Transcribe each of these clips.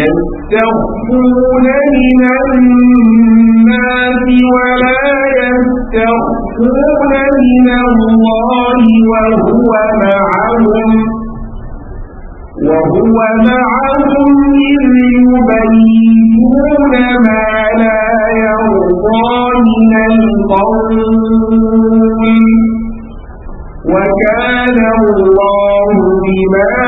يستخفون من الناس ولا يستخفون من الله وهو معهم وهو معهم إذ يبيتون ما لا يرضى من القول وكان الله بما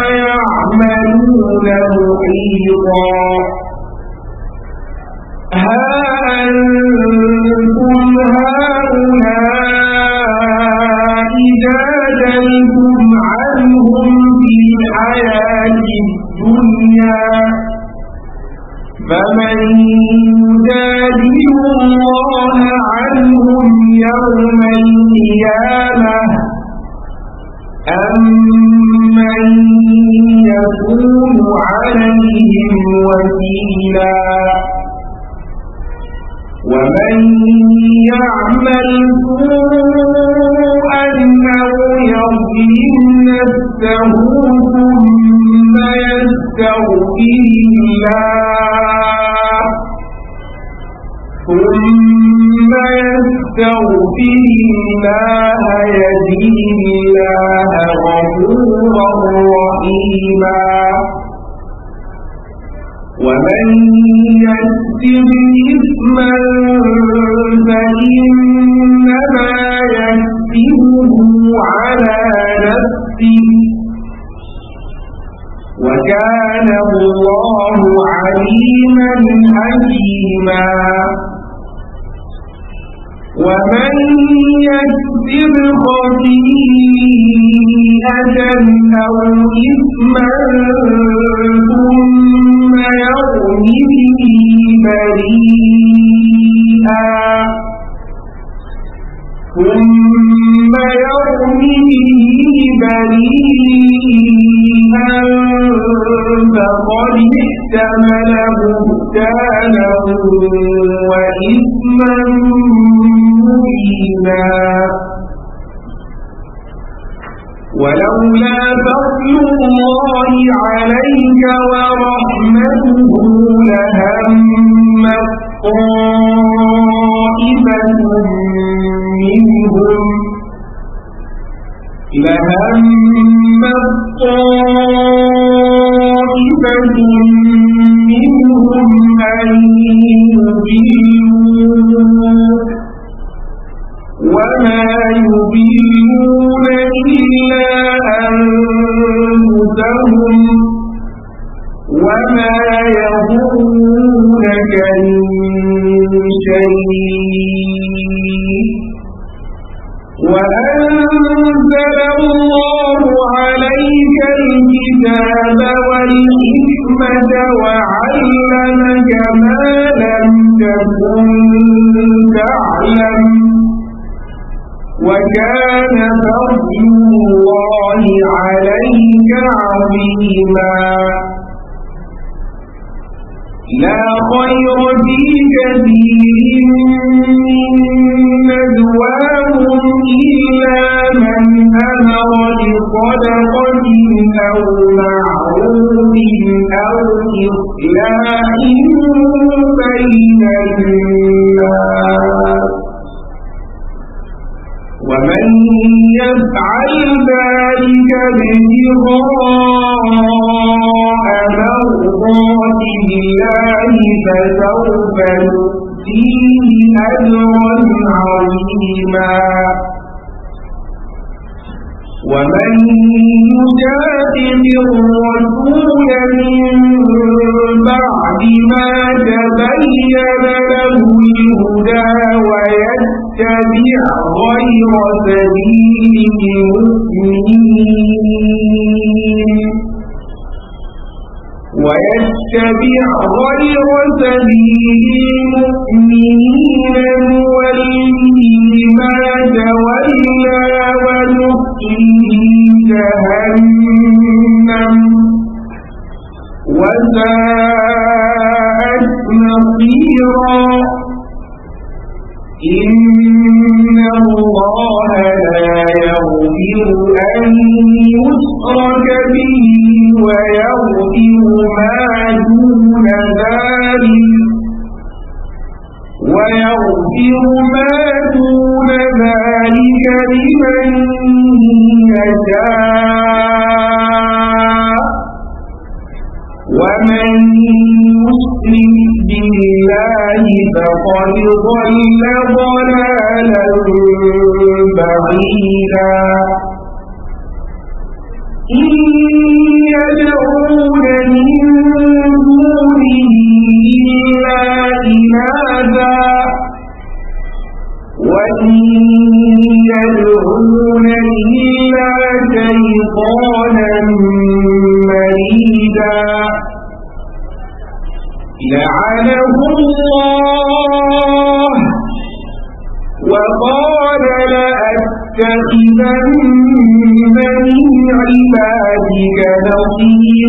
أو إصلاح بين الناس ومن يفعل ذلك ابتغاء غير سبيل المؤمنين ويتبع غير سبيل المؤمنين نوليه ما تولى ونصيه جهنم وساءت مصيرا إن يغفر أن يسرك به ويغفر ما دون ذلك ويغفر ما دون ذلك لمن يشاء ومن يسلم بالله فقد ضل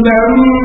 لم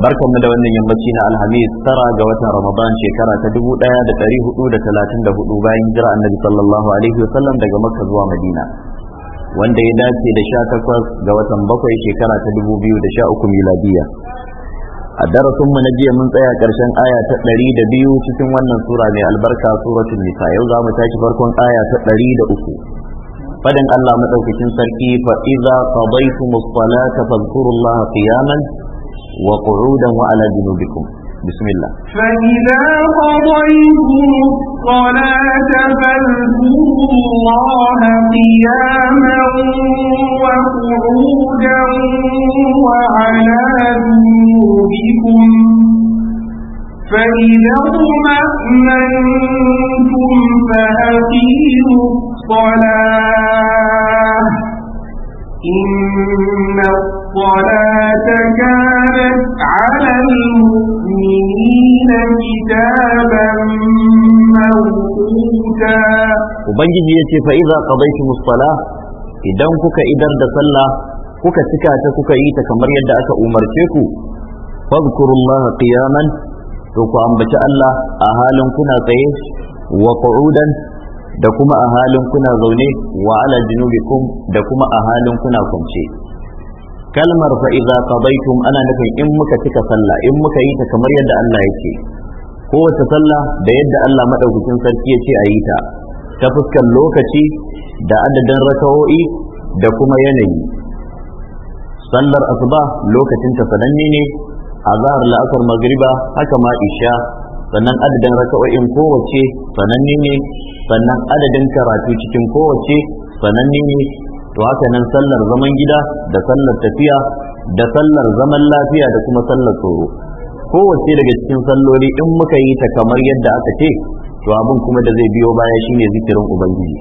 barkanmu da wannan yammaci na alhamis tara ga watan ramadan shekara ta dubu daya da dari hudu da talatin da hudu bayan jira annabi sallallahu alaihi wasallam daga makka zuwa madina wanda ya dace da sha takwas ga watan bakwai shekara ta dubu biyu da sha uku miladiya a mu na jiya mun tsaya ƙarshen aya ta ɗari da biyu cikin wannan sura mai albarka suratul nisa yau za mu tashi farkon aya ta ɗari da uku fadin Allah madaukakin sarki fa iza qadaytum as-salata fadhkurullaha qiyaman وقعودا وعلى جنوبكم بسم الله فإذا قضيتم الصلاة فاذكروا الله قياما وقعودا وعلى جنوبكم فإذا اطمأنتم فأقيموا الصلاة إن الصلاة كانت على المؤمنين كتابا موقوتا وبنجي يتي فإذا قضيتم الصلاة idan kuka idar da sallah kuka cika ta kuka yi ta kamar yadda aka umarce ku fadhkurullaha qiyaman to ku ambaci Allah a halin kuna tsaye wa qu'udan da kuma a halin kuna zaune wa ala junubikum da kuma a halin kuna kwance kalmar fa idza qadaytum ana nufin in muka cika sallah in muka yi ta kamar yadda Allah yake kowace sallah da yadda Allah madaukakin sarki ya ce a yi ta ta fuskar lokaci da adadin rakawo'i da kuma yanayi sallar asuba lokacin ta sananne ne zahar la'asar magriba haka ma isha sannan adadin raka'o'in kowace sananne ne sannan adadin karatu cikin kowace sananne ne to haka nan sallar zaman gida da sallar tafiya da sallar zaman lafiya da kuma sallar tsoro kowace daga cikin salloli in muka yi ta kamar yadda aka ce to abin kuma da zai biyo baya shine zikirin ubangiji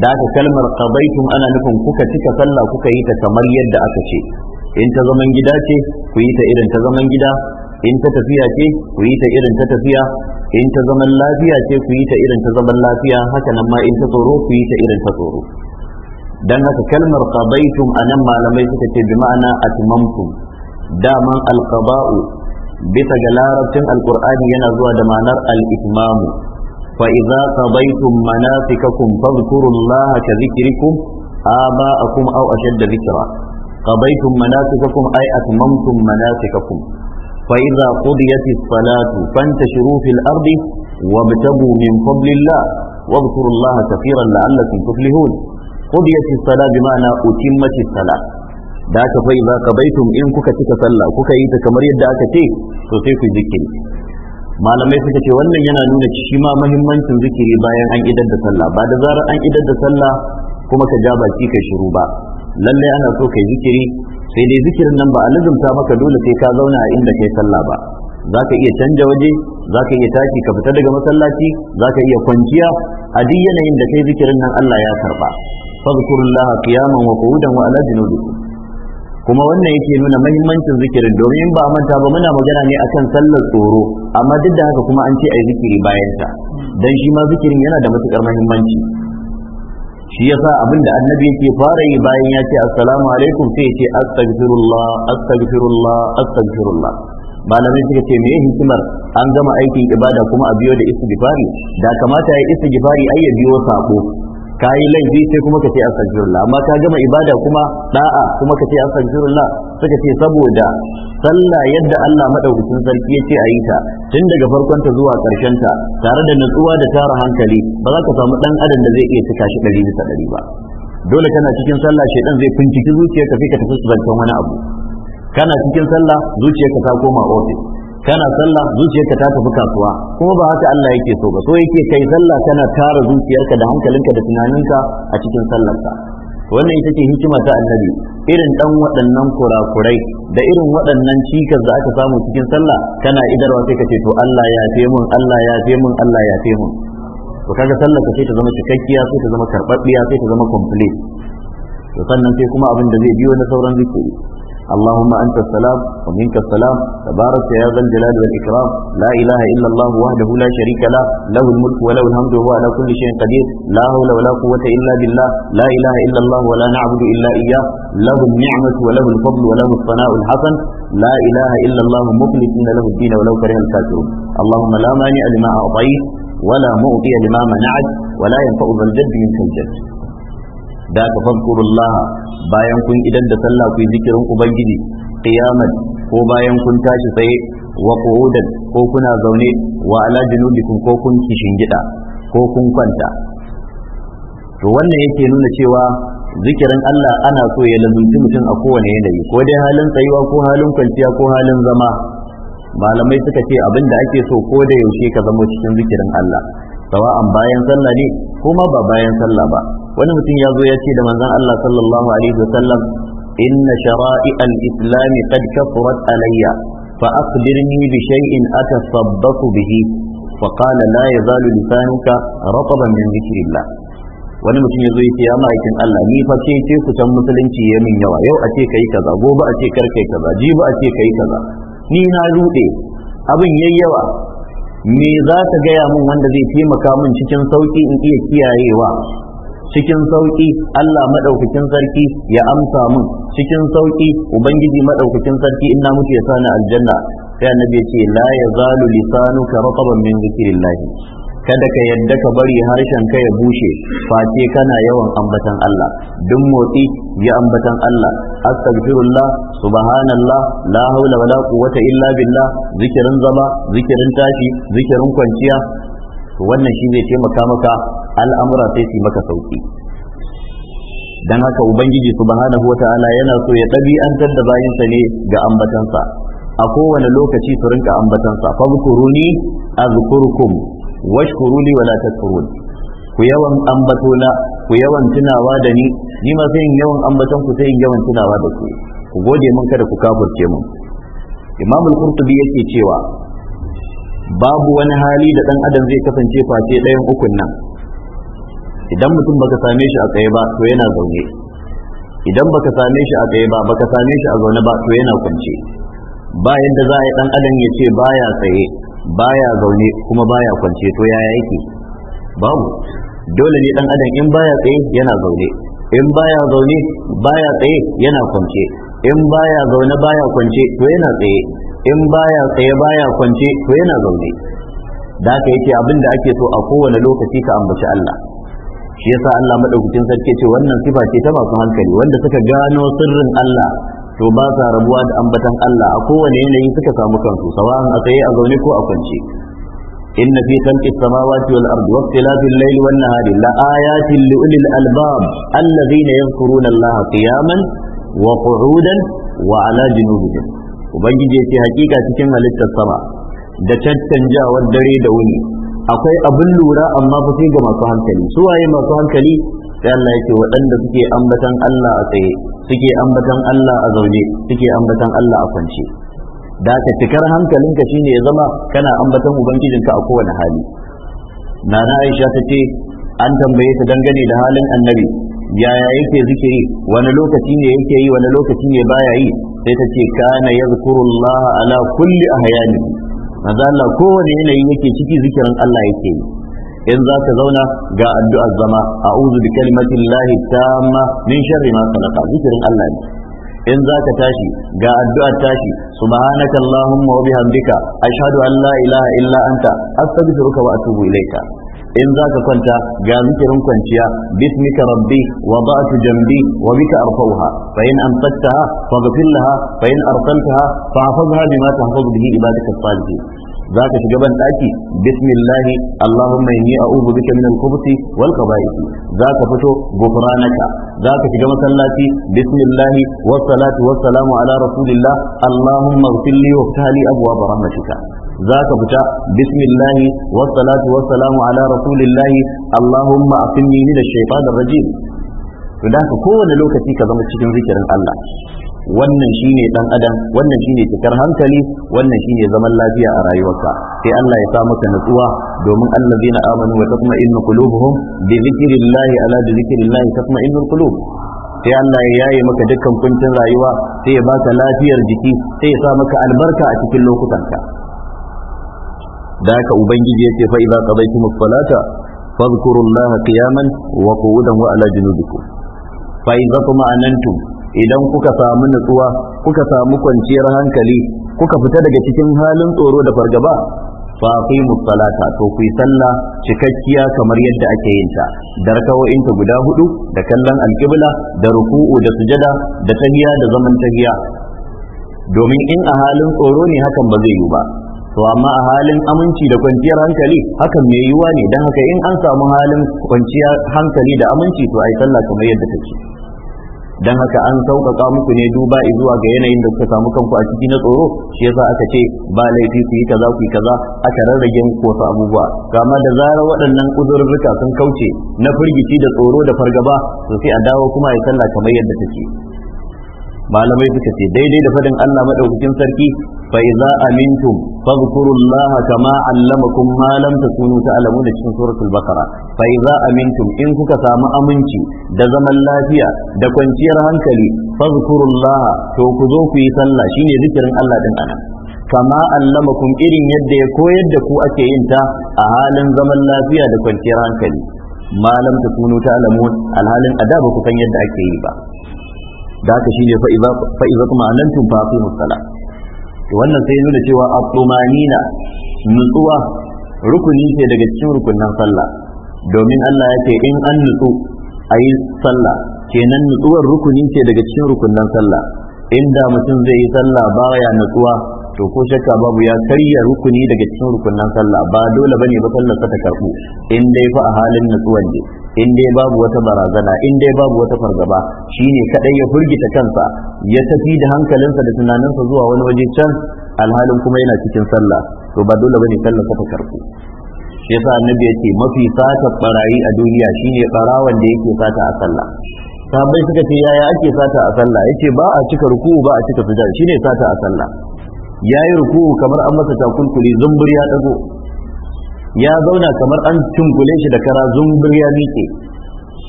da aka kalmar qadaitum ana nufin kuka cika sallah kuka yi ta kamar yadda aka ce in ta zaman gida ce ku yi ta irin ta zaman gida in ta tafiya ce ku yi ta irin ta tafiya in ta zaman lafiya ce ku yi ta irin ta zaman lafiya haka nan ma in ta tsoro ku yi ta irin ta tsoro dan haka kalmar a anan malamai suka ce bi ma'ana atmamtum daman alqaba'u bisa ga larabcin alqur'ani yana zuwa da ma'anar al-itmamu fa idza qadaytum manasikakum fadhkurullaha ka dhikrikum aba'akum aw ashadda dhikra qadaytum manasikakum ay atmamtum manasikakum fa idza qudiyat salatu fantashiru fil ardi wabtagu min fadlillah واذكروا الله كثيرا لعلكم qudiyat as-salat bi ma'ana utimmat as-salat da aka fai za ka baitum in kuka cika sallah kuka yi ta kamar yadda aka ce Sosai sai zikiri malamai suka ce wannan yana nuna shi ma mahimmancin zikiri bayan an idar da sallah ba da zarar an idar da sallah kuma ka ja baki ka shiru ba lallai ana so kai zikiri sai dai zikirin nan ba a lazumta maka dole sai ka zauna a inda kai sallah ba za ka iya canza waje za ka iya tashi ka fita daga masallaci za ka iya kwanciya a duk yanayin da kai zikirin nan Allah ya karba فاذكر الله wa وقعودا وعلى ala kuma wannan yake nuna mahimmancin zikirin domin ba manta ba muna magana ne akan sallar tsoro amma duk da haka kuma an ce ai zikiri bayan ta dan shi ma zikirin yana da matukar mahimmanci shi yasa abin da annabi yake fara yi bayan ya ce assalamu alaikum sai ya ce astaghfirullah astaghfirullah astaghfirullah malamai suka ce me hikimar an gama aikin ibada kuma a biyo da istighfari da kamata ya istighfari ai ya biyo sako ka yi laifi sai kuma ka ce astaghfirullah amma ka gama ibada kuma da'a kuma ka ce astaghfirullah suka ce saboda sallah yadda Allah madaukakin sarki ya ce a yi ta tun daga farkon ta zuwa karshen ta tare da nutsuwa da tara hankali ba za ka samu dan adam da zai iya cika shi ɗari bisa ɗari ba dole kana cikin sallah shedan zai binciki zuciyarka sai ka tafi zancen wani abu kana cikin sallah zuciyarka ta koma ofis kana sallah zuciyarka ta tafi kasuwa kuma ba haka Allah yake so ba so yake kai sallah kana tara zuciyarka da hankalinka da tunaninka a cikin sallarka wannan ita ce hikima ta annabi irin dan waɗannan kurakurai da irin waɗannan cikas da aka samu cikin sallah kana idarwa sai ka ce to Allah ya fe mun Allah ya fe mun Allah ya fe mun to kaga sallar ka sai ta zama cikakkiya sai ta zama karbabbiya sai ta zama complete to sannan sai kuma abin da zai biyo na sauran zikiri اللهم أنت السلام ومنك السلام تبارك يا ذا الجلال والإكرام لا إله إلا الله وحده لا شريك له له الملك وله الحمد وهو على كل شيء قدير لا حول ولا قوة إلا بالله لا إله إلا الله ولا نعبد إلا إياه له النعمة وله الفضل وله الثناء الحسن لا إله إلا الله مخلصين له الدين ولو كره الكافرون اللهم لا مانع لما أعطيت ولا مؤتي لما منعت ولا ينفع ذا الجد منك الجد da ka fankurullah bayan kun idan da sallah ku yi zikirin ubangiji qiyaman ko bayan kun tashi tsaye wa qu'udan ko kuna zaune wa ala junubikum ko kun gida ko kun kwanta to wannan yake nuna cewa zikirin Allah ana so ya lazumci mutum a kowane yanayi ko dai halin tsayuwa ko halin kwanciya ko halin zama malamai suka ce abin da ake so ko da yaushe ka zama cikin zikirin Allah sawa'an bayan sallah ne ko ma ba bayan sallah ba wani mutum ya zo ya ce da manzon Allah sallallahu alaihi wa sallam inna shara'i al islam qad kafurat alayya fa akhbirni bi shay'in atasabbatu bihi fa qala la yazalu lisanuka rataban min dhikrillah wani mutum ya zo ya ce ya ma'aikin Allah ni fa ce ce ku san musulunci ya min yawa yau a ce kai kaza gobe a ce kar kai kaza jibi a ce kai kaza ni na rude abin yayyawa me za ta gaya min wanda zai taimaka min cikin sauki in iya kiyayewa cikin sauki Allah madaukakin sarki ya amsa mun cikin sauki ubangiji madaukakin sarki inna mutu ya sani aljanna sai annabi ya ce la yazalu lisanuka rataban min zikrillah kada ka yadda ka bari harshen ka ya bushe face kana yawan ambatan Allah duk motsi ya ambatan Allah astaghfirullah subhanallah la haula wala quwwata illa billah zikirin zama zikirin tashi zikirin kwanciya to wannan shi zai taimaka maka al'amura sai su maka sauki Don haka ubangiji su subhanahu ta'ala yana so ya ɗabi'antar da bayinsa ne ga ambatansa a kowane lokaci su rinka ambatansa fadhkuruni azkurkum kuruni wala takfurun ku yawan ambatona ku yawan tunawa da ni ni ma sai yawan ambatan ku sai yawan tunawa da ku ku gode mun kada ku kafurce mu imamul kurtubi qurtubi yake cewa babu wani hali da dan adam zai kasance face ɗayan ukun nan idan mutum baka same shi a tsaye ba to yana zaune idan baka same shi a tsaye ba baka same shi a zaune ba to yana kwance ba yadda za a yi dan adam ya ce baya tsaye baya zaune kuma baya kwance to yaya yake babu dole ne dan adam in baya tsaye yana zaune in baya zaune baya tsaye yana kwance in baya zaune baya kwance to yana tsaye in baya tsaye baya kwance to yana zaune da aka yake abin da ake so a kowane lokaci ka ambaci Allah shi yasa Allah madaukakin sarki ce wannan sifa ce ta masu hankali wanda suka gano sirrin Allah to ba sa rabuwa da ambatan Allah a kowane yanayi suka samu kansu sawa'an a tsaye a zaune ko a kwance inna fi khalqi samawati wal ardi wa ikhtilafi al-layli wan nahari la ayatin li ulil albab alladhina yadhkuruna Allah qiyaman wa qu'udan wa ala junubihim ubangiji ya ce hakika cikin halittar sama da caccanjawar dare da wuni akwai abin lura amma fa sai ga masu hankali su waye masu hankali sai Allah waɗanda suke ambatan Allah a tsaye suke ambatan Allah a zaune suke ambatan Allah a kwance da ka cikar hankalinka shine ya zama kana ambatan ubangijinka a kowane hali nana Aisha ta ce an tambaye ta dangane da halin annabi yaya yake zikiri wani lokaci ne yake yi wani lokaci ne baya yi sai ta ce kana yazkurullaha ala kulli ahyani manzo Allah kowane yanayi yake ciki zikirin Allah yake yi in za ka zauna ga addu'ar zama a'udhu bi kalimatin lahi tamma min sharri ma khalaqa zikirin Allah ne in za ka tashi ga addu'ar tashi subhanaka allahumma wa bihamdika ashhadu an la ilaha illa anta astaghfiruka wa atubu ilayka in za ka kwanta ga zikirin kwanciya bismika rabbi wada'tu jambi wa bika arfauha fa in amsaktaha faghfir laha fa in arsaltaha fahfazha bima tahfaz bihi ibadaka salihin za ka shiga ban daki bismillah allahumma inni a'udhu bika min al-khubuthi wal qaba'ith za ka fito gufranaka za ka shiga masallaci bismillah was salatu was salamu ala rasulillah allahumma ighfir ta wa ftah li rahmatika ذاك فتا بسم الله والصلاة والسلام على رسول الله اللهم أقمني من الشيطان ka kowane lokaci ka zama cikin zikirin Allah wannan shine dan adam wannan shine cikar hankali wannan shine zaman lafiya a rayuwarka sai Allah ya sa maka nutsuwa domin allazina amanu wa tatma'innu qulubuhum bi dhikrillah ala bi tatma'innu qulub sai Allah ya yaye maka dukkan kuncin rayuwa sai ya baka lafiyar jiki sai ya sa maka albarka a cikin lokutanka da ubangiji ya ce fa'iza idza qadaytum as-salata fadhkurullaha qiyaman wa qu'udan wa ala junubikum fa idza tuma'anantum idan kuka samu nutsuwa kuka samu kwanciyar hankali kuka fita daga cikin halin tsoro da fargaba fa aqimus to kuyi sallah cikakkiya kamar yadda ake yin ta da rakawoyin guda hudu da kallon alƙibla, da ruku'u da sujada da tahiya da zaman tahiya domin in a halin tsoro ne hakan ba zai yi ba to amma a halin aminci da kwanciyar hankali hakan mai yiwuwa ne dan haka in an samu halin kwanciyar hankali da aminci to ai sallah kamar yadda take dan haka an sauƙaƙa muku ne duba zuwa ga yanayin da kuka samu kanku a ciki na tsoro shi yasa aka ce ba laifi su yi kaza ku yi kaza aka rarrage muku wasu abubuwa kama da zarar waɗannan uzurruka sun kauce na firgici da tsoro da fargaba to sai a dawo kuma ya sallah kamar yadda take malamai suka ce daidai da fadin Allah madaukakin sarki fa idza amintum fadhkurullaha kama allamakum ma lam takunu ta'lamuna cikin suratul baqara fa idza amintum in kuka samu aminci da zaman lafiya da kwanciyar hankali fadhkurullaha to ku zo ku yi sallah shine zikirin Allah din ana kama allamakum irin yadda ya koyar da ku ake yin ta a halin zaman lafiya da kwanciyar hankali malam ta kunu ta alamun alhalin ada ba ku san yadda ake yi ba da haka shine fa idza kuma idza kuma fa aqimus to wannan sai nuna cewa at-tumanina nutsuwa rukuni ce daga cikin rukunin sallah domin Allah ya ce in an nutsu ayi sallah kenan nutsuwar rukuni ce daga cikin rukunin sallah inda mutum zai yi sallah baya nutsuwa to ko shakka babu ya karya rukuni daga cikin rukunin sallah ba dole bane ba sallar ta karbu in dai fa a halin nutsuwan ne in dai babu wata barazana in dai babu wata fargaba shine kadai ya furgita kansa ya tafi da hankalinsa da tunaninsa zuwa wani waje can alhalin kuma yana cikin sallah to ba dole bane sallar ta karku shi yasa annabi yake mafi sata barayi a duniya shine barawan da yake sata a sallah Sabai suka ce yaya ake sata a sallah yace ba a cika ruku, ba a cika sujud shine sata a sallah yayi ruku, kamar an masa takunkuli zumbur ya dago ya zauna kamar an tunkule shi da kara zumbir ya miƙe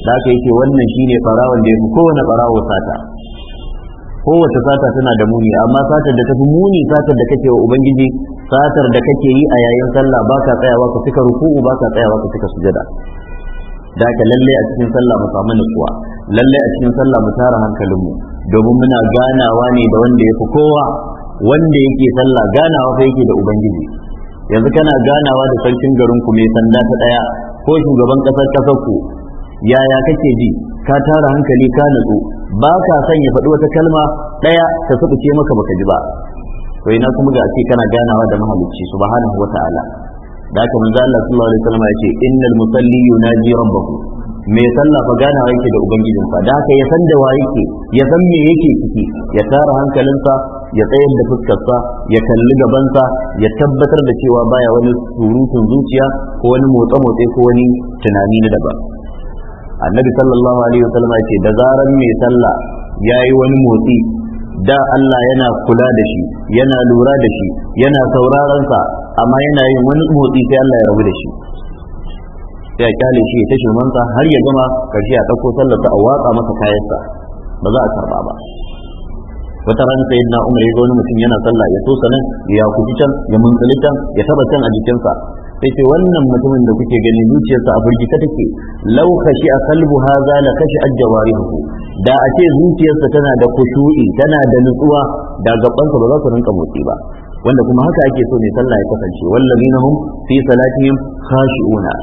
da aka yake wannan shi ne barawon da ya fi kowane barawo sata kowace sata tana da muni amma satar da ta fi muni satar da kake wa ubangiji satar da kake yi a yayin sallah ba ka tsayawa ka cika ruku'u ba ka tsayawa ka cika sujada da ka lalle a cikin sallah mu samu nutsuwa lalle a cikin sallah mu tara hankalinmu domin muna ganawa ne da wanda ya fi kowa wanda yake sallah ganawa fa yake da ubangiji yanzu kana ganawa da sarkin garin ku mai sanda ta daya ko shugaban kasar kasar ku yaya kake ji ka tara hankali ka nutsu ba ka son ya faɗi wata kalma daya ta subuce maka baka ji ba to ina kuma ga ake kana ganawa da mahalicci subhanahu wata'ala da haka manzo Allah sallallahu alaihi wasallam ya innal musalli yunaji rabbahu mai sallah fa ganawa yake da ubangijinsa da haka ya san da wa yake ya san me yake ciki ya tara hankalinsa ya tsayar da fuskarsa ya kalli gabansa ya tabbatar da cewa baya wani surutun zuciya ko wani motsa motsa ko wani tunani na daban annabi sallallahu alaihi wasallam ya ce da zaran mai sallah yayi wani motsi da Allah yana kula da shi yana lura da shi yana sauraron sa amma yana yin wani motsi sai Allah ya rabu da shi ya kyale shi ya tashi mansa har ya gama karshe a ɗauko sallarsa a watsa masa kayansa ba za a karba ba wata ran sai na umar ya wani mutum yana sallah ya tosa nan ya kuji can ya muntsali can ya taba can a jikinsa sai ce wannan mutumin da kuke gani zuciyarsa a burgita take law kashi a kalbu haza la kashi ajwarihu da a ce zuciyarsa tana da kushu'i tana da nutsuwa da gabansa ba za su rinka motsi ba wanda kuma haka ake so ne sallah ya kasance wallazina hum fi salatihim khashi'una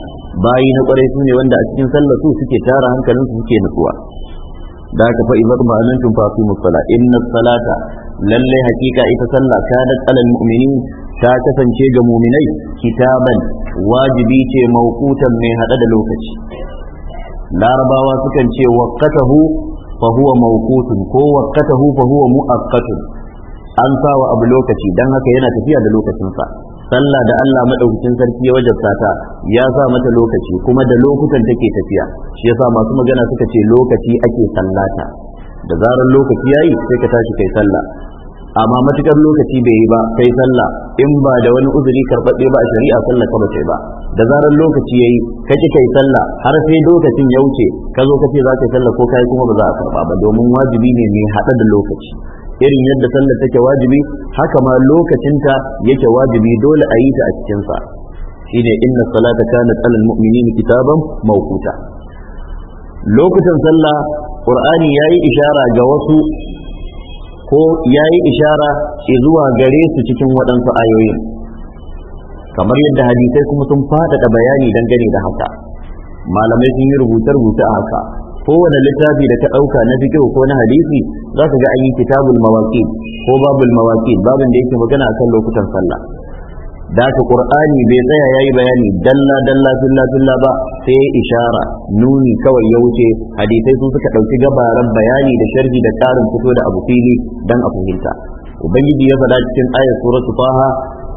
bayi na kwarai su ne wanda a cikin sallah su suke tara hankalin su suke nutsuwa da haka fa idza ma'anantum fa aqimus sala inna salata lalle hakika ita sallah kadat alal mu'minin ta kasance ga mu'minai kitaban wajibi ce mawqutan mai hada da lokaci larabawa sukan ce waqatahu fa huwa mawqutun ko waqatahu fa huwa muaqqatun an sawa abu lokaci dan haka yana tafiya da lokacinsa sallah da Allah madaukakin sarki ya wajabta ta ya sa mata lokaci kuma da lokutan take tafiya shi yasa masu magana suka ce lokaci ake sallata da zarar lokaci yayi sai ka tashi kai sallah amma matukar lokaci bai yi ba kai sallah in ba da wani uzuri karɓaɓɓe ba a shari'a sallah kawai bace ba da zarar lokaci yayi ka ki kai sallah har sai lokacin ya wuce ka zo ka ce za ka sallah ko kai kuma ba za a karɓa ba domin wajibi ne mai haɗa da lokaci irin yadda sallah take wajibi haka ma lokacinta yake wajibi dole a yi ta a cikin sa shine inna salata kanat alal mu'minina kitaban mawquta lokutan sallah qur'ani yayi ishara ga wasu ko ya yi ishara zuwa gare su cikin waɗansu ayoyin kamar yadda hadisai kuma sun faɗaɗa bayani dangane da haka malamai sun yi rubuce-rubuce a haka kowane littafi da ka ɗauka na fikihu ko na hadisi za ka ga an yi kitabul mawaqit ko babul mawaqit babin da yake magana akan lokutan sallah da haka qur'ani bai tsaya yayi bayani dalla dalla filla filla ba sai ya ishara nuni kawai ya wuce hadisai su suka dauki gabaran bayani da sharhi da karin fito da abu fili dan a fahimta ubangiji ya faɗa cikin ayat suratu taha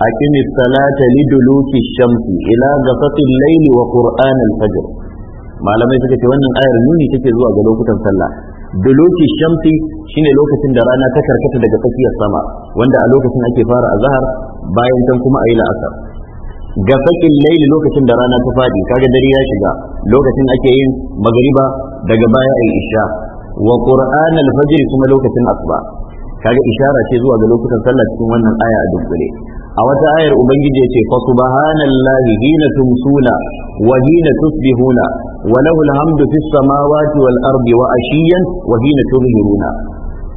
aqimi salata liduluki shamsi ila ghasaqi layli wa qur'an fajr malamai suka ce wannan ayar nuni take zuwa ga lokutan sallah duluki shamsi shine lokacin da rana ta karkata daga tsakiyar sama wanda a lokacin ake fara azhar bayan can kuma ayi la'asar ga sakin laili lokacin da rana ta fadi kaga dare ya shiga lokacin ake yin magariba daga baya ayi isha wa qur'an al-fajr kuma lokacin asuba kaga ishara ce zuwa ga lokutan sallah cikin wannan aya a dunkule a wata ayar ubangiji ya ce fa subhanallahi hina tumsuna wa hina tusbihuna wa lahu alhamdu fis samawati wal ardi wa ashiyan wa hina tuzhiruna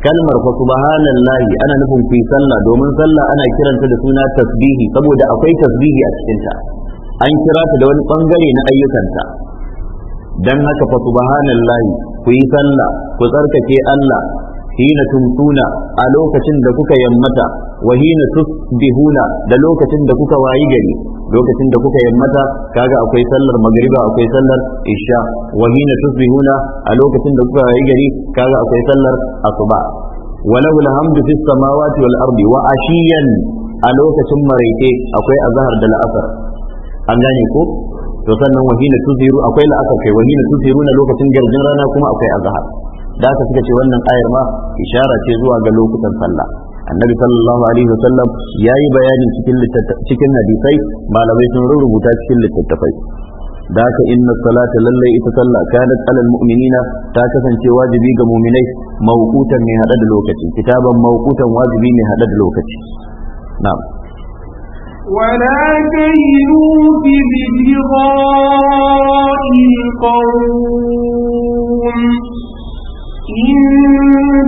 kalmar fa subhanallahi ana nufin ku sallah domin sallah ana kiranta da suna tasbihi saboda akwai tasbihi a cikin ta an kira ta da wani bangare na ayyukanta dan haka fa subhanallahi ku yi sallah ku tsarkake Allah hina tumtuna a lokacin da kuka yammata wa hina tusbihuna da lokacin da kuka wayi gari lokacin da kuka yammata kaga akwai sallar magriba akwai sallar isha wa hina tusbihuna a lokacin da kuka wayi gari kaga akwai sallar asuba walahu alhamdu fis samawati wal ardi wa ashiyan a lokacin maraice akwai azhar da la'asar an gane ko to sannan wahina tuziru akwai la'asar kai wahina tuziru lokacin garjin rana kuma akwai azhar da aka suka ce wannan ayar ma ishara ce zuwa ga lokutan sallah annabi sallallahu alaihi wasallam ya yi bayanin cikin hadisai malamai sun rubuta cikin littattafai da haka inna salata lallai ita sallah kanat alal mu'minina ta kasance wajibi ga mu'minai mawqutan mai hada da lokaci kitaban mawqutan wajibi mai hada da lokaci na'am ولا تهنوا في ابتغاء القوم إن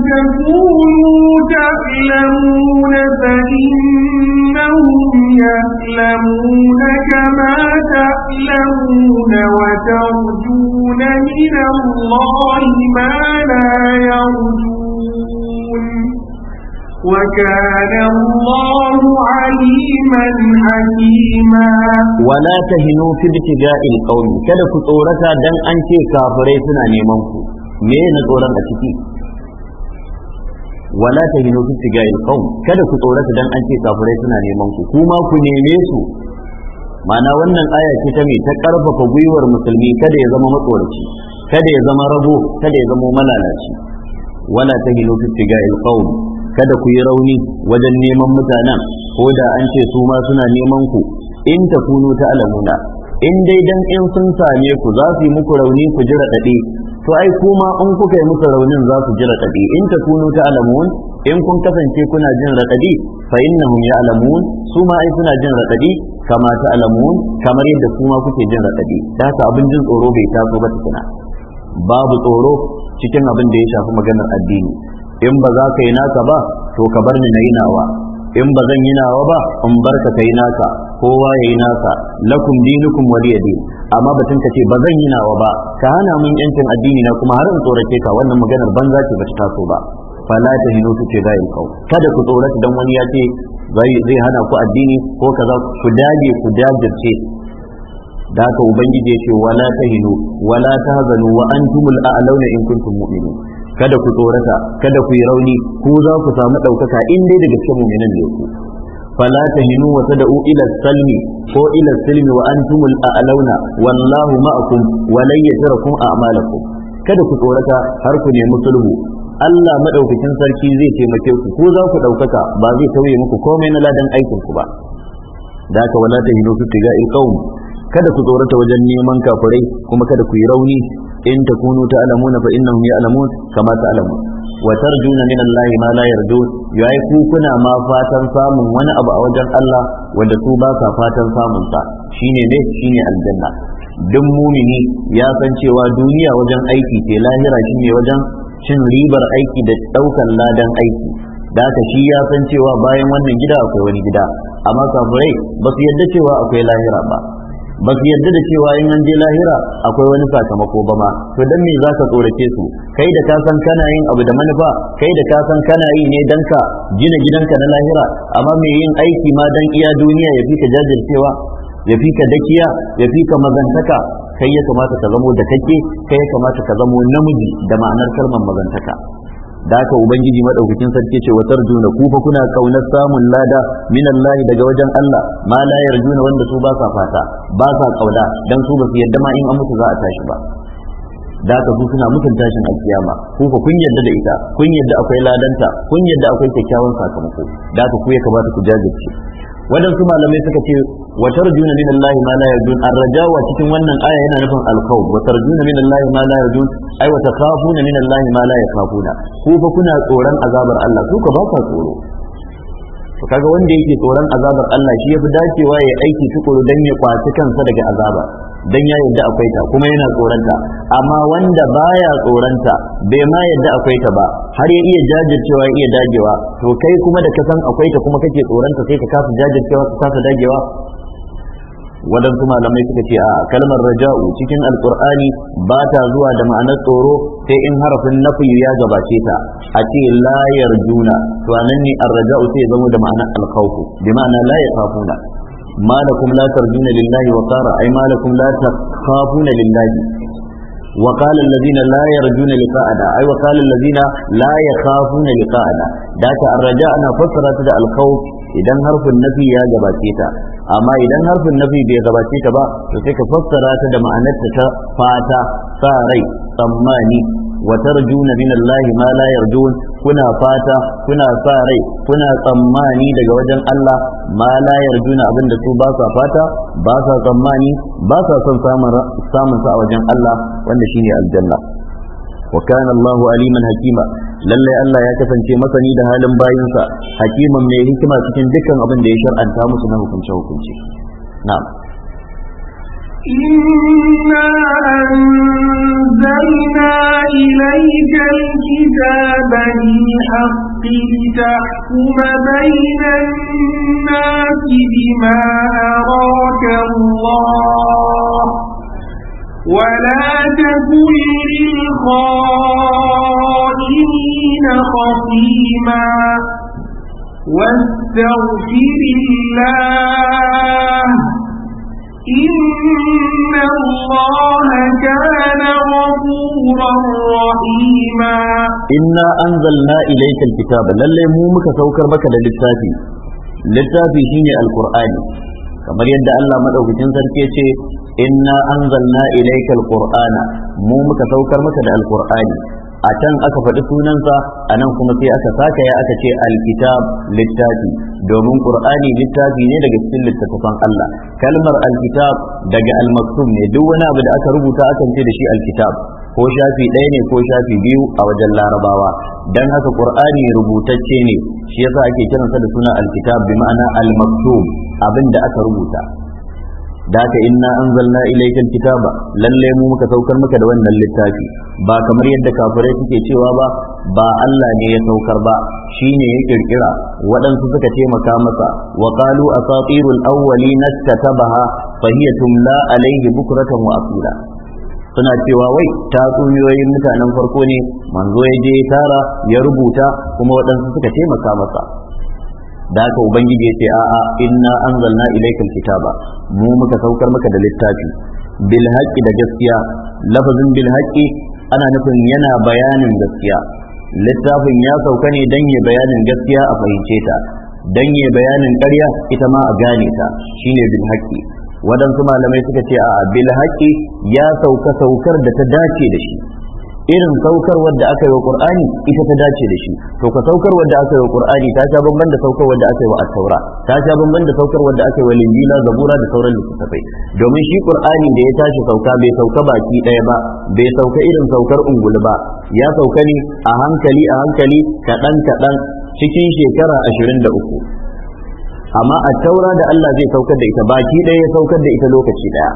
تكونوا تعلمون فإنهم يعلمون كما تعلمون وترجون من الله ما لا يرجون وكان الله عليما حكيما ولا تهنوا في ابتداء القوم كذا كتورتا دن أنت كافرين نيمانكو me na tsoron a ciki wala ta hinu fi tigayin qaum kada ku tsorata dan an ce kafirai suna neman ku kuma ku neme su ma'ana wannan aya ce ta me ta karfafa gwiwar musulmi kada ya zama matsoraci kada ya zama rabo kada ya zama malalaci wala ta hinu fi tigayin qaum kada ku yi rauni wajen neman mutanen ko da an ce su ma suna neman ku in ta kunu ta alamuna in dai dan in sun same ku za su yi muku rauni ku ji raɗaɗe to ai kuma in kuka yi musu raunin za su ji raɗaɗi in ta kunu ta alamun in kun kasance kuna jin raɗaɗi fa innahum ya alamun su ma ai suna jin raɗaɗi kama ta alamun kamar yadda su ma kuke jin raɗaɗi da haka abin jin tsoro bai taso ba tukuna babu tsoro cikin abin da ya shafi maganar addini in ba za ka yi naka ba to ka bar ni na yi nawa in ba zan yi nawa ba in bar ka yi naka kowa ya yi nasa lakum dinukum waliya din amma batun ka ce ba zan yi nawa ba ka hana mun yancin addini na kuma har in tsorace ka wannan maganar banza ce ba ta taso ba fala da hinu su ce za yi kau kada ku tsorata dan wani ya ce zai hana ku addini ko kaza ku dage ku dajirce da haka ubangiji ya ce wala ta hinu wala ta hazanu wa a a'launa in kuntum mu'minin kada ku tsorata kada ku yi rauni ku za ku samu ɗaukaka in dai daga cikin mu'minin ne ku فلا تهنوا وتدعوا إلى السلم أو إلى السلم وأنتم الأعلون والله معكم ولن يتركم أعمالكم kada ku tsorata har ku nemi sulhu Allah madaukakin sarki zai taimake ku ko za ku daukaka ba zai tauye muku komai na ladan aikin ku ba da ka wala ta hinu fi tiga kada ku tsorata wajen neman kafirai kuma kada ku yi rauni in takunu na fa innahum ya'lamun kama ta'lamun wa tarjuna min Allah ma la yarjun yayi ku kuna ma fatan samun wani abu a wajen Allah wanda ku ba ka fatan samun sa shine ne shine aljanna duk mumini ya san cewa duniya wajen aiki ce lahira shine wajen cin ribar aiki da daukan ladan aiki da ta shi ya san cewa bayan wannan gida akwai wani gida amma kafirai ba su yadda cewa akwai lahira ba ba su yarda da cewa in an je lahira akwai wani sakamako ba ma to dan me zaka tsorace su kai da ka san kana yin abu da manufa kai da ka san kana yi ne dan ka gina gidanka na lahira amma me yin aiki ma dan iya duniya ya fi ka jajircewa ya fi ka dakiya ya fi ka mazantaka kai ya kamata ka zamo da kake kai ya kamata ka zamo namiji da ma'anar kalmar mazantaka da haka ubangiji madaukakin sarki ce wa tarjuna ku fa kuna kaunar samun lada min Allah daga wajen Allah ma la yarjuna wanda su ba sa fata ba sa kauna dan su ba su yadda ma in an mutu za a tashi ba da haka su suna mutun tashin alkiyama ku fa kun yadda da ita kun yadda akwai ladanta kun yadda akwai kyakkyawan sakamako da haka ku ya kamata ku jajirce Waɗansu malamai suka ce wa tarjuna min Allah ma la yarjun arrajawa cikin wannan aya yana nufin alqaw wa tarjuna min Allah ma la yarjun ai wa takhafuna min Allah ma la yakhafuna ku fa kuna tsoron azabar Allah ku ka ba ka tsoro to kaga wanda yake tsoron azabar Allah shi yafi dacewa ya aiki tukuru dan ya kwaci kansa daga azaba dan ya yadda akwai ta kuma yana tsoronta amma wanda baya tsoranta bai ma yadda akwai ta ba har ya iya jajircewa ya iya dagewa to kai kuma da ka san akwai ta kuma kake tsoranta sai ka kasa jajircewa ka kasa dagewa waɗansu malamai suka ce a kalmar raja'u cikin alkur'ani ba ta zuwa da ma'anar tsoro sai in harafin nafi ya gabace ta a ce la yarjuna to anan ne arraja'u sai ya zama da ma'anar alkhawfu bi ma'ana la yakhafuna ma lakum la tarjuna lillahi wa qara ay ma lakum la takhafuna lillahi wa qala alladhina la yarjuna liqa'ana ay wa qala alladhina la yakhafuna liqa'ana da ka arraja ana fassara ta da alkhawf idan harfin nafi ya gabace ta amma idan harfin nafi bai gabace ta ba to sai ka fassara ta da ma'anar ta fata sa rai tsammani wa tarjuna ma kuna fata kuna sa rai kuna tsammani daga wajen Allah ma la yarjuna abin da su ba sa fata ba sa tsammani ba sa son samun sa a wajen Allah wanda shine aljanna wa kana Allahu aliman hakima lalle Allah ya kasance masani da halin bayinsa hakiman mai hikima cikin dukkan abin da ya shar'anta musu na hukunce hukunce na'am إنا أنزلنا إليك الكتاب بالحق لتحكم بين الناس بما أراك الله ولا تكن للخائنين خصيما واستغفر الله Inna an zalla ilaika alkitab lallai mu muka saukar maka da littafi, littafi shine ne alkur'ani, kamar yadda Allah maɗaukacin sarki ce, Inna an zalla Kur'ana, mu muka saukar maka da alkur'ani. a can aka faɗi sunansa a nan kuma sai aka saka ya aka ce alkitab littafi domin qur'ani littafi ne daga cikin littattafan Allah kalmar alkitab daga almaktub ne duk wani abu da aka rubuta akan ce da shi alkitab ko shafi ɗaya ne ko shafi biyu a wajen larabawa dan haka qur'ani rubutacce ne shi yasa ake kiransa da suna alkitab bi ma'ana almaktub abin da aka rubuta daka inna anzalna ilaykal kitaba lalle mu muka saukar maka da wannan littafi ba kamar yadda kafirai suke cewa ba ba Allah ne ya saukar ba shine ya kirkira waɗansu suka taimaka masa wa qalu asatirul awwalin na fa hiya tumla alayhi bukratan wa asila suna cewa wai tatsuniyoyin mutanen farko ne manzo ya je tara ya rubuta kuma waɗansu suka taimaka masa da haka ubangiji ya ce a'a inna anzalna ilaykal kitaba mu muka saukar maka da littafi bil haqqi da gaskiya lafazin bil haqqi ana nufin yana bayanin gaskiya littafin ya sauka ne dan ya bayanin gaskiya a fahimce ta dan ya bayanin ƙarya ita ma a gane ta shine bil haqqi waɗansu malamai suka ce a'a bil haqqi ya sauka saukar da ta dace da shi irin saukar wadda aka yi wa qur'ani ita ta dace da shi to ka saukar wadda aka yi wa qur'ani ta sha bamban da saukar wadda aka yi wa at ta sha bamban da saukar wadda aka yi wa linjila zabura da sauran littattafai domin shi qur'ani da ya tashi sauka bai sauka baki ɗaya ba bai sauka irin saukar ungulu ba ya sauka ne a hankali a hankali kadan kadan cikin shekara 23 amma a taura da Allah zai saukar da ita baki ɗaya ya saukar da ita lokaci ɗaya.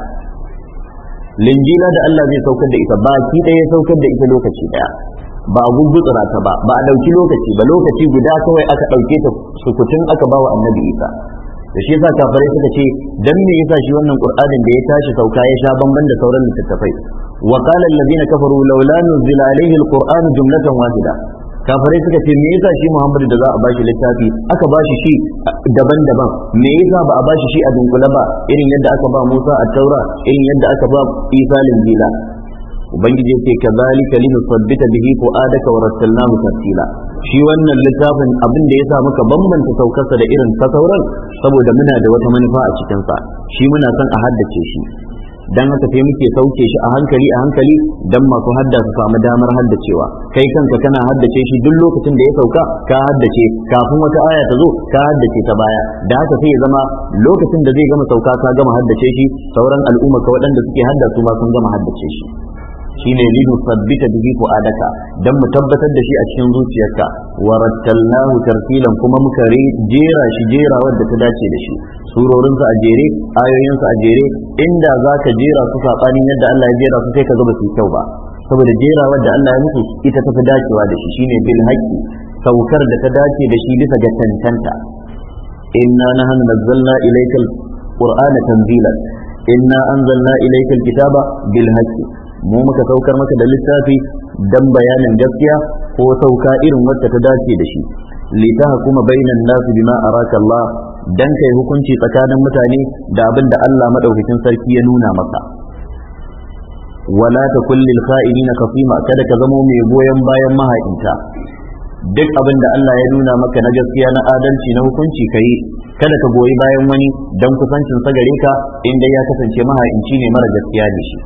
linjila da Allah zai saukar da ita baki ɗaya ya saukar da ita lokaci ɗaya ba a gugutsura ta ba ba a ɗauki lokaci ba lokaci guda kawai aka ɗauke ta sukutun aka bawa annabi isa da shi yasa kafirai suka ce dan me yasa shi wannan qur'anin da ya tashi sauka ya sha bamban da sauran littattafai wa qala allazina kafaru laula nuzila alaihi alqur'anu jumlatan wahida kafirai suka ce me yasa shi Muhammadu da za a bashi littafi aka bashi shi daban-daban me yasa ba a bashi shi a dunkule ba irin yadda aka ba Musa a Taura irin yadda aka ba Isa linjila ubangiji ya ce kazalika linusabbita bihi fuadaka wa rattalnahu tartila shi wannan littafin abin da sa muka bambanta saukarsa da irin ta sauran saboda muna da wata manufa a cikin sa shi muna son a haddace shi dan haka sai muke sauke shi a hankali a hankali dan masu hadda samu damar haddacewa kai kanka kana haddace shi duk lokacin da ya sauka ka haddace kafin wata aya ta zo ka haddace ta baya da haka sai ya zama lokacin da zai gama sauka ka gama haddace shi sauran al'umma ka waɗanda suke hadda su ma sun gama haddace shi shine lidu sabbita bihi fuadaka dan mu tabbatar da shi a cikin zuciyarka wa rattalnahu tartilan kuma muka jera shi jera wadda ta dace da shi surorin sa a jere ayoyin sa a jere inda zaka jera su sabanin yadda Allah ya jera su sai ka ga su kyau ba saboda jera wadda Allah ya musu ita ta fi dacewa da shi shine bil haqqi saukar da ta dace da shi bisa ga tantanta. inna nahnu nazzalna ilaykal qur'ana tanzila inna anzalna ilaykal kitaba bil haqqi mu muka saukar maka da littafi dan bayanin gaskiya ko sauka irin wacce ta dace da shi litahkuma bainan nasi bima araka Allah dan kai hukunci tsakanin mutane da abin da Allah madaukakin sarki ya nuna maka wala ta kullil kha'inina kasima kada ka zamo mai goyon bayan mahaƙinta duk abin da Allah ya nuna maka na gaskiya na adalci na hukunci kai kada ka goyi bayan wani dan kusancin sa gare ka inda ya kasance maha'inci ne mara gaskiya ne shi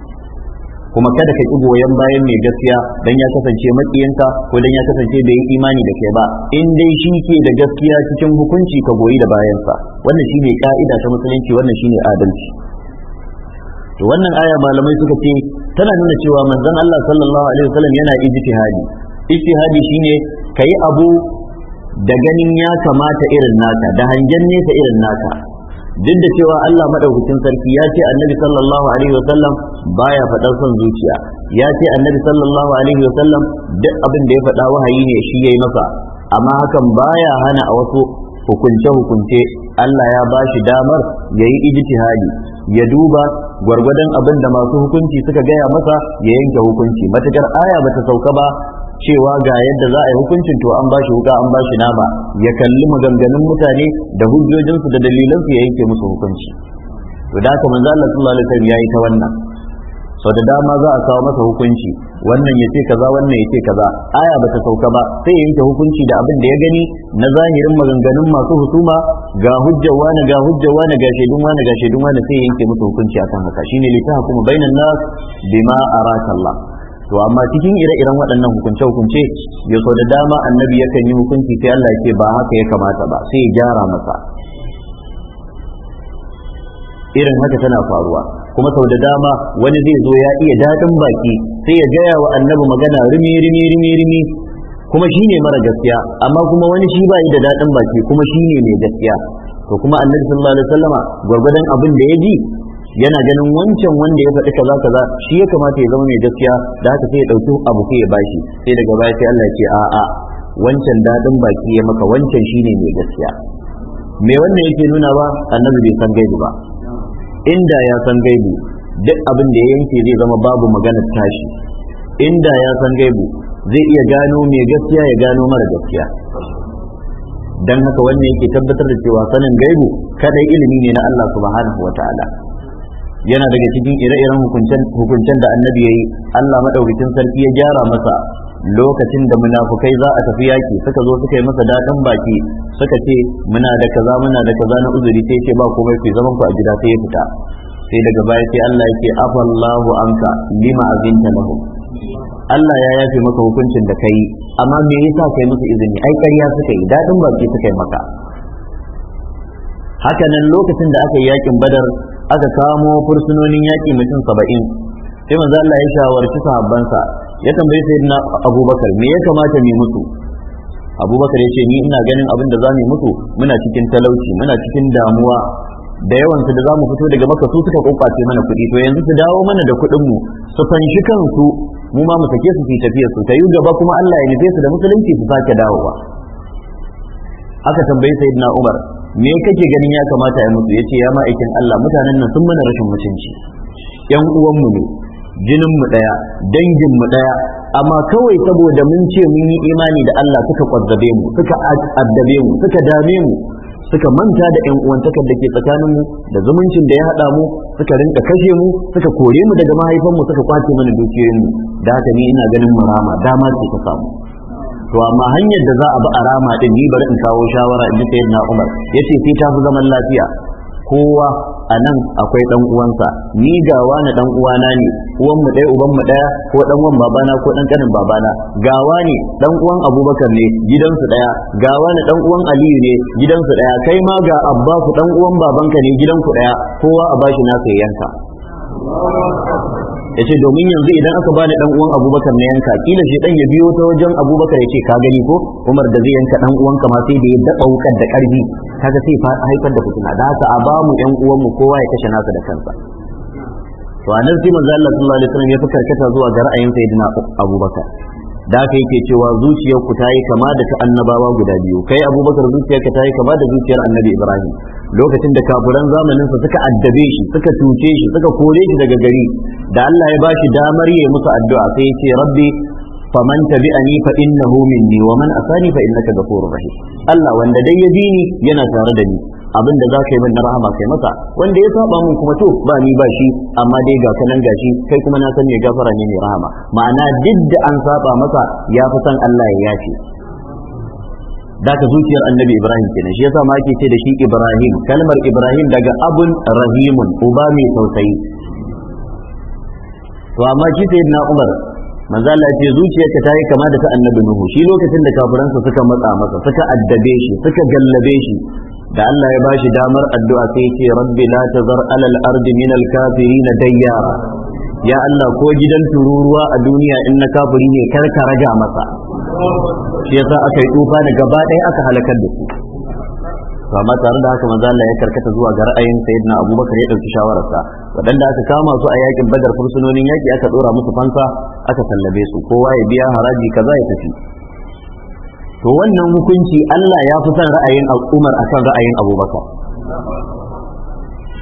kuma kada ka ki goyon bayan mai gaskiya don ya kasance matsayinka, ko dan ya kasance bai yi imani da kai ba in dai shi ke da gaskiya cikin hukunci ka goyi da bayansa wannan shine ka'ida ta musulunci wannan shine adalci to wannan aya malamai suka ce tana nuna cewa manzon Allah sallallahu alaihi wasallam yana ijtihadi ijtihadi shine kai abu da ganin ya kamata irin naka da hangen nesa irin naka duk da cewa Allah madaukakin sarki ya ce annabi sallallahu alaihi wasallam baya faɗar son zuciya ya ce annabi sallallahu alaihi duk abin da ya faɗa wahayi ne shi yayi masa amma hakan baya hana a wasu hukunce hukunce Allah ya ba shi damar ya yi ijtihadi ya duba gwargwadon abin da masu hukunci suka gaya masa ya yanke hukunci matukar aya bata sauka ba cewa ga yadda za a yi hukuncin to an bashi wuka an bashi nama ya kalli maganganun mutane da hujjojinsu da dalilansu ya yanke musu hukunci to da haka manzo Allah sallallahu alaihi wasallam yayi ta wannan sau da dama za a kawo masa hukunci wannan ya ce kaza wannan ya ce kaza aya ba ta sauka ba sai ya yanke hukunci da abin da ya gani na zahirin maganganun masu husuma ga hujjar wani ga hujjar wani ga shaidun wani ga shaidun wani sai ya yanke musu hukunci akan haka shine litaha kuma bainan nas bima araka Allah to amma cikin ire-iren waɗannan hukunce-hukunce ya so da dama annabi yakan yi hukunci sai Allah ce ba haka ya kamata ba sai ya gyara masa irin haka tana faruwa kuma sau da dama wani zai zo ya iya daɗin baki sai ya gaya wa annabi magana rimi rimi rimi kuma shi ne mara gaskiya amma kuma wani shi ba da daɗin baki kuma shi ne mai gaskiya to kuma annabi sallallahu alaihi wasallama gwargwadon abin da ya ji yana ganin wancan wanda ya faɗi kaza kaza shi ya kamata ya zama mai gaskiya da haka sai ya ɗauki abu sai ya bashi sai daga baya sai Allah ya ce a'a wancan dadin baki ya maka wancan shine mai gaskiya me wannan yake nuna ba annabi bai san gaibi ba inda ya san gaibi duk abin da ya yanke zai zama babu maganar tashi inda ya san gaibi zai iya gano mai gaskiya ya gano mara gaskiya dan haka wannan yake tabbatar da cewa sanin gaibi kadai ilimi ne na Allah subhanahu wataala yana daga cikin ire-iren hukuncen da annabi ya yi Allah maɗaukakin sarki ya gyara masa lokacin da munafukai za a tafi yaki suka zo suka yi masa daɗin baki suka ce muna da kaza muna da kaza na uzuri sai ce ba komai ku zaman ku a gida sai ya fita sai daga baya sai Allah yake afallahu anka lima azinta lahu Allah ya yafe maka hukuncin da kai amma me yasa kai musu izini ai ƙarya suka yi daɗin baki suka yi maka haka nan lokacin da aka yi yakin badar aka samo fursunonin yaƙi mutum saba'in sai manzo Allah ya shawarci sahabbansa ya tambayi na Abubakar me ya kamata mu mutu? Abubakar ya ce ni ina ganin abin da za mu mutu. muna cikin talauci muna cikin damuwa da yawan su da za mu fito daga maka su suka kokwace mana kuɗi to yanzu su dawo mana da kuɗin mu su fanshi kansu mu ma mu sake su su tafiyar su ta gaba kuma Allah ya nufe su da musulunci su sake dawowa aka tambayi sayyidina Umar me kake ganin ya kamata ya mutu yace ya ma ma'aikin Allah mutanen nan sun mana rashin mutunci yan uwanmu ne jinin mu daya dangin mu daya amma kawai saboda mun ce mun yi imani da Allah suka kwazzabe mu suka addabe mu suka dame mu suka manta da yan takar da ke tsakanin mu da zumuncin da ya hada mu suka rinka kashe mu suka kore mu daga mahaifan mu suka kwace mana dukiyoyin mu da haka ni ina ganin marama dama ce ta samu to amma hanyar da za a bi a rama din ni bari in kawo shawara in ji na Umar yace sai ta fi zaman lafiya kowa a nan akwai dan uwansa ni gawa wani dan uwana ne uwan mu ɗaya uban mu ɗaya ko dan uwan babana ko dan kanin babana ga wani dan uwan Abubakar ne gidansu ɗaya ga wani dan uwan Aliyu ne gidansu ɗaya kai ma ga Abbasu dan uwan babanka ne gidanku ɗaya kowa a bashi nasa yanka ya ce domin yanzu idan aka bani dan uwan abubakar na yanka kila shi dan ya biyo ta wajen abubakar ya ce ka gani ko umar da zai yanka dan uwan ma sai da ya daba wukar da ƙarfi kaga sai haifar da fitina da haka a ba mu yan uwan mu kowa ya kashe nasa da kansa to anan sai manzo Allah sallallahu alaihi wasallam ya fi karkata zuwa ga ra'ayin sayyidina abubakar da haka yake cewa zuciyar ku tayi kama da ta annabawa guda biyu kai abubakar zuciyar ka yi kama da zuciyar annabi ibrahim lokacin da kafuran zamaninsa suka addabe shi suka cuce shi suka kore shi daga gari da Allah ya bashi damar ya musu addu'a sai ya ce rabbi faman tabi'ani fa innahu minni wa man asani fa innaka ghafurur rahim Allah wanda dai ya bi ni yana tare da ni abin da za ka yi min na rahama kai masa wanda ya saba mun kuma to ba ni ba shi amma dai ga kanan gashi kai kuma na san mai gafara ne mai rahama ma'ana duk da an saba masa ya fi san Allah ya yafe da ka zuciyar annabi ibrahim kenan shi yasa ma ake ce da shi ibrahim kalmar ibrahim daga abun rahimun uba mai sausayi to amma shi sayyidina umar manzo Allah ce zuciyarka ta yi kama da ta annabi Nuhu shi lokacin da kafiransa suka matsa masa suka addabe shi suka gallabe shi da Allah ya bashi damar addu'a sai ya ce rabbi la tazar alal ardi min al kafirin dayyara ya Allah ko gidan tururuwa a duniya in na kafiri ne kar ka raja masa shi yasa aka yi tufa da gaba ɗaya aka halakar da su to amma tare da haka manzo Allah ya karkata zuwa ga ra'ayin sayyidina Abubakar ya dauki shawararsa waɗanda aka kama su a yakin badar fursunonin yaki aka ɗora musu fansa aka sallabe su kowa ya biya haraji kaza ya tafi to wannan hukunci Allah ya fi son ra'ayin Umar akan ra'ayin Abubakar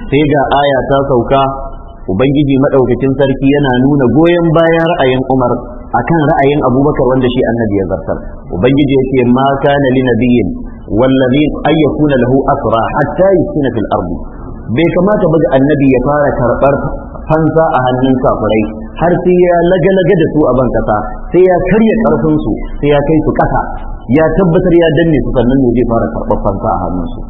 sai ga aya ta sauka ubangiji madaukakin sarki yana nuna goyon bayan ra'ayin Umar akan ra'ayin Abubakar wanda shi annabi ya zartar ubangiji yake ma kana li nabiyyin wallazin ayyakuna lahu asra hatta yusina fil ardi bai kamata ba ga annabi ya fara karɓar fansa a hannun kafirai har sai ya laga-laga da su a ban kasa sai ya karya ƙarfinsu sai ya kai su ƙasa ya tabbatar ya danne su sannan ne zai fara karɓar fansa a hannunsu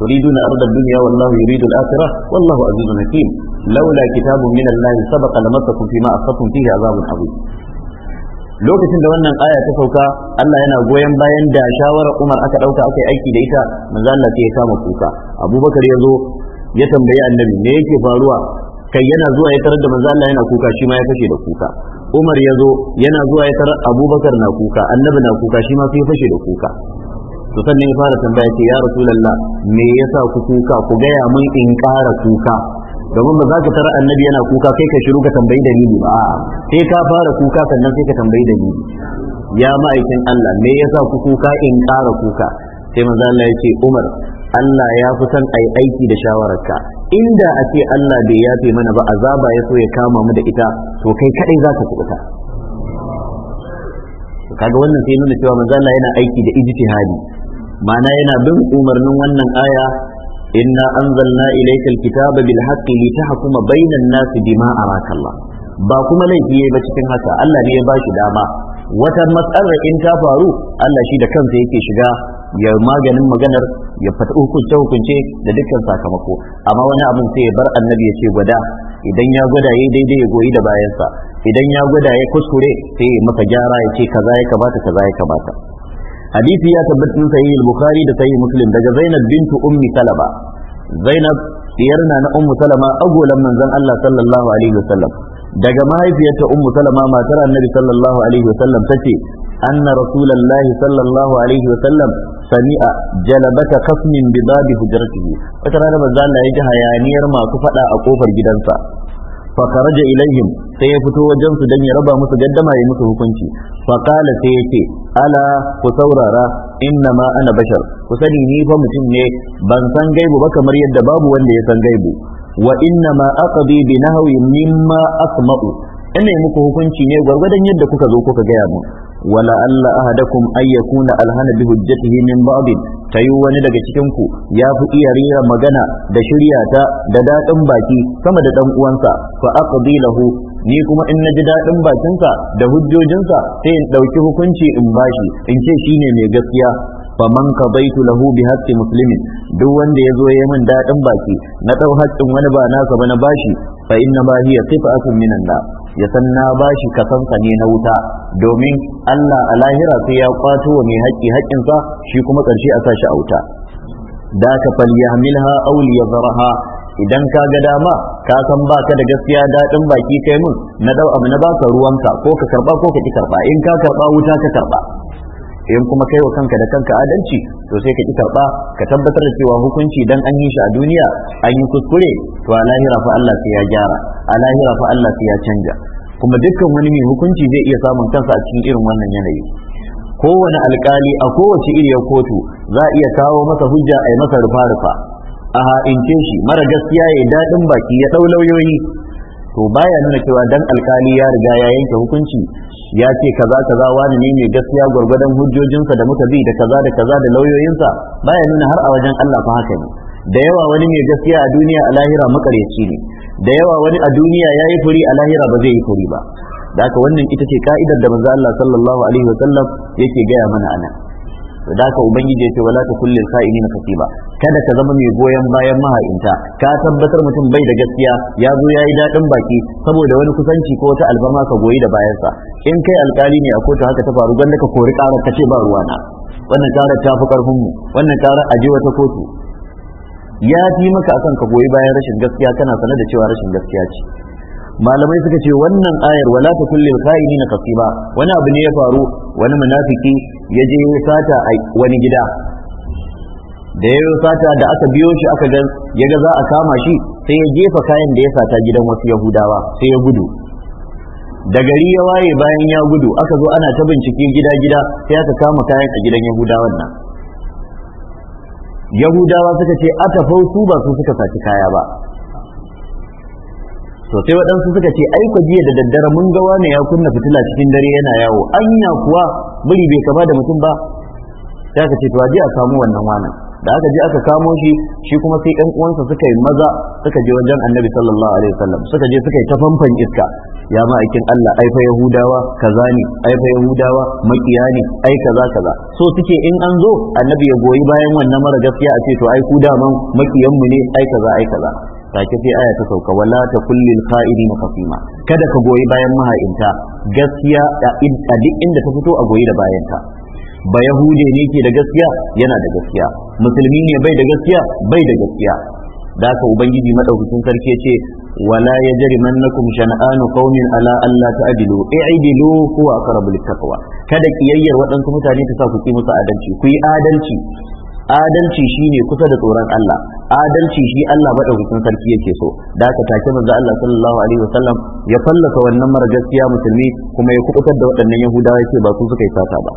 تريدون أرض الدنيا والله يريد الآخرة والله عزيز حكيم لولا كتاب من الله سبق لمسكم فيما أخذتم فيه عذاب عظيم lokacin da wannan aya ta sauka Allah yana goyon bayan da shawarar Umar aka ɗauka aka yi aiki da ita manzo Allah sai ya kama kuka Abubakar ya zo ya tambayi annabi me yake faruwa kai yana zuwa ya tarar da manzo Allah yana kuka shi ma ya fashe da kuka Umar ya zo yana zuwa ya tarar Abubakar na kuka annabi na kuka shi ma sai ya fashe da kuka to sannan ya fara tambaya ce ya rasulullah me yasa ku kuka ku gaya mun in ƙara kuka domin ba za ka tarar annabi yana kuka kai ka shiru ka tambayi dalili ba sai ka fara kuka sannan sai ka tambayi dalili ya ma'aikin Allah me yasa ku kuka in ƙara kuka sai manzo Allah yake Umar Allah ya fi son yi aiki da shawararka inda a ce Allah bai yafe mana ba azaba ya so ya kama mu da ita to kai kadai za ka kubuta kaga wannan sai nuna cewa manzo Allah yana aiki da ijtihadi ma'ana yana bin umarnin wannan aya inna anzalna ilayka alkitaba bil haqqi litahkuma bainan nasi bima araka ba kuma laifi yayi ba cikin haka Allah ne ya bashi dama wata matsalar in ta faru Allah shi da kansa yake shiga ya maganin maganar ya fata hukunce hukunce da dukkan sakamako amma wani abin sai ya bar annabi ya ce gwada idan ya gwada ya daidai ya goyi da bayansa idan ya gwada ya kuskure sai ya maka gyara ya ce kaza ya kamata kaza ya kamata hadisi ya tabbatar sahih al-bukhari da sahih muslim daga zainab bintu ummi salama zainab diyar na na ummu salama agolan manzon Allah sallallahu alaihi wasallam daga mahaifiyarta ummu salama matar annabi sallallahu alaihi wasallam tace أن رسول الله صلى الله عليه وسلم سمع جلبة خصم بباب هجرته فترى أنا مزال يجي هيانير ما كفتا أقوف الجدنسا فخرج إليهم سيفتو وجنس دني ربا مسجدما ما يمسه كنشي فقال سيتي ألا كثورارا إنما أنا بشر كسني نيفا متني بنسان غيب بكمر يد باب وندي يسان غيب وإنما أقضي بنهو مما أسمع ina muku hukunci ne gwargwadon yadda kuka zo kuka gaya mu ولعل أحدكم أن يكون ألهن بهجته من بعض tayi wani daga cikin ku ya fi iya rera magana da shirya ta da daɗin baki sama da ɗan uwansa fa aqdi lahu ni kuma in naji daɗin bakinsa da hujjojinsa sai in ɗauki hukunci in bashi in ce shine mai gaskiya faman qadaitu lahu bi haqqi muslimin duk wanda yazo yayi min dadin baki na dau haƙƙin wani ba nasa ba na bashi fa inna ma hiya qita'atun minan ya san na bashi kasansa ne na wuta domin Allah a lahira sai ya kwato wa mai haƙƙi haƙƙinsa shi kuma ƙarshe a sa shi a wuta da ka auli aw liyazraha idan ka ga dama ka san baka da gaskiya daɗin baki kai mun na dau abu na baka ruwanka ko ka karba ko ka ki karba in ka karba wuta ka karba in kuma kai wa kanka da kanka adalci to sai ka ki karba ka tabbatar da cewa hukunci dan an yi shi a duniya an yi kuskure to a lahira fa Allah sai ya gyara a lahira fa Allah sai ya canja kuma dukkan wani mai hukunci zai iya samun kansa a cikin irin wannan yanayi kowane alkali a kowace iriyar kotu za a iya kawo masa hujja a yi masa rufa-rufa a ha'ince shi mara gaskiya ya daɗin baki ya ɗau lauyoyi to baya nuna cewa dan alkali ya riga ya yanke hukunci ya ce kaza kaza wani ne mai gaskiya gwargwadon hujjojinsa da muka bi da kaza da kaza da lauyoyinsa baya nuna har a wajen Allah fa haka ne da yawa wani mai gaskiya a duniya a lahira makaryaci ne da yawa wani a duniya ya yi furi a lahira ba zai yi furi ba da haka wannan ita ce ka'idar da manzo Allah sallallahu alaihi wa sallam yake gaya mana anan da ka ubangiji ya ce wala ta kullil kha'inina kasiba kada ka zama mai goyon bayan maha'inta ka tabbatar mutum bai da gaskiya ya zo yayi dadin baki saboda wani kusanci ko wata albama ka goyi da bayansa in kai alkali ne a kotu haka ta faru ganda ka kori ƙara ka ce ba ruwana wannan karar ta fi karfin mu wannan karar aje wata kotu ya fi maka akan ka goyi bayan rashin gaskiya kana sanar da cewa rashin gaskiya ce malamai suka ce wannan ayar wala ta na kha'inina ba wani abu ne ya faru wani munafiki ya je ya sata a wani gida da ya sata da aka biyo shi aka gan ya ga za a kama shi sai ya jefa kayan da ya sata gidan wasu yahudawa sai ya gudu da gari ya waye bayan ya gudu aka zo ana ta bincike gida gida sai aka kama kayan a gidan yahudawan nan yahudawa suka ce a tafau su ba su suka saci kaya ba to sai waɗansu suka ce ai ku jiya da daddare mun ga wani ya kunna fitila cikin dare yana yawo anya kuwa biri bai kama da mutum ba sai aka ce to aje a samu wannan wani. da aka je aka kamo shi shi kuma sai ɗan uwansa suka yi maza suka je wajen annabi sallallahu alaihi wasallam suka je suka yi ta fanfan iska ya ma aikin Allah ai fa yahudawa kaza ne ai fa yahudawa makiya ne ai kaza kaza so suke in an zo annabi ya goyi bayan wannan mara gaskiya a ce to ai ku daman makiyan mu ne ai kaza ai kaza Kake sai aya ta sauka wala ta kullil kha'inin khasima kada ka goyi bayan maha'inta gaskiya a duk inda ta fito a goyi da bayanta ba yahude ne ke da gaskiya yana da gaskiya musulmi ne bai da gaskiya bai da gaskiya da haka ubangiji madaukakin sarki ya ce wala yajrimannakum shan'anu qaumin ala alla ta'dilu i'dilu huwa aqrabu littaqwa kada kiyayyar waɗansu mutane ta sa ku ki musu adalci ku yi adalci adalci shi ne kusa da tsoron Allah adalci shi Allah madaukakin sarki yake so da aka take manzo Allah sallallahu alaihi wasallam ya fallasa wannan mara gaskiya musulmi kuma ya kubutar da waɗannan yahudawa yake ba su suka yi sata ba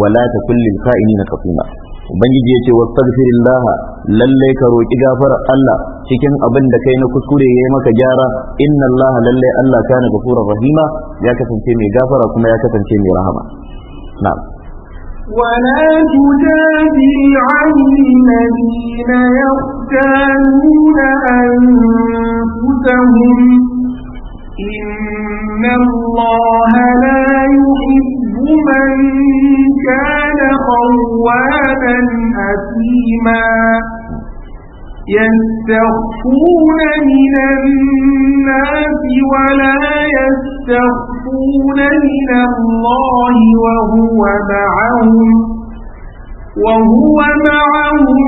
wala ta kullin ka'inina kafima ubangiji yace wastaghfirillah lalle ka roki gafar Allah cikin abin da kai na kuskure yayi maka gyara inna Allah lalle Allah kana gafurur rahima ya kasance mai gafara kuma ya kasance mai rahama na'am ولا تجادل عن الذين يختالون أنفسهم إن الله لا يحب من كان خوانا أثيما يستخفون من الناس ولا يستخفون من الله وهو معهم وهو معهم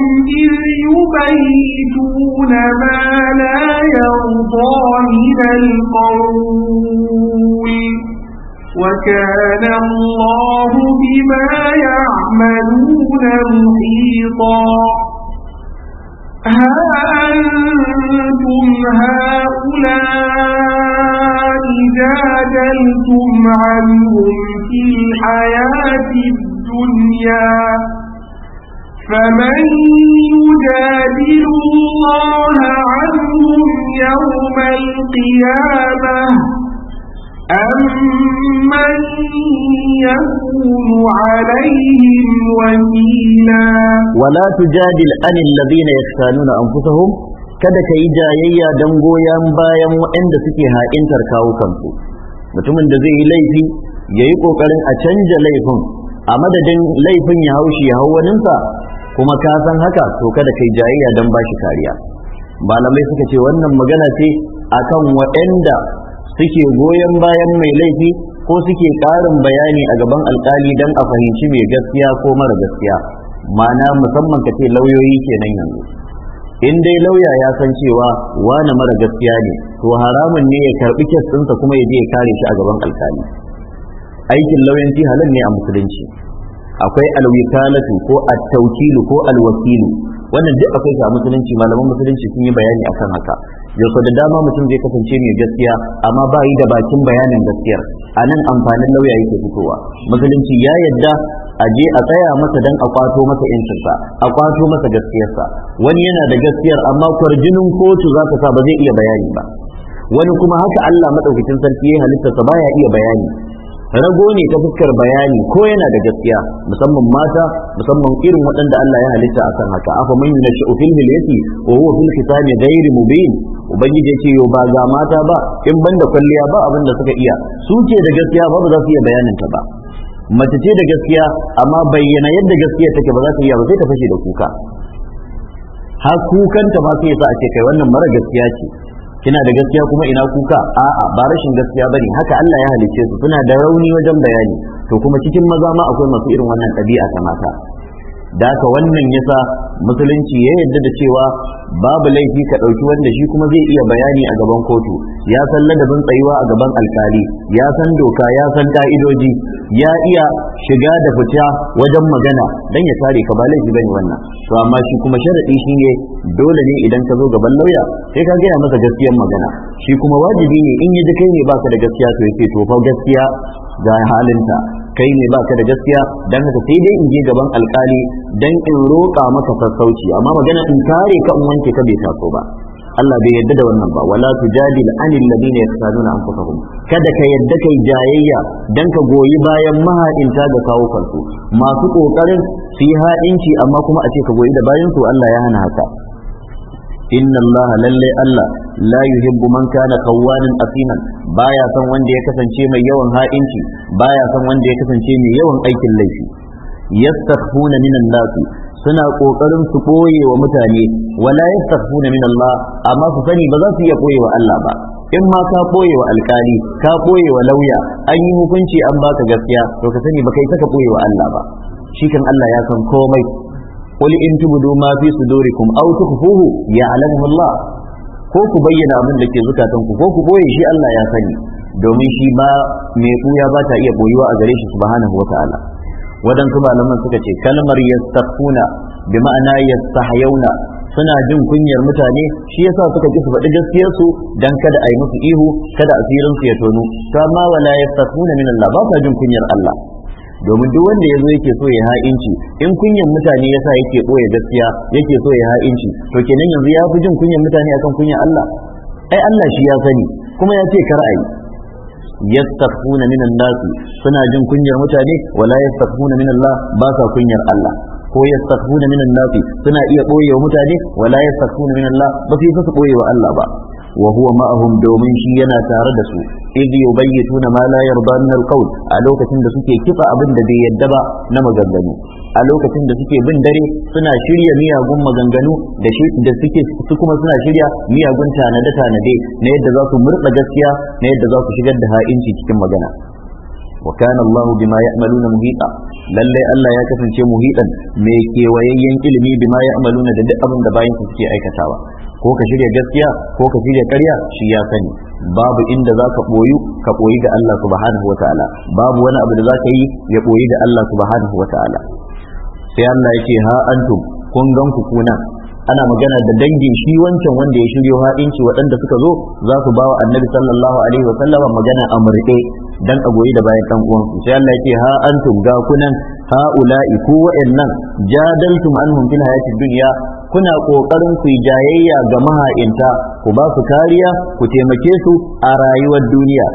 إذ يبيتون ما لا يرضى من القول وكان الله بما يعملون محيطا ها أنتم هؤلاء جادلتم عنهم في الحياة الدنيا فمن يجادل الله عنهم يوم القيامة أمن يكون عليهم وكيلا ولا تجادل عن الذين يختانون أنفسهم kada ka yi jayayya don goyan bayan waɗanda suke ha'intar kawo kansu mutumin da zai yi laifi ya yi ƙoƙarin a canja laifin a madadin laifin ya haushi ya hau kuma ka san haka to kada ka yi jayayya don ba shi kariya malamai suka ce wannan magana ce akan waɗanda suke goyon bayan mai laifi ko suke ƙarin bayani a gaban alkali don a fahimci mai gaskiya ko mara gaskiya mana musamman ka ce lauyoyi kenan yanzu in dai lauya ya san cewa wani mara gaskiya ne to haramun ne ya karɓi kes kuma ya je ya kare shi a gaban alkali aikin lauyanci halin ne a musulunci akwai alwikalatu ko attaukilu ko alwakilu wannan duk akwai ga musulunci malaman musulunci sun yi bayani akan haka yau da dama mutum zai kasance mai gaskiya amma ba yi da bakin bayanin gaskiyar a nan amfanin lauya yake fitowa musulunci ya yadda a je a tsaya masa dan a kwato masa yancinsa a kwato masa gaskiyarsa wani yana da gaskiyar amma kwarjinin kotu za ta sa ba zai iya bayani ba wani kuma haka Allah madaukakin sarki ya halitta sa baya iya bayani rago ne ta fuskar bayani ko yana da gaskiya musamman mata musamman irin waɗanda Allah ya halitta akan haka afa man shi fil hilyati wa huwa fil kitabi ghairu mubin ubangiji yake yo ba ga mata ba in banda kwalliya ba abin da suka iya su ce da gaskiya ba za su iya bayanin ta ba mace ce da gaskiya amma bayyana yadda gaskiya take ba za ta iya ba sai ta fashe da kuka har kukanta ma sai ya sa ce kai wannan mara gaskiya ce kina da gaskiya kuma ina kuka a'a ba rashin gaskiya bane haka Allah ya halicce su suna da rauni wajen bayani to kuma cikin maza ma akwai masu irin wannan ɗabi'a ta mata da haka wannan yasa musulunci ya yarda da cewa babu laifi ka ɗauki wanda shi kuma zai iya bayani a gaban kotu ya san ladabin tsayuwa a gaban alkali ya san doka ya san ka'idoji ya iya shiga da fita wajen magana don ya tare ka ba laifi bane wannan to amma shi kuma sharaɗi shi ne dole ne idan ka zo gaban lauya sai ka gaya masa gaskiyar magana shi kuma wajibi ne in yi ji kai ne baka da gaskiya to ya ce to fa gaskiya ga halinta kai ne baka da gaskiya dan haka sai dai in je gaban alkali dan in roƙa maka sassauci amma magana in kare ka in wanke ka bai taso ba Allah bai yadda da wannan ba wala tujadil anil ladina yakhtanuna anfusahum kada ka yadda kai jayayya dan ka goyi bayan mahadinta ga kawo kansu masu kokarin su yi haɗinci amma kuma a ce ka goyi da bayan su Allah ya hana haka inna Allah lalle Allah layu yuhibbu man kana asinan, asiman baya son wanda ya kasance mai yawan ha'inci baya son wanda ya kasance mai yawan aikin laifi yastakhuna minan nasi suna kokarin su koye mutane wala yastakhuna min Allah amma su sani ba za su iya koye Allah ba in ma ka koye wa alkali ka koye lauya an yi hukunci an baka gaskiya to ka sani ba kai saka koye Allah ba shi kan Allah ya san komai qul in tubdu ma fi sudurikum aw tukhfuhu ya'lamuhu Allah ko ku bayyana abin da ke zukatanku ko ku boye shi Allah ya sani domin shi ba mai kuya ba ta iya boyuwa a gare shi subhanahu wa ta'ala wadansu malaman suka ce kalmar yastakhuna bi ma'ana yastahyauna suna jin kunyar mutane shi yasa suka ki su faɗi gaskiyar su dan kada a yi musu ihu kada asirin su ya tono. to amma wala yastakhuna min Allah ba sa jin kunyar Allah domin duk wanda ya zo yake so ya ha'inci in kunyan mutane yasa yake ɓoye gaskiya yake so ya ha'inci to kenan yanzu ya fi jin kunyan mutane akan kunyan Allah ai Allah shi ya sani kuma ya ce kar'ayi yastakhuna minan nasi suna jin kunyar mutane wala yastakhuna min Allah ba sa kunyar Allah ko yastakhuna minan nasi suna iya boye wa mutane wala yastakhuna min Allah ba su yi su wa Allah ba wa huwa ma'ahum domin shi yana tare da su idh yubayyituna ma la yarda min a lokacin da suke kifa abin da bai yadda ba na maganganu a lokacin da suke bin dare suna shirya miyagun maganganu da shi kuma suna shirya miyagun tanade tanade na yadda za su murda gaskiya na yadda za su shigar da ha'inci cikin magana wa kana Allah bima ya'maluna muhita Allah ya kasance muhitan mai kewayayyen ilimi bima ya'maluna da duk abin da bayin suke aikatawa ko ka shirya gaskiya ko ka shirya ƙarya shi ya sani babu inda za ka ɓoyu ka ɓoyi ga Allah subhanahu wa ta'ala babu wani abu da za ka yi ya ɓoyi ga Allah subhanahu wa ta'ala sai Allah ya ce ha antum kun gan ku kuna ana magana da dangin shi wancan wanda ya shiryo haɗinci waɗanda suka zo za su ba wa annabi sallallahu alaihi wa sallama magana a murɗe dan a goyi da bayan dan uwansu sai Allah yake ha antum ga kunan haula'i ku wa'annan jadaltum anhum fil hayatid dunya kuna kokarin ku jayayya ga maha'inta ku ba su kariya ku taimake su a rayuwar duniya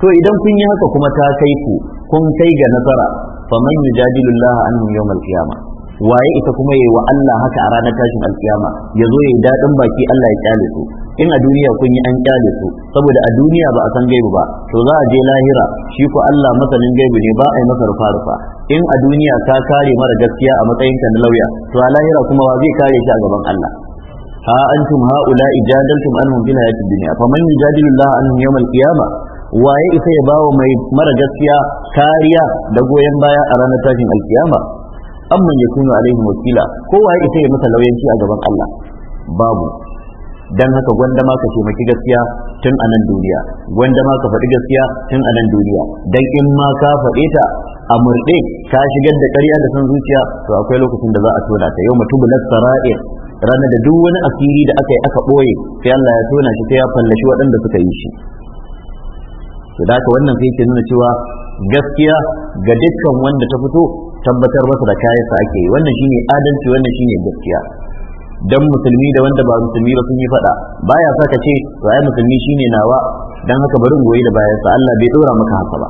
to idan kun yi haka kuma ta kai ku kun kai ga nasara faman yujadilu anhum yawmal qiyamah waye ita kuma yayi wa Allah haka a ranar tashin alkiyama ya zo yayi dadin baki Allah ya kyale su in a duniya kun yi an kyale su saboda a duniya ba a san gaibu ba to za a je lahira shi ko Allah masanin gaibu ne ba a yi masa rufa rufa in a duniya ka kare mara gaskiya a matsayin ka na lauya to a lahira kuma wa zai kare shi a gaban Allah ha antum haula'i jadaltum anhum fil hayatid dunya faman yujadilu Allah anhum yawm al waye isa ya bawa mai mara gaskiya kariya da goyon baya a ranar tashin alkiyama amman yakunu alaihi wakila kowa ya ita ya masa lauyanci a gaban Allah babu dan haka gwanda ma ka taimaki gaskiya tun a nan duniya gwanda ma ka faɗi gaskiya tun a nan duniya dan in ma ka faɗe ta a murɗe ka shigar da ƙarya da san zuciya to akwai lokacin da za a tona ta yau mutubu na sara'ir ranar da duk wani asiri da aka yi aka ɓoye sai Allah ya tona shi sai ya fallashi waɗanda suka yi shi to da haka wannan sai ke nuna cewa gaskiya ga dukkan wanda ta fito tabbatar masa da kayansa ake yi wannan shine adalci wannan shine gaskiya dan musulmi da wanda ba musulmi ba sun yi fada baya sa ka ce to ai musulmi shine nawa dan haka bari goyi da bayan sa Allah bai dora maka haka ba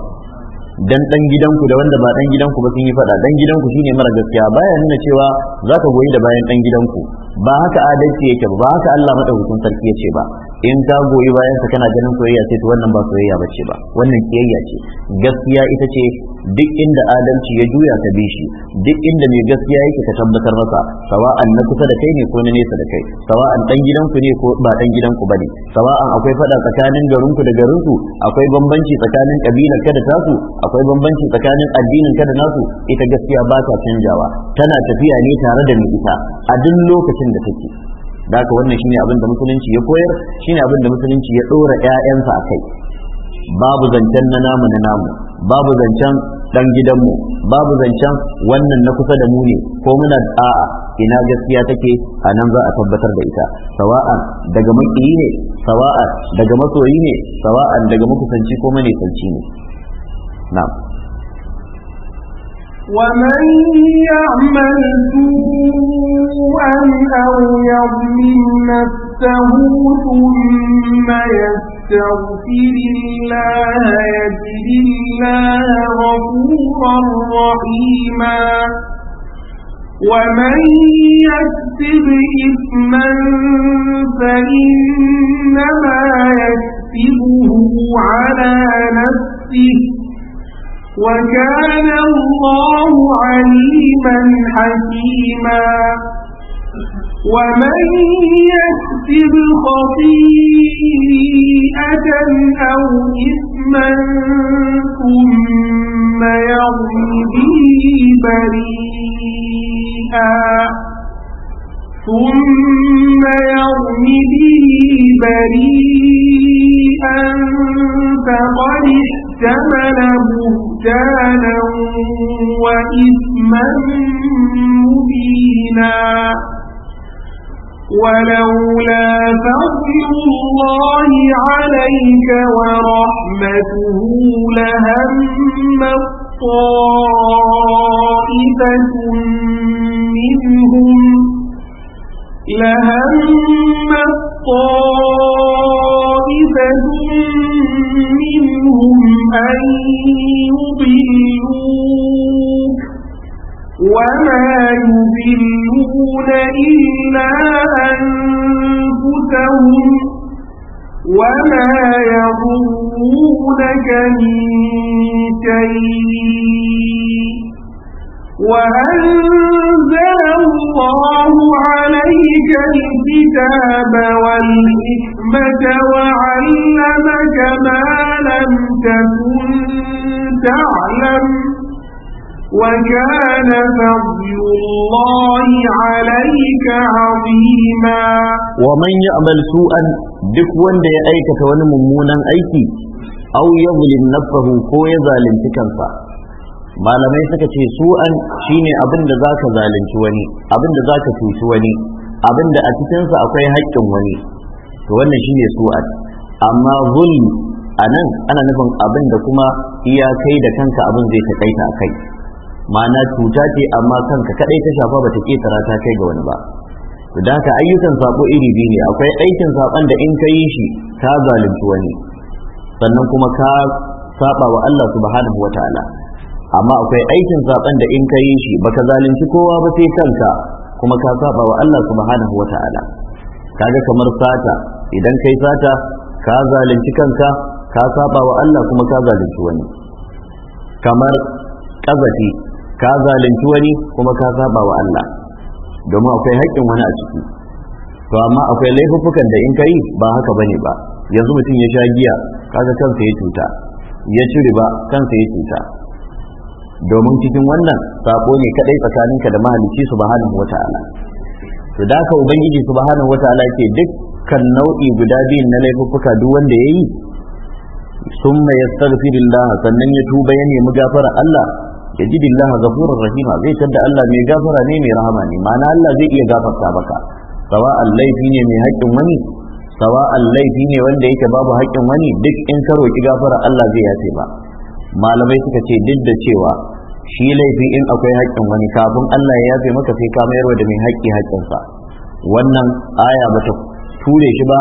dan dan gidanku da wanda ba dan gidanku ba sun yi fada dan gidanku shine mara gaskiya baya nuna cewa zaka goyi da bayan dan gidanku ba haka adalci yake ba haka Allah madaukakin sarki yace ba in ka goyi bayan sa kana ganin soyayya sai to wannan ba soyayya bace ba wannan kiyayya ce gaskiya ita ce duk inda adalci ya juya ka bi shi duk inda mai gaskiya yake ka tabbatar masa sawa'an na kusa da kai ne ko na nesa da kai sawa'an dan gidanku ne ko ba dan gidanku bane sawa'an akwai fada tsakanin garinku da garinku akwai bambanci tsakanin kabilar ka da tasu akwai bambanci tsakanin addinin ka da nasu ita gaskiya ba ta canjawa tana tafiya ne tare da mai ita a duk lokacin da take da haka wannan shine abin da musulunci ya koyar shine abin da musulunci ya dora ƴaƴansa a kai babu zancen na namu na namu babu zancen dan gidanmu babu zancen wannan na kusa da mu ne ko muna a'a ina gaskiya take a nan za a tabbatar da ita sawa'an daga makiyi ne sawa'an daga masoyi ne sawa'an daga makusanci ko manesanci ne na'am ومن يعمل سوءا أو يظلم نفسه ثم يستغفر الله يجد الله غفورا رحيما ومن يكسب إثما فإنما يكسبه على نفسه وكان الله عليما حكيما ومن يكسب خطيئة أو إثما ثم يرمي به بريئا ثم يرمي به بريئا فقد احتمل بهتانا بهتانا وإثما مبينا ولولا فضل الله عليك ورحمته لهم طائفة منهم لهم طائفة طائفة منهم أن يضلوك وما يضلون إلا أنفسهم وما يضرونك من شيء وأنزل الله عليك الكتاب والحكمة وعلمك ما لم تكن تعلم وكان فضل الله عليك عظيما ومن يعمل سوءا duk wanda ya aikata wani mummunan aiki au yazlim nafsahu ko ya zalunci kansa malamai suka ce su an shine abin da za ka zalunci wani abin da za ka cuci wani abin da a cikinsa akwai haƙƙin wani to wannan shine su an amma zulmi a nan ana nufin abin da kuma iya kai da kanka abin zai taƙaita a kai ma'ana cuta ce amma kanka kaɗai ta shafa ba ta ƙetara ta kai ga wani ba to da haka ayyukan sako iri biyu ne akwai aikin saƙon da in ka yi shi ka zalunci wani sannan kuma ka saba wa Allah subhanahu wataala amma akwai aikin saɓan da in ka yi shi baka zalunci kowa ba sai kanka kuma ka saba wa Allah subhanahu wata'ala kaga kamar sata idan kai sata ka zalunci kanka ka saba wa Allah kuma ka zalunci wani kamar ƙazafi ka zalunci wani kuma ka saba wa Allah domin akwai haƙƙin wani a ciki to amma akwai laifuffukan da in ka yi ba haka bane ba yanzu mutum ya sha giya kaga kansa ya cuta ya ci riba kansa ya cuta domin cikin wannan sako ne kadai tsakaninka da mahalicci subhanahu wata'ala to da ka ubangiji subhanahu wata'ala ke dukkan nau'i guda biyun na laifuffuka duk wanda yayi summa Allah, sannan ya tuba ya nemi gafara Allah ga ghafurur rahima zai tadda Allah mai gafara ne mai rahama ne ma'ana Allah zai iya gafarta maka sawa'an laifi ne mai haƙƙin wani sawa'an laifi ne wanda yake babu haƙƙin wani duk in ka ki gafara Allah zai yace ba malamai suka ce duk da cewa shi laifi in akwai haƙƙin wani kafin Allah ya yafe maka sai ka mayarwa da mai haƙƙi haƙƙinsa wannan aya bata ture shi ba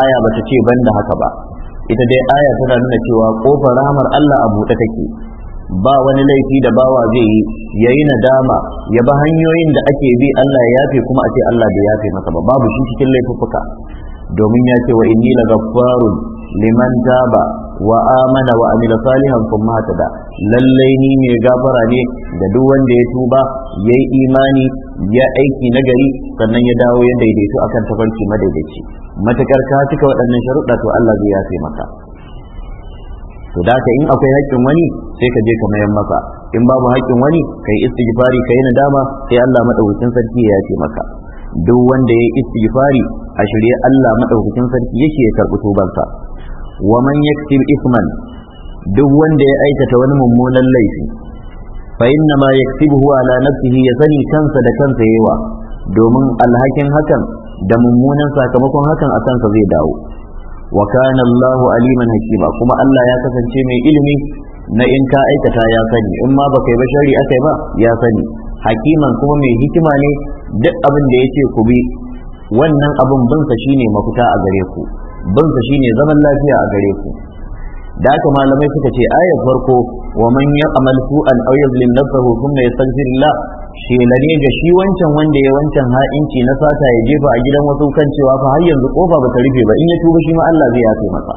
aya bata ce ban da haka ba ita dai aya tana nuna cewa kofar rahamar Allah a buɗe take ba wani laifi da bawa zai yi ya yi nadama ya ba hanyoyin da ake bi Allah ya yafe kuma a ce Allah bai yafe masa ba babu shi cikin laifuffuka domin ya ce wa inni lagaffarun liman taba wa amana wa amila salihan thumma da lallai ni ne gafara ne da duk wanda ya tuba yayi imani ya aiki nagari sannan ya dawo ya daidaito akan tafarki madaidaici matakar ka cika waɗannan sharuɗa to Allah zai yafe maka to da ka in akwai haƙƙin wani sai ka je ka mayan masa in babu haƙƙin wani kai istighfari kai nadama sai Allah madaukakin sarki ya yafe maka duk wanda ya istighfari a shirye Allah madaukakin sarki yake ya karɓi tubansa wa man yaktib isman duk wanda ya aikata wani mummunan laifi fa inna ma yaktibuhu ala nafsihi ya sani kansa da kansa yawa domin alhakin hakan da mummunan sakamakon hakan a kansa zai dawo wa kana Allah aliman hakima kuma Allah ya kasance mai ilimi na in ka aikata ya sani in ma baka yi ba shari akai ba ya sani hakiman kuma mai hikima ne duk abin da ce ku bi wannan abin binsa shine mafita a gare ku bin sa shine zaman lafiya a gare ku da haka malamai suka ce ayar farko wa man ya'mal su'an aw yuzlim nafsahu thumma yastaghfirullah shela ne ga shi wancan wanda ya wancan ha'inci na sata ya jefa a gidan wasu kan cewa fa har yanzu kofa ba ta rufe ba in ya tuba shi ma Allah zai yafe masa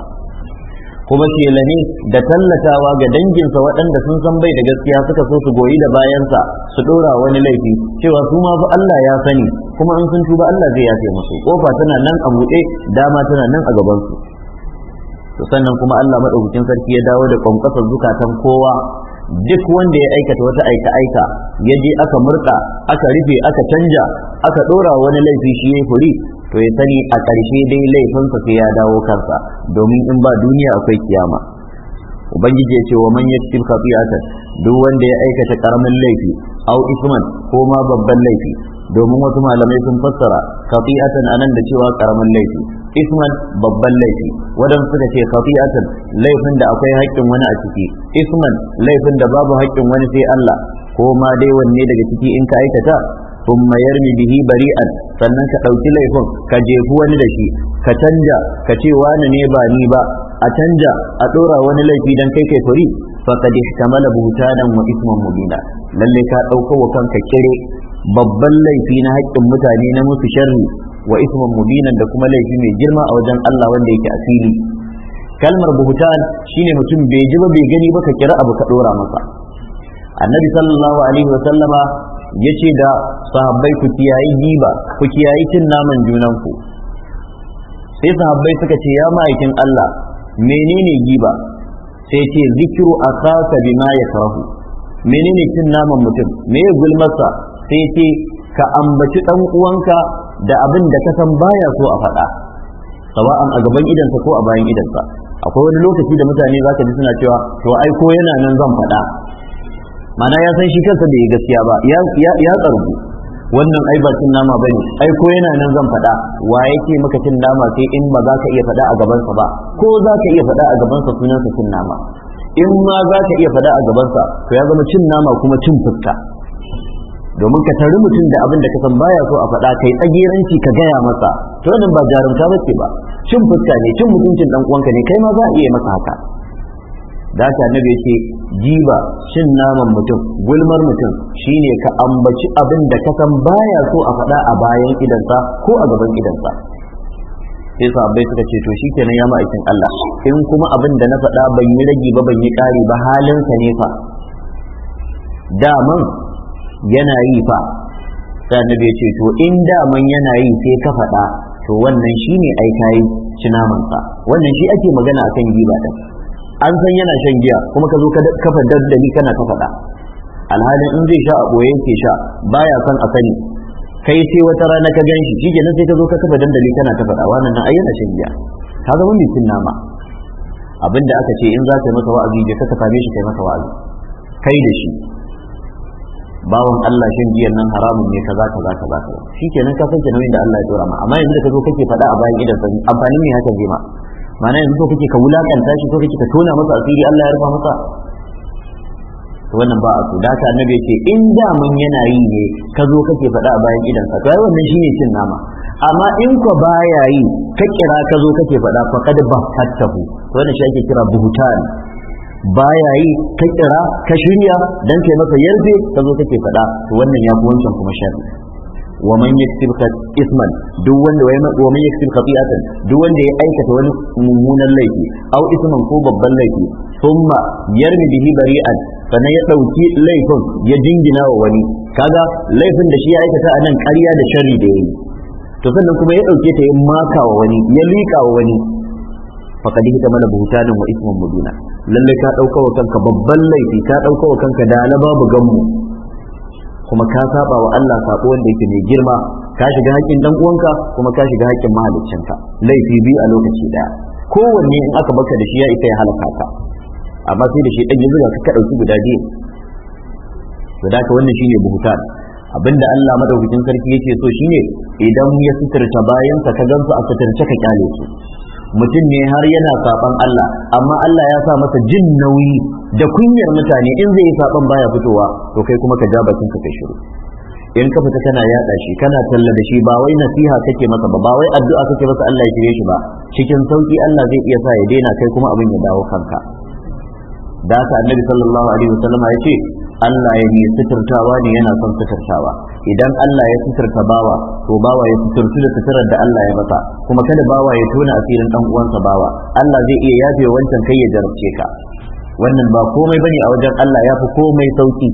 kuma shelani da tallatawa ga danginsa waɗanda sun san bai da gaskiya suka so su goyi da bayansa su ɗora wani laifi cewa su ma Allah ya sani kuma in sun tuba Allah zai yafe musu kofa tana nan a buɗe dama tana nan a gabansu sannan kuma Allah madaukakin sarki ya dawo da ƙwanƙasar zukatan kowa duk wanda ya aikata wata aika aika ya je aka murka aka rufe aka canja aka dora wani laifi shi ya furi to ya sani a ƙarshe dai laifin sai ya dawo kansa domin in ba duniya akwai kiyama ubangiji ya ce wa man yaktib khati'atan duk wanda ya aikata karamin laifi au isman ko ma babban laifi domin wasu malamai sun fassara a anan da cewa karamin laifi isman babban laifi wadanda suka ce khati'atan laifin da akwai haƙƙin wani a ciki isman laifin da babu haƙƙin wani sai Allah ko ma dai wanne daga ciki in ka aikata thumma yarmi bihi bari'an sannan ka ɗauki laifin ka jefu wani da shi ka canja ka ce wani ne ba ni ba a canja a ɗora wani laifi dan kai kai fari faqad ihtamala buhtanan wa isman mubina lalle ka ɗauko wa kanka kire babban laifi na haƙƙin mutane na musu sharri wa ismin mubinan da kuma laifi mai girma a wajen Allah wanda yake asiri kalmar buhutan shine mutum bai ji ba bai gani ba ka kira abu ka dora masa annabi sallallahu alaihi wa sallama yace da sahabbai ku kiyayi giba ku kiyayi cin naman junanku sai sahabbai suka ce ya ma'aikin Allah menene giba sai ce zikiru akaka bima yakrahu menene cin naman mutum me ya gulmasa sai ce ka ambaci dan uwanka da abin da ka san baya so a faɗa sawa'an a gaban idansa ko a bayan idansa akwai wani lokaci da mutane za ka ji suna cewa to ai ko yana nan zan faɗa mana ya san shi kansa bai gaskiya ba ya tsargu wannan ai ba cin nama bane ai ko yana nan zan faɗa wa yake maka cin nama sai in ba za ka iya faɗa a gabansa ba ko za ka iya faɗa a gabansa sunansa cin nama in ma za ka iya faɗa a gabansa to ya zama cin nama kuma cin fuska domin ka tari mutum da abin da ka san baya so a faɗa kai tsagiranci ka gaya masa to wannan ba jarumta ce ba cin fuska ne cin mutuncin dan uwanka ne kai ma za a iya masa haka da ta annabi yace jiba shin naman mutum gulmar mutum shine ka ambaci abin da ka san baya so a faɗa a bayan idansa ko a gaban idansa sai sahabbai suka ce to shikenan ya ma'aikin Allah in kuma abin da na faɗa ban yi ragi ba ban yi kare ba halinsa ne fa daman yana yi fa sai annabi ya ce to in daman yana yi sai ka faɗa to wannan shine ai kai cinamansa wannan shi ake magana akan giba din an san yana shan giya kuma ka zo ka kafa daddali kana ka faɗa alhalin in zai sha a ɓoye yake sha baya san a sani kai sai wata rana ka gan shi shi sai ka zo ka kafa dandali kana ta faɗa wannan nan yana shan giya ka zama mai cin nama abinda aka ce in za ka masa wa'azi je ka same shi kai masa wa'azi kai da shi bawan Allah shan giyan nan haramun ne kaza kaza kaza kaza shikenan ka san nauyin da Allah ya dora ma amma yanzu da kazo kake faɗa a bayan gidan sa amfanin me haka zai ma ma'ana yanzu kake ka wulakanta shi so kake ka tona masa asiri Allah ya rufa masa to wannan ba a so da annabi yace in da mun yana yi ne ka zo kake faɗa a bayan gidan sa to ai wannan shine cin nama amma in ko baya yi ka kira ka zo kake faɗa fa kad bahattahu to wannan shi ake kira buhutan baya yi ka kira ka shirya don kai masa yarbe ka zo kake faɗa to wannan ya fi wancan kuma sharri wa man yaktib isman duk wanda wa man yaktib khati'atan duk wanda ya aikata wani mummunan laifi au isman ko babban laifi thumma yarmi bihi bari'an sannan ya dauki laifin ya dingina wa wani kaga laifin da shi ya aikata anan karya da shari da yayi to sannan kuma ya dauke ta ya maka wa wani ya liƙa wa wani faqad mana buhutanin wa mu muduna lalle ka dauka wa kanka babban laifi ka dauka wa kanka da na babu ganmu kuma ka saba wa Allah saƙo wanda yake mai girma ka shiga haƙƙin dan uwanka kuma ka shiga haƙƙin mahaliccinka laifi biyu a lokaci daya kowanne in aka baka da shi ya isa ya halaka ka amma sai da shi dan yanzu ka ka ɗauki guda biyu to da ka wannan shine buhutan abinda Allah madaukakin sarki yake so shine idan ya suturta bayansa ka gansu a suturta ka kyale su mutum ne har yana saban Allah amma Allah ya sa masa jin nauyi da kunyar mutane in zai yi saban baya fitowa to kai kuma ka ja bakin ka kai shiru in ka fita kana yada shi kana talla da shi ba wai nasiha kake masa ba ba wai addu'a kake masa Allah ya kire shi ba cikin sauki Allah zai iya sa ya daina kai kuma abin ya dawo kanka da haka annabi sallallahu alaihi wasallam ya ce Allah ya ne suturtawa ne yana son suturtawa idan Allah ya suturta bawa to bawa ya suturtu da suturar da Allah ya masa kuma kada bawa ya tona asirin dan uwansa bawa Allah zai iya yafe wancan kai ya jarabce ka wannan ba komai bane a wajen Allah ya fi komai sauki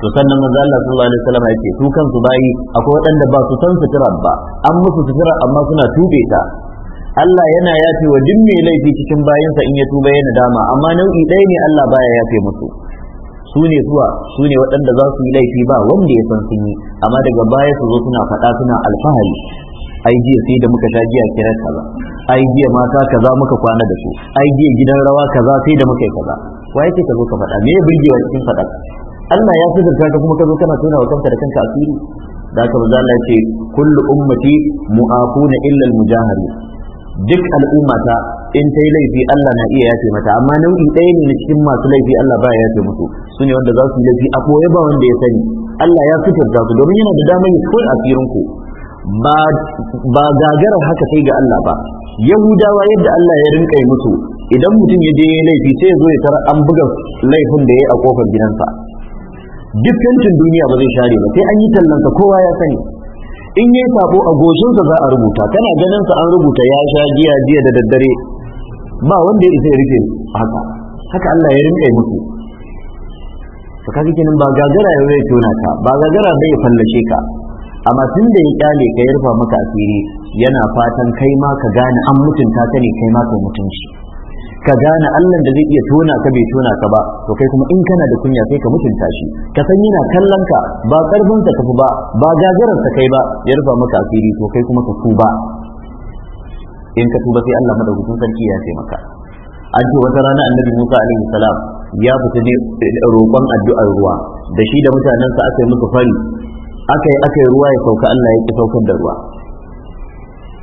to sannan manzo Allah sallallahu alaihi wasallam ya su kansu bayi akwai waɗanda ba su san suturar ba an musu sutura amma suna tube ta Allah yana yafe wa duk mai laifi cikin bayinsa in ya tuba yana dama amma nau'i ɗaya ne Allah baya yafe musu su ne zuwa su ne waɗanda za su yi laifi ba wanda ya san sun yi amma daga baya su zo suna faɗa suna alfahari ai jiya sai da muka sha a kirar kaza ai jiya mata kaza muka kwana da su ai jiya gidan rawa kaza sai da muka yi kaza Wai yake ka zo ka faɗa me ya burgewa cikin faɗa Allah ya sirrta ka kuma ka zo kana tona wa kanka da kanka asiri da ka ba Allah ce kullu ummati mu'afuna illa al-mujahiri duk al'ummata in ta yi laifi Allah na iya yafe mata amma nau'i ɗaya ne na cikin masu laifi Allah ba ya yafe musu su ne wanda za su yi laifi a ɓoye ba wanda ya sani Allah ya fitar su domin yana da damar ya a asirin ku ba gagarar haka sai ga Allah ba yahudawa yadda Allah ya rinka musu idan mutum ya je laifi sai ya zo ya tara an buga laifin da ya yi a kofar gidansa dukkancin duniya ba zai share ba sai an yi tallansa kowa ya sani in yi sabo a goshinsa za a rubuta kana ganin sa an rubuta ya sha giya jiya da daddare ba wanda ya isa ya rike haka haka Allah ya rinka yi musu to kaga kenan ba gagara ya zai tona ka ba gagara bai ya fallace ka amma tun da ya kyale ka yarfa maka asiri yana fatan kai ma ka gane an mutunta ka ne kai ma ka mutunci ka gane Allah da zai iya tona ka bai tona ka ba to kai kuma in kana da kunya sai ka mutunta shi ka san yana kallon ka ba karfin ka tafi ba ba gagarar ka kai ba ya rufa maka asiri to kai kuma ka tuba in ka tuba sai Allah madaukakin sarki ya taimaka an ce wata rana annabi Musa alaihi salam ya fita ne roƙon addu'ar ruwa da shi da mutanensa aka yi musu fari aka yi aka yi ruwa ya sauka Allah ya ki saukar da ruwa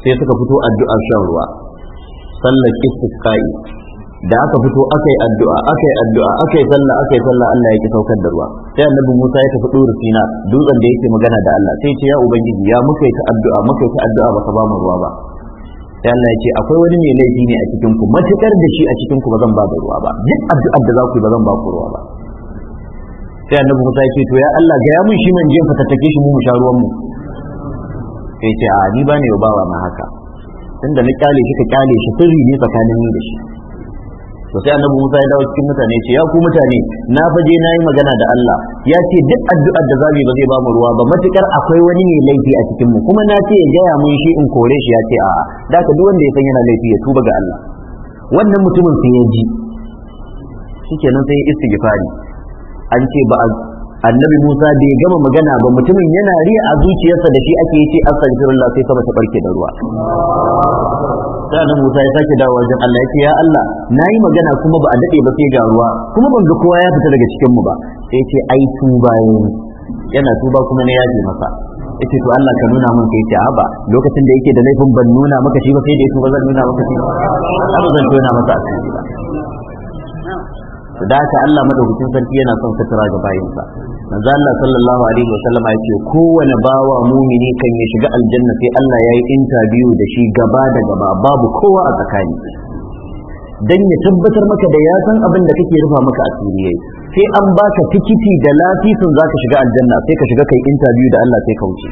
sai suka fito addu'ar shan ruwa sallar istisqa'i da aka fito aka yi addu'a aka yi addu'a aka yi sallah aka yi sallah Allah ya ki saukar da ruwa sai annabi Musa ya tafi duru sina dutsen da yake magana da Allah sai ce ya ubangiji ya muka yi ta addu'a muka yi ta addu'a ba ka ba mu ruwa ba sai Allah ya ce akwai wani mai laifi ne a cikin ku matukar da shi a cikin ku ba zan ba da ruwa ba duk addu'ar da za ku yi ba zan ba ku ruwa ba sai annabi Musa ya ce to ya Allah ga ya mun shi man jin fatattake shi mu mu sha ruwan mu sai ce a ni ba ne bawa ma haka tunda na kyale shi ka kyale shi sirri ne tsakanin ni da shi to sai annabi Musa ya dawo cikin mutane ce ya ku mutane na faje na yi magana da Allah ya ce duk addu'ar da zabi ba zai ba mu ruwa ba matukar akwai wani mai laifi a cikin mu kuma na ce ya gaya mun shi in kore shi ya ce a da ka duk wanda ya san yana laifi ya tuba ga Allah wannan mutumin sai ya ji shikenan sai ya istighfari an ce ba a annabi Musa bai gama magana ba mutumin yana riya a zuciyarsa da shi ake yace astaghfirullah sai sama ta barke da ruwa sai Musa ya sake dawo wajen Allah ya ce ya Allah na yi magana kuma ba a daɗe ba sai ga ruwa kuma ban ga kowa ya fita daga cikin mu ba sai ce ai tuba yana tuba kuma na yaje masa yace to Allah ka nuna min kai ta ba lokacin da yake da laifin ban nuna maka shi ba sai da ya tuba zan nuna maka shi ba zan nuna masa asiri ba da haka Allah madaukakin sarki yana son sutura ga bayinsa manzo Allah sallallahu alaihi wasallam ya ce kowane bawa mumini kan ya shiga aljanna sai Allah ya yi interview da shi gaba da gaba babu kowa a tsakani dan ya tabbatar maka da ya san abin da kake rufa maka asiri yayi sai an baka tikiti da lafifin zaka shiga aljanna sai ka shiga kai interview da Allah sai ka wuce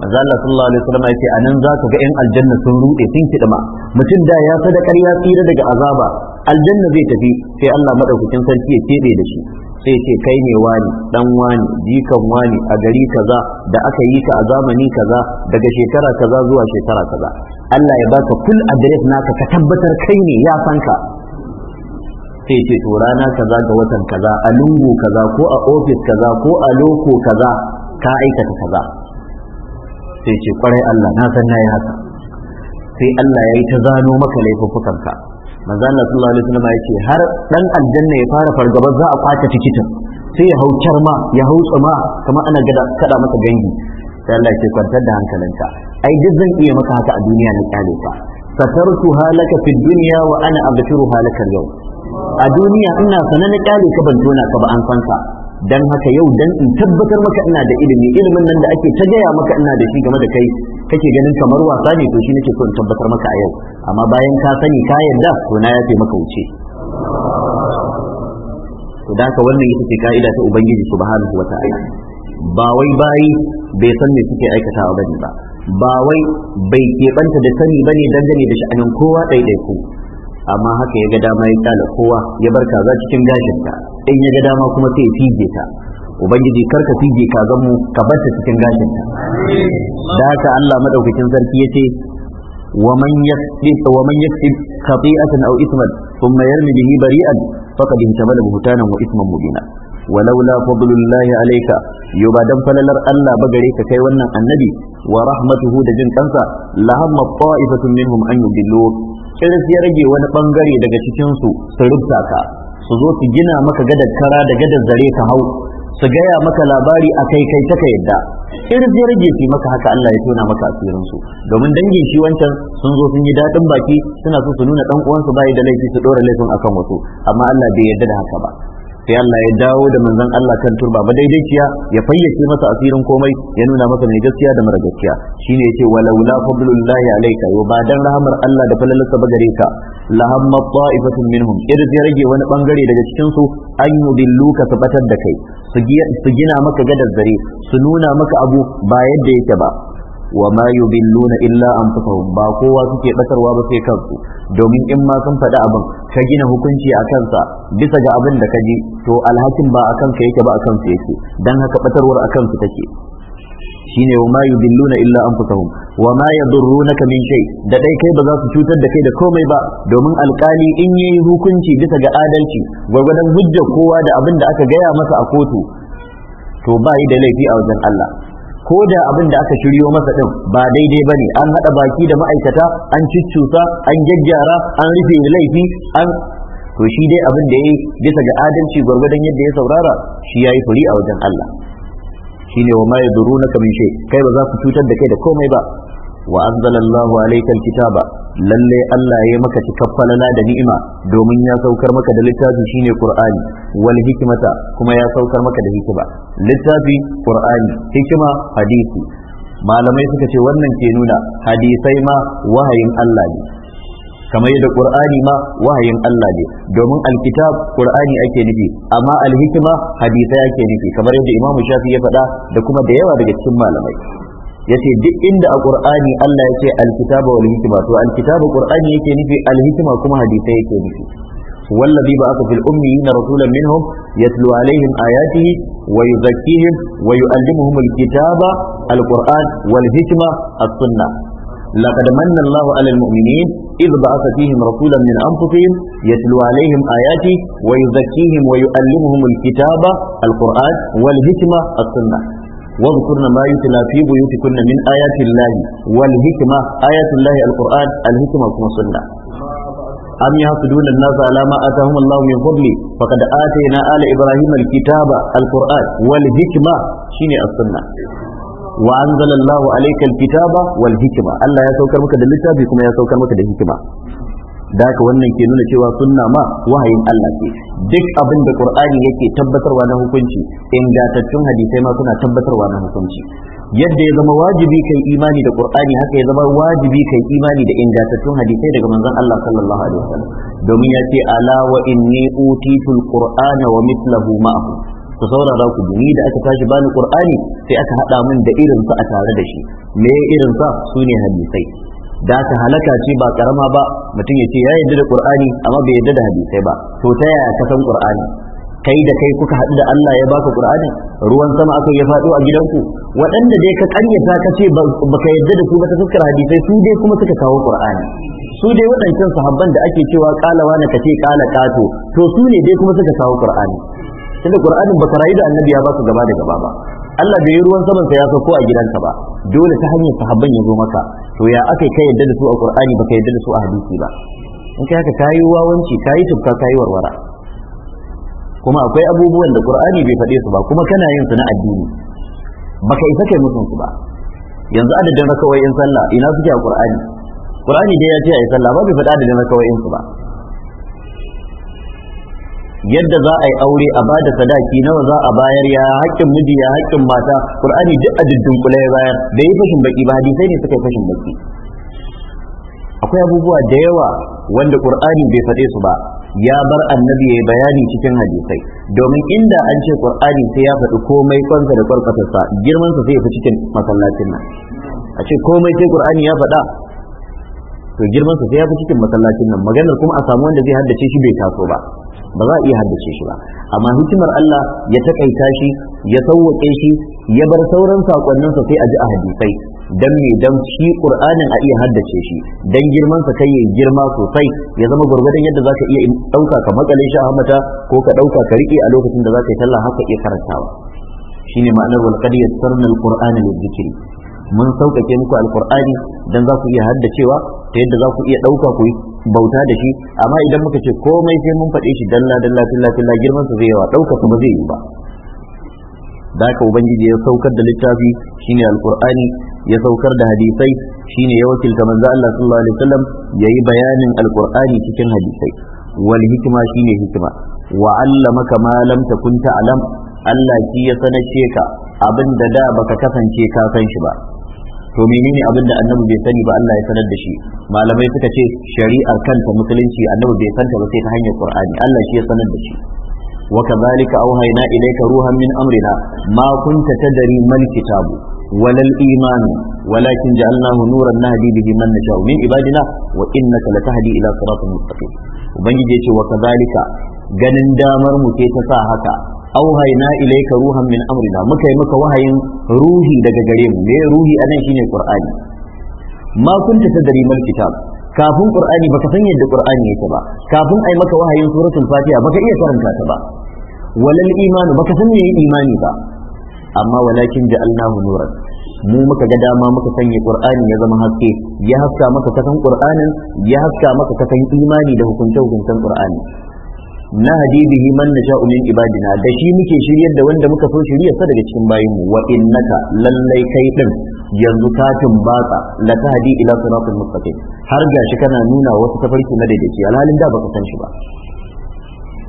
manzo Allah sallallahu alaihi wasallam yace anan zaka ga yan aljanna sun rude sun kidima mutum da ya sadakar ya tsira daga azaba aljanna zai tafi sai Allah madaukakin sarki ya kebe da shi sai ce kai ne wani dan wani jikan wani a gari kaza da aka yi ka a zamani kaza daga shekara kaza zuwa shekara kaza Allah ya baka full address naka ka tabbatar kai ne ya san ka sai ce to rana kaza ga watan kaza a lungu kaza ko a office kaza ko a loko kaza ka aikata kaza sai ce kwarai Allah na san nayi haka sai Allah ya yi ta zano maka laifuffukanka manzo Allah sallallahu alaihi wasallam ya ce har dan aljanna ya fara fargabar za a kwace tikitin sai ya haucar ma ya hautsa ma kamar ana gada kada masa gangi sai Allah ce kwantar da hankalinka ai duk zan iya maka haka a duniya na kyale ka satartu halaka fid dunya wa ana abtiru halaka yau a duniya ina sanan na kyale ka ban tona ka ba an san ka dan haka yau dan in tabbatar maka ina da ilimi ilimin nan da ake ta gaya maka ina da shi game da kai kake ganin kamar wasa ne to shi nake so in tabbatar maka a yau amma bayan ka sani ka yarda to na yafe maka wuce to da ka wannan ita ka'ida ta ubangiji subhanahu wata'ala ba wai bayi bai san me suke aikatawa ba ba wai bai keɓanta da sani bane dangane da sha'anin kowa ɗaiɗaiku amma haka ya ga dama ya kyale kowa ya bar kaza cikin gashinta in ya ga dama kuma sai ya fije ta ubangiji kar ka fige kazan mu ka bar ta cikin gashinta da haka Allah madaukakin sarki yace ومن يكسب ومن يكسب خطيئة أو إثما ثم يرمي به بريئا فقد احتمل بهتانا وإثما مبينا walaula fadlullahi alayka yau ba dan falalar Allah ba gare ka kai wannan annabi wa rahmatuhu da jin kansa la hamma ta'ifatun minhum an yudillu kiris ya rage wani bangare daga cikin su su ka su zo su gina maka gadar kara da gadar zare ka hau su gaya maka labari akai kai kai ta ka yadda irin ya rage su maka haka Allah ya tona maka asirin su domin dangin shi wancan sun zo sun yi daɗin baki suna so su nuna dan uwansu bai da laifi su dora laifin akan wasu amma Allah bai yarda da haka ba sai Allah ya dawo da manzon Allah kan turba ba daidaiciya ya fayyace masa asirin komai ya nuna masa mai gaskiya da mara gaskiya shine yace walaula fadlullahi alayka wa ba dan rahmar Allah da falalarsa ba gare ka lahamma ta'ifatun minhum idan ya rage wani bangare daga cikin su an yudilluka tabbatar da kai su gina maka gadar zare su nuna maka abu ba yadda yake ba wa ma yudilluna illa anfusahum ba kowa suke batarwa ba sai kansu domin in ma sun faɗi abin ka gina hukunci a kansa bisa ga abin da ka ji to alhakin ba a kanka yake ba a kansu yake dan haka batarwar a kansu take shine wa ma yudilluna illa anfusahum wa ma yadurrunaka min shay da dai kai ba za su cutar da kai da komai ba domin alkali in yayi hukunci bisa ga adalci gwargwadon hujjar kowa da abin da aka gaya masa a kotu to ba yi da laifi a wajen Allah ko da abin da aka shiryo masa din ba daidai bane an hada baki da ma'aikata an ciccusa, an gaggara an rufe laifi an to shi dai abin da yayi bisa ga adalci gurgurdan yadda ya saurara shi yayi furi a wajen Allah shine wa ma yadurunaka min shay kai ba za ku cutar da kai da komai ba wa anzalallahu alayka alkitaba Allah ya maka cikaffalala da ni'ima domin ya saukar maka da littafi shine Qur'ani wal hikmata kuma ya saukar maka da hikima littafi Qur'ani hikima hadisi malamai suka ce wannan ke nuna hadisai ma wahayin Allah ne kamar yadda qur'ani ma wahayin Allah ne domin alkitab qur'ani ake nufi amma alhikima hadisai ake nufi kamar yadda imam shafi ya faɗa da kuma da yawa daga cikin malamai yace duk inda a qur'ani Allah yace alkitaba wal hikma to alkitaba qur'ani yake nufi alhikma kuma hadisai yake nufi والذي بعث في الأميين رسولا منهم يتلو عليهم آياته ويزكيهم ويعلمهم الكتاب القرآن والحكمة السنة لقد من الله على المؤمنين إذ بعث فيهم رسولا من أنفسهم يتلو عليهم آياته ويزكيهم ويعلمهم الكتاب القرآن والحكمة السنة واذكرن ما يتلى في بيوتكن من آيات الله والحكمة آيات الله القرآن الحكمة كما سنة أم يحسدون الناس على ما آتاهم الله من فضله فقد آتينا آل إبراهيم الكتاب القرآن والحكمة شيني السنة وأنزل الله عليك الكتاب والحكمة ألا يسوكر مكد للكتاب كما يسوكر مكد الحكمة da haka wannan ke nuna cewa sunna ma wahayin Allah ce duk abin da Qur'ani yake tabbatarwa na hukunci ingantattun hadisai ma suna tabbatarwa na hukunci yadda ya zama wajibi kai imani da Qur'ani haka ya zama wajibi kai imani da ingantattun hadisai daga manzon Allah sallallahu alaihi wasallam domin ya ce ala wa inni utitul qur'ana wa mithlahu ma'ahu ku saurara ku ni da aka tashi bani Qur'ani sai aka hada min da irin sa a tare da shi me irin sa sune hadisai da ta halaka ce ba karama ba mutum ya ce ya yarda da qur'ani amma bai yarda da hadisai ba to ta yaya ka san qur'ani kai da kai kuka haɗu da Allah ya baka Qur'ani ruwan sama aka ya faɗo a gidanku waɗanda dai ka ƙaryata ka ce baka yarda da su ba ta fuskar hadisai su dai kuma suka kawo Qur'ani su dai waɗancan sahabban da ake cewa ƙala wani ka ce ƙala ƙato to su ne dai kuma suka kawo Qur'ani tunda Qur'anin baka rayu da annabi ya ba su gaba da gaba ba Allah bai yi ruwan saman sa ya sauko a gidanka ba dole ta hanyar sahabban ya zo maka to ya aka kai yadda da su a Qur'ani kai yadda da su a hadisi ba in kai haka kayi wawanci kayi ka kayi warwara kuma akwai abubuwan da Qur'ani bai faɗe su ba kuma kana yin su na addini baka isa kai musun su ba yanzu adadin in sallah ina suke a Qur'ani Qur'ani dai ya ce ayi sallah ba bai faɗa rakawai in su ba yadda za a yi aure a ba da sadaki nawa za a bayar ya haƙƙin miji ya haƙƙin mata qur'ani duk a diddin ya bayar da yi fashin baki ba hadisai ne suka yi fashin baki akwai abubuwa da yawa wanda qur'ani bai faɗe su ba ya bar annabi ya yi bayani cikin hadisai domin inda an ce qur'ani sai ya faɗi komai kwansa da kwarkatarsa, girman sa sai ya fi cikin masallacin nan a ce komai sai qur'ani ya faɗa to girman sa sai ya fi cikin masallacin nan maganar kuma a samu wanda zai haddace shi bai taso ba ba za a iya haddace shi ba amma hikimar Allah ya takaita shi ya sauwake shi ya bar sauran sakonnin sa sai a ji a hadisai dan me dan shi qur'anin a iya haddace shi dan girman sa kai ya girma sosai ya zama gurgurdan yadda zaka iya dauka ka makale shi a hamata ko ka dauka ka rike a lokacin da zaka yi sallah haka iya karantawa shine ma'anar wal qad yassarna al-qur'ana lil-dhikri mun sauƙaƙe muku alkur'ani dan za ku iya haddacewa ta yadda za ku iya ɗauka ku yi bauta da shi amma idan muka ce komai sai mun faɗe shi dalla dalla filla filla girman su zai yawa ɗauka su ba zai yi ba da haka ubangiji ya saukar da littafi shine Alƙur'ani, ya saukar da hadisai shine ya wakilta manzo Allah sallallahu alaihi wasallam yayi bayanin alkur'ani cikin hadisai wal hikima shine hikima wa allamaka ma lam takun alam Allah shi ya sanace ka abin da da baka kasance ka san shi ba to menene abin da annabi bai sani ba Allah ya sanar da shi malamai suka ce shari'ar kanta musulunci annabi bai santa ba sai ta hanyar qur'ani Allah shi ya sanar da shi wa kadhalika auhayna ilayka ruhan min amrina ma kunta tadri mal kitabu ولا الإيمان ولكن جعلناه نورا نهدي به من نشاء من عبادنا وإنك لتهدي إلى صراط مستقيم وبنجي وكذلك ganin damar mu ce ta sa haka auhayna ilayka ruhan min amrina muka yi maka wahayin ruhi daga gare mu me ruhi anan shine qur'ani ma kunta tadri mal kitab kafin qur'ani baka san yadda qur'ani yake ba kafin ai maka wahayin suratul fatiha baka iya karanta ta ba walal imanu baka san me imani ba amma walakin ja'alnahu nuran mu muka ga dama muka sanya qur'ani ya zama haske ya haska maka kan qur'anin ya haska maka kan imani da hukunce hukuncen qur'ani na hadibihi man nasha'u min ibadina da shi muke shiryar da wanda muka so shiryar sa daga cikin bayin mu wa innaka lallai kai din yanzu ka tumbatsa la tahdi ila siratal mustaqim har gashi kana nuna wasu tafarki na daidaici alhalin da baka san shi ba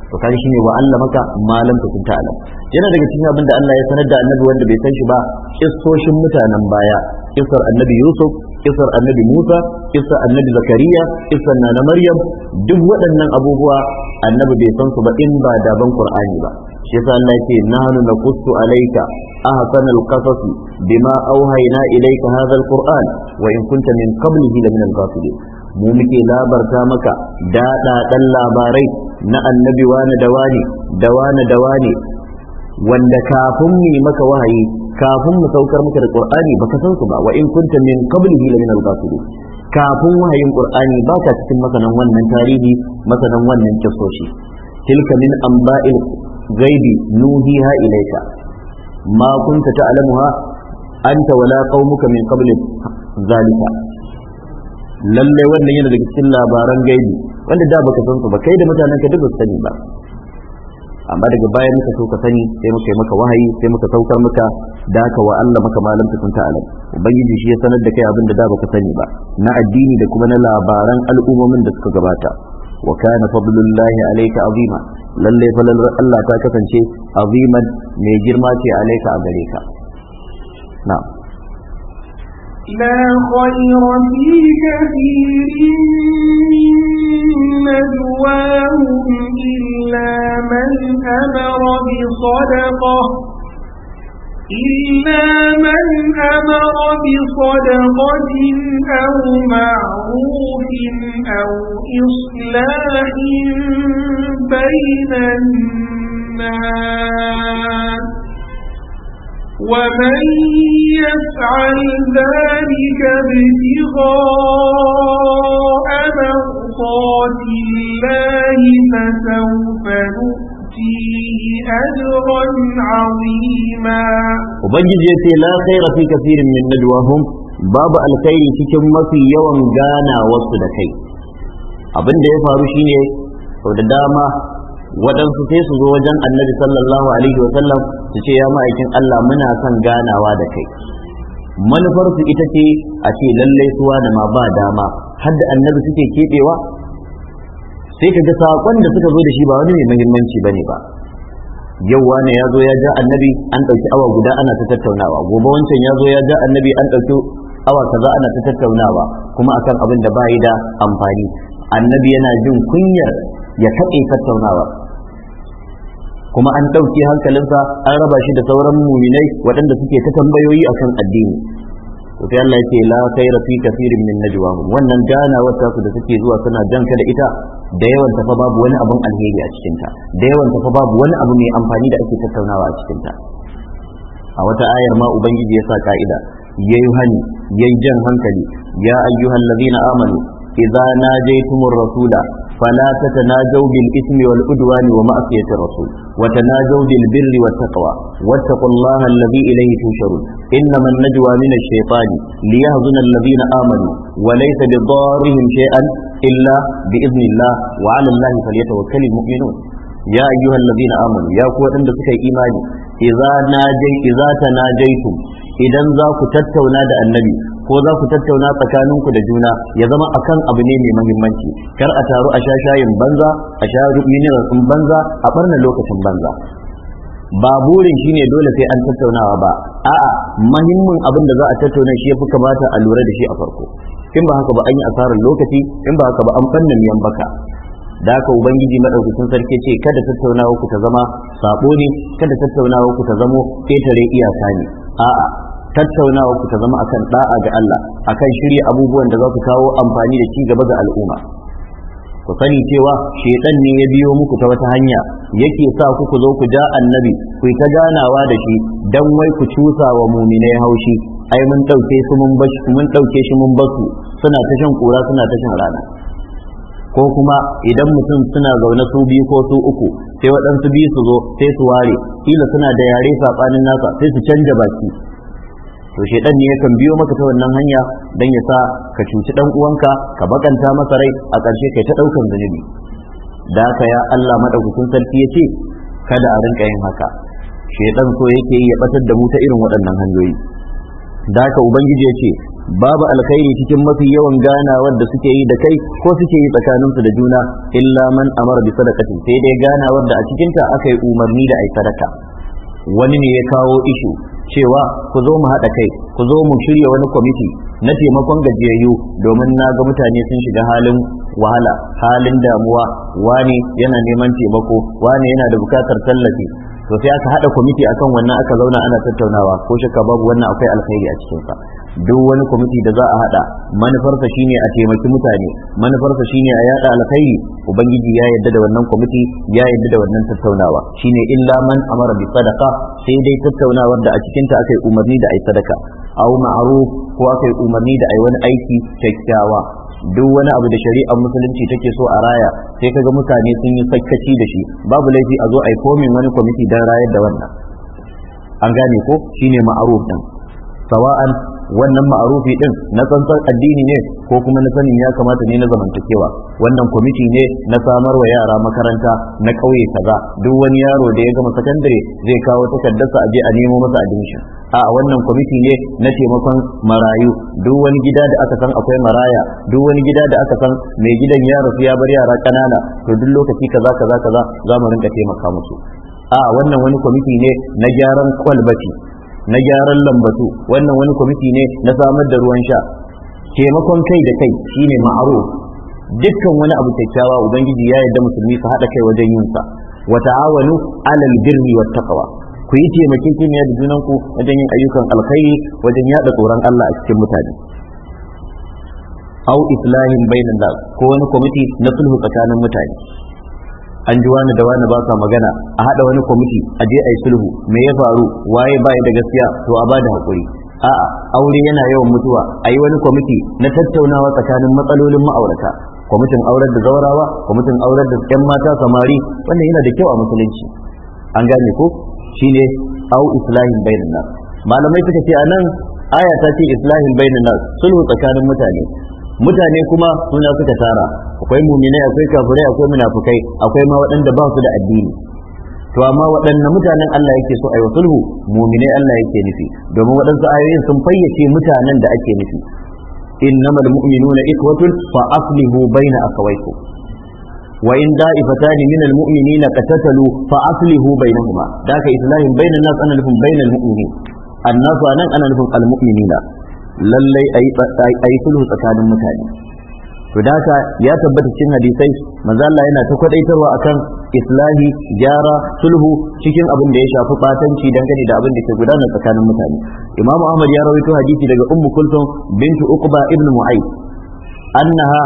to kai shine wa maka malam ta kunta alam yana daga cikin abin da Allah ya sanar da annabi wanda bai san shi ba kissoshin mutanen baya kissar annabi Yusuf kisar annabi Musa kisar annabi Zakariya kisar na Maryam duk waɗannan abubuwa annabi bai san su ba in ba daban Qur'ani ba shi yasa Allah yake nahnu naqussu alayka ahsan alqasas bima awhayna ilayka hadha alquran wa in kunta min qablihi lamin alghafilin mu muke labarta maka daɗaɗan labarai na annabi wani da wani da wani da wani wanda kafin mu maka wahayi kafin mu saukar maka da qur'ani baka san su ba wa in kunta min qablihi la min al kafin wahayin qur'ani baka cikin masanan wannan tarihi masanan wannan kisoshi tilka min amba'il ghaibi nuhiha ilayka ma kunta ta'lamuha anta wala qaumuka min qabli zalika lalle wannan yana daga cikin labaran gaibi wanda da baka san su ba kai da mutanen ka duk sani ba amma daga bayan muka so ka sani sai muka yi maka wahayi sai muka saukar maka da haka wa Allah maka malam tukun ta'alam ubangiji shi ya sanar da kai abin da da baka sani ba na addini da kuma na labaran al'ummomin da suka gabata wa kana fadlullahi alayka azima lalle falalar Allah ta kasance aziman mai girma ce alayka a gare ka na'am لا خير في كثير من نجواهم إلا من أمر بصدقه إلا من أمر بصدقة أو معروف أو إصلاح بين الناس ومن يفعل ذلك ابتغاء مرضات الله فسوف نؤمن ubangiji ya ce وبنجي يتي لا خير في كثير من cikin mafi yawan gana wasu da kai abin da ya faru shine sau da dama waɗansu sai su zo wajen annabi sallallahu alaihi wasallam su ce ya ma'aikin Allah muna son ganawa da kai manufarsu ita ce a ce lallai suwa da ma ba dama har da annabi suke keɓewa sai ka ga saƙon da suka zo da shi ba wani mai muhimmanci ba ne ba yau ne ya zo ya ja annabi an ɗauki awa guda ana ta tattaunawa gobe wancan ya zo ya ja annabi an ɗauki awa kaza ana ta tattaunawa kuma akan abin da ba da amfani annabi yana jin kunyar ya taɓe tattaunawa kuma an ɗauke hankalinsa an raba shi da sauran muminai waɗanda suke ta tambayoyi akan addini to sai Allah yake la khayra fi kathirin min najwahum wannan gana wata su da suke zuwa suna janka da ita da yawan tafa babu wani abun alheri a cikin ta da yawan tafa babu wani abu mai amfani da ake tattaunawa a cikin ta a wata ayar ma ubangiji ya sa ka'ida yayi hani yayi jan hankali ya ayyuhallazina amanu idza najaytumur rasula فلا تتناجوا بالإثم والعدوان ومعصية الرسول وتناجوا بالبر والتقوى واتقوا الله الذي إليه تنشرون إنما النجوى من الشيطان ليهزن الذين آمنوا وليس بضارهم شيئا إلا بإذن الله وعلى الله فليتوكل المؤمنون يا أيها الذين آمنوا يا قوة عند سكي إيماني إذا ناجي إذا تناجيتم إذا ذاك تتونا النبي ko za ku tattauna tsakaninku da juna ya zama akan abu ne mai muhimmanci kar a taru a sha shayin banza a sha mineral banza a barna lokacin banza ba burin shine dole sai an tattaunawa ba a'a muhimmin abin da za a tattauna shi yafi kamata a lura da shi a farko in ba haka ba an yi asarar lokaci in ba haka ba an fanna miyan baka da haka ubangiji madaukakin sarki ce kada tattaunawa ku ta zama sabo ne kada tattaunawa ku ta zamo ketare iyaka ne a'a tattaunawa ku ta zama akan da'a ga Allah akan shirya abubuwan da za ku kawo amfani da ci gaba ga al'umma ku sani cewa shedan ne ya biyo muku ta wata hanya yake sa ku ku zo ku ja annabi ku ta ganawa da shi dan wai ku cusa wa muminai haushi ai mun dauke su mun bashi mun dauke shi mun basu suna ta shan kura suna ta shan rana ko kuma idan mutum suna zaune su biyu ko su uku sai waɗansu biyu su zo sai su ware kila suna da yare saɓanin nasa sai su canja baki to shedan ne yakan biyo maka ta wannan hanya dan ya sa ka cuci dan uwanka ka bakanta masa rai a ƙarshe kai ta daukan zunubi da ka ya Allah madaukakin sarki yace kada a rinka yin haka shedan so yake ya batar da mu ta irin waɗannan hanyoyi da ka ubangiji ya ce babu alkhairi cikin mafi yawan ganawar da suke yi da kai ko suke yi tsakaninsu da juna illa man amara bi sadaqati sai dai ganawar da a cikinta aka yi umarni da ai sadaka wani ne ya kawo ishu cewa ku zo mu haɗa kai ku zo mu shirya wani kwamiti na taimakon gajiyayyu domin na ga mutane sun shiga halin wahala halin damuwa wani yana neman taimako wani yana da bukatar tallafi to sai aka haɗa kwamiti akan wannan aka zauna ana tattaunawa ko shakka babu wannan akwai alkhairi a cikinsa duk wani kwamiti da za a hada manufarsa shine a taimaki mutane manufarsa shine a yada alkhairi ubangiji ya yadda da wannan kwamiti ya yadda da wannan tattaunawa shine illa man amara bi sadaqa sai dai tattaunawar da a cikin ta akai umarni da ai sadaka aw ma'ruf ko akai umarni da ai wani aiki kyakkyawa duk wani abu da shari'ar musulunci take so a raya sai kaga mutane sun yi sakkaci da shi babu laifi a zo ai komin wani kwamiti don rayar da wannan an gane ko shine ma'aruf din sawa'an wannan ma'arufi din na tsantsar addini ne ko kuma na sanin ya kamata ne na zamantakewa wannan kwamiti ne na samar wa yara makaranta na ƙauye kaza duk wani yaro da ya gama sakandare zai kawo takardarsa a je a nemo masa admission a wannan kwamiti ne na taimakon marayu duk wani gida da aka san akwai maraya duk wani gida da aka san mai gidan ya rasu ya bar yara ƙanana to duk lokaci kaza kaza kaza za mu rinka taimaka musu a wannan wani kwamiti ne na gyaran kwalbati na gyaran lambatu wannan wani kwamiti ne na samar da ruwan sha taimakon kai da kai shine maaro dukkan wani abu kyakkyawa ubangiji ya yarda musulmi su haɗa kai wajen yin sa wa ta'awanu alal birri wat taqwa ku yi taimakin kimiyya da junanku wajen yin ayyukan alkhairi wajen yada tsoron Allah a cikin mutane au islahin bainan da ko wani kwamiti na sulhu tsakanin mutane an ji wani da wani ba sa magana a hada wani kwamiti a je a yi sulhu me ya faru waye ba da gaskiya to a bada hakuri a'a aure yana yawan mutuwa a yi wani kwamiti na tattaunawa tsakanin matsalolin ma'aurata kwamitin aurar da zaurawa kwamitin aurar da yan mata samari wannan yana da kyau a musulunci an gane ko shine au islahin bainan nas malamai suka ce anan aya ta ce islahin bainan nas sulhu tsakanin mutane mutane kuma suna suka tara akwai muminai akwai kafirai akwai munafukai akwai ma waɗanda ba su da addini to amma waɗanne mutanen Allah yake so ayi sulhu muminai Allah yake nufi domin waɗansu ayoyin sun fayyace mutanen da ake nufi innamal mu'minuna ikhwatun fa aslihu baina akhawaykum wa in da'ifatan min almu'minina qatatalu fa aslihu bainahuma daka islahin bainan nas ana nufin bainal mu'minin annasu anan ana nufin almu'minina lallai a yi sulhu tsakanin mutane to haka ya tabbata cikin hadisai Mazalla yana ta kwadaitarwa akan islahi gyara sulhu cikin abin da ya shafi batanci dangane da abin da ke gudana tsakanin mutane imamu ahmad ya rawaito hadisi daga ummu kulthum bintu uqba ibn mu'ayth annaha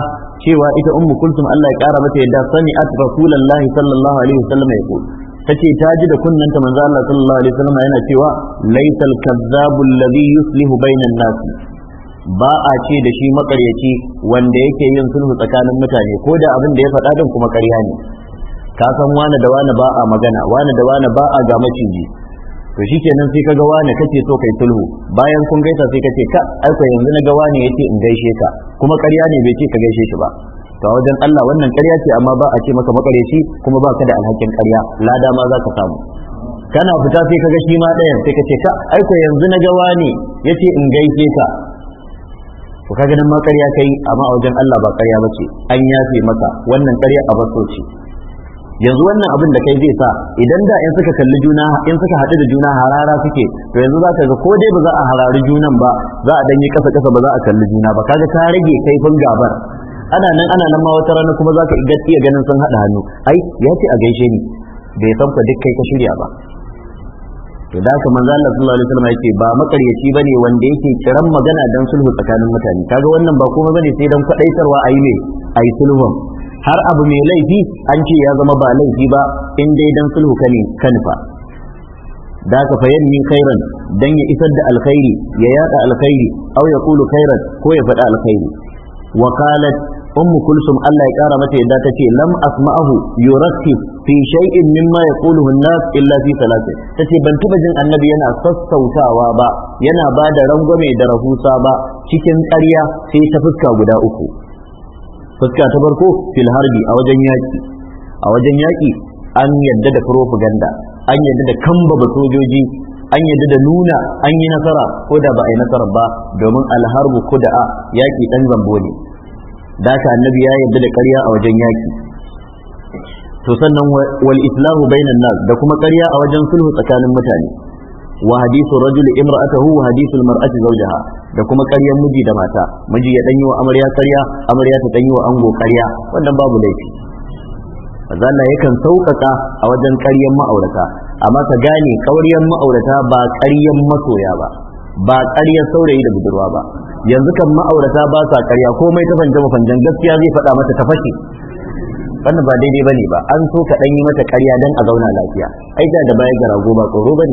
cewa ita ummu kulthum Allah ya kara mata yadda sami'at rasulullahi sallallahu alaihi wasallam ya tace ta ji da kunnanta manzo Allah sallallahu alaihi wasallam yana cewa laysal kazzabu alladhi yuslihu bainan nas ba a ce da shi makaryaci wanda yake yin sulhu tsakanin mutane ko da abin da ya faɗa din kuma ƙarya ne ka san wani da wani ba a magana wani da wani ba a ga maciji to shikenan sai kaga wani kace so kai sulhu bayan kun gaisa sai kace ka aiko yanzu na ga wani yace in gaishe ka kuma ƙarya ne bai ce ka gaishe shi ba to wajen Allah wannan ƙarya ce amma ba a ce maka makareci kuma ba ka da alhakin ƙarya lada ma za ka samu kana fita sai ka ga shi ma ɗayan sai ka ce ka aiko yanzu na gawa ne yace in gaishe ka to ka nan ma ƙarya kai amma a wajen Allah ba ƙarya bace an yafe maka wannan ƙarya a baso ce yanzu wannan abin da kai zai sa idan da in suka kalli juna in suka haɗu da juna harara suke to yanzu za ka ga ko dai ba za a harari junan ba za a danyi kasa kasa ba za a kalli juna ba kaga ka rage kaifin gabar ana nan ana nan ma wata rana kuma za ka iya ganin sun haɗa hannu ai ya ce a gaishe ni bai san ka duk kai ka shirya ba to da haka manzo Allah sallallahu alaihi wasallam yake ba makaryaci bane wanda yake kiran magana dan sulhu tsakanin mutane kaga wannan ba komai bane sai dan kwadaitarwa ayi ne ayi sulhu. har abu mai laifi an ce ya zama ba laifi ba in dai dan sulhu kane kanfa da ka fayan Kairat khairan dan ya isar da alkhairi ya yada alkhairi aw ya kulu khairan ko ya faɗa alkhairi wa qalat ummu kulsum Allah ya kara mata yadda ta ce lam asma'ahu yurakkib fi shay'in mimma yaquluhu an-nas illa fi salati tace ban taba jin annabi yana sassautawa ba yana ba da rangwame da rahusa ba cikin ƙarya sai ta fuska guda uku fuska ta farko fil harbi a wajen yaki a an yadda da propaganda an yadda da kambaba sojoji an yadda da nuna an yi nasara ko da ba a yi nasara ba domin alharbu kuda'a yaki dan zambo ne da ka annabi ya yarda da ƙarya a wajen yaki to sannan wal islahu bainan nas da kuma ƙarya a wajen sulhu tsakanin mutane wa hadithu rajuli imra'atahu wa hadithu almar'ati zawjaha da kuma ƙaryar miji da mata miji ya danyi wa amarya ƙarya amarya ta danyi wa ango ƙarya wannan babu laifi azalla yakan sauƙaƙa a wajen ƙaryar ma'aurata amma ka gane ƙaryar ma'aurata ba ƙaryar masoya ba ba ƙaryar saurayi da budurwa ba yanzu kan ma'aurata ba sa karya komai ta fanta mafanjan gaskiya zai faɗa mata ta fashe wannan ba daidai ba ne ba an so ka ɗan yi mata karya don a zauna lafiya ai da baya ga rago ba tsoro ba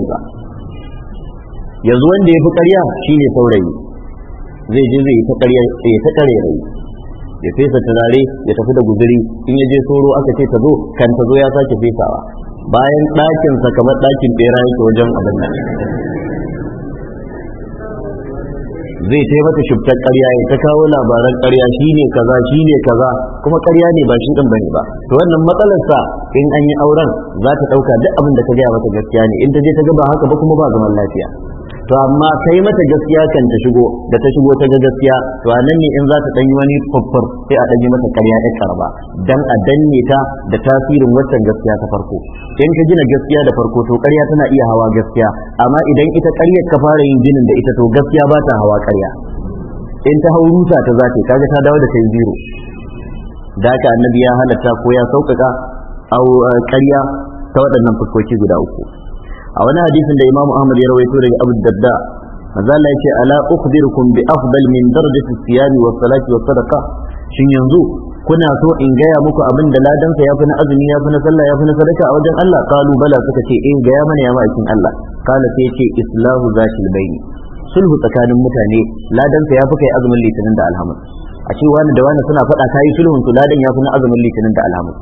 yanzu wanda ya fi karya shi ne saurayi zai je zai ta karya rai ya fesa turare ya tafi da guzuri in ya je soro aka ce ta zo kan ta zo ya sake fesawa bayan ɗakinsa kamar ɗakin ɓera yake wajen abin nan zai ta mata shubtar karya ya ta kawo labaran ƙarya shine kaza shine kaza kuma ƙarya ne ba shi ɗin bane ba to wannan matsalarsa in an yi auren za ta ɗauka duk abin da ka gaya mata gaskiya ne in ta je ta ga ba haka ba kuma ba zaman lafiya to amma kai mata gaskiya kan ta shigo da ta shigo ta ga gaskiya to anan ne in za ta danyi wani faffar sai a danyi mata ƙarya ya karba dan a danne ta da tasirin wannan gaskiya ta farko in ka gina gaskiya da farko to ƙarya tana iya hawa gaskiya amma idan ita ƙarya ka fara yin ginin da ita to gaskiya ba ta hawa ƙarya in ta hau ruta ta zace kaga ta dawo da kai zero da haka annabi ya halatta ko ya sauƙaƙa eh, ƙarya ta waɗannan fuskoki guda uku a wani hadisin da Imam Ahmad ya rawaito daga Abu dadda, maza Allah yake ala ukhbirukum bi afdal min darajati siyami wa salati wa sadaqa shin yanzu kuna so in gaya muku abin da ladansa ya fi na azumi ya fi na sallah ya fi na sadaka a wajen Allah kalu bala suka ce eh gaya mana ya ma ma'aikin Allah kala sai ce islahu zakil bayni sulhu tsakanin mutane ladansa ya fi kai azumin litinin da alhamis a ce wani da wani suna faɗa kayi sulhun to ladan ya fi na azumin litinin da alhamis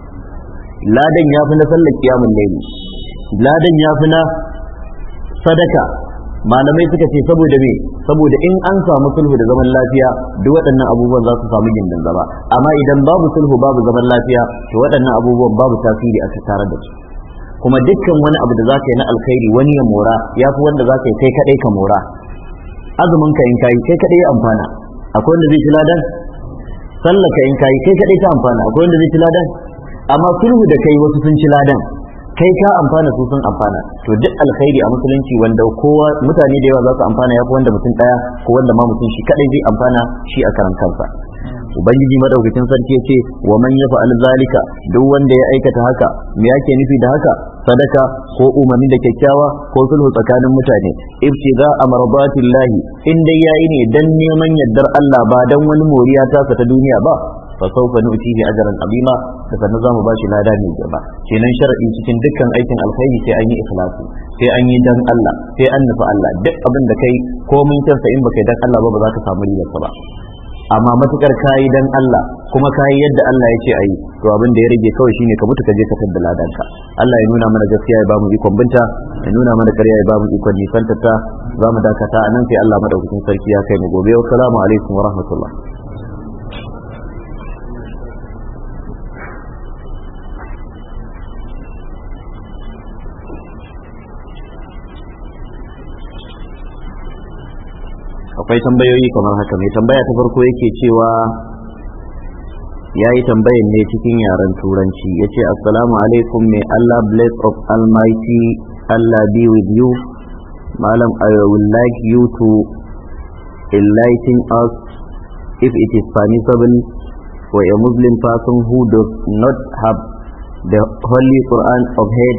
ladan ya fi na sallar kiyamun laili ladan ya fi na sadaka malamai suka ce saboda me saboda in an samu sulhu da zaman lafiya duk waɗannan abubuwan za su samu gindin zama amma idan babu sulhu babu zaman lafiya to waɗannan abubuwan babu tasiri a tattare da su kuma dukkan wani abu da za ka yi na alkhairi wani ya mora ya fi wanda za ka yi kai kaɗai ka mora azumin ka in kayi kai kaɗai ya amfana akwai wanda zai ci ladan sallah ka in kayi kai kaɗai ta amfana akwai wanda zai ci ladan amma sulhu da kai wasu sun ci ladan kai ka amfana su sun amfana to duk alkhairi a musulunci wanda kowa mutane da yawa za su amfana ya wanda mutum daya ko wanda ma mutum shi kadai zai amfana shi a karan kansa ubangiji madaukakin sarki yace wa man yafa'al zalika duk wanda ya aikata haka me yake nufi da haka sadaka ko umarni da kyakkyawa ko sulhu tsakanin mutane ibtiza amradatillahi in dai yayi ne dan neman yardar Allah ba dan wani moriya ta ta duniya ba fa sawfa nu'tihi ajran abima da sannan zamu bashi lada mai girma kenan sharadi cikin dukkan aikin alkhairi sai an yi ikhlasu sai an yi dan Allah sai an nufi Allah duk abin da kai ko mun kansa in baka yi dan Allah ba ba za ka samu riyarsa ba amma matukar kayi dan Allah kuma kayi yadda Allah ya ce ayi to abin da ya rage kawai shine ka mutu ka je ka tada ladanka Allah ya nuna mana gaskiya ya mu ikon binta ya nuna mana ƙarya ya bamu ikon nisanta ta za mu dakata nan sai Allah madaukakin sarki ya kai mu gobe wa salamu alaikum wa rahmatullah akwai tambayoyi kamar haka mai tambaya ta farko yake cewa ya yi tambayin ne cikin yaren turanci ya ce assalamu alaikum may allah bless of almighty allah be with you malam i would like you to enlighten us if it is permissible for a muslim person who does not have the holy quran of head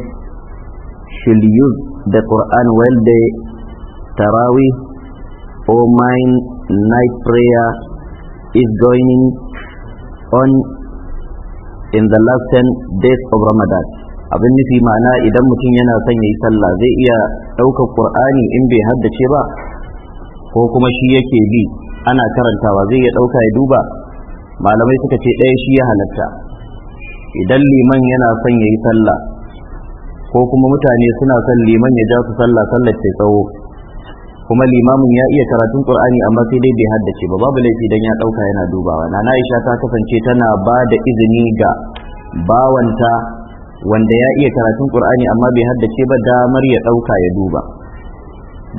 should use the quran while they tarawi. or mind night prayer is going on in the last 10 days of Ramadan abin nufi ma'ana idan mutum yana son ya yi sallah zai iya ɗaukar ƙur'ani in bai haddace ba ko kuma shi yake bi ana karantawa zai iya ɗauka ya duba malamai suka ce ɗaya shi ya halatta idan liman yana son ya yi sallah ko kuma mutane suna son liman ya ja su sallah sallar ce tsawo kuma limamin ya iya karatun qur'ani amma sai dai bai haddace ba babu laifi dan ya dauka yana dubawa na Aisha ta kasance tana ba da izini ga bawanta wanda ya iya karatun qur'ani amma bai haddace ba damar ya dauka ya duba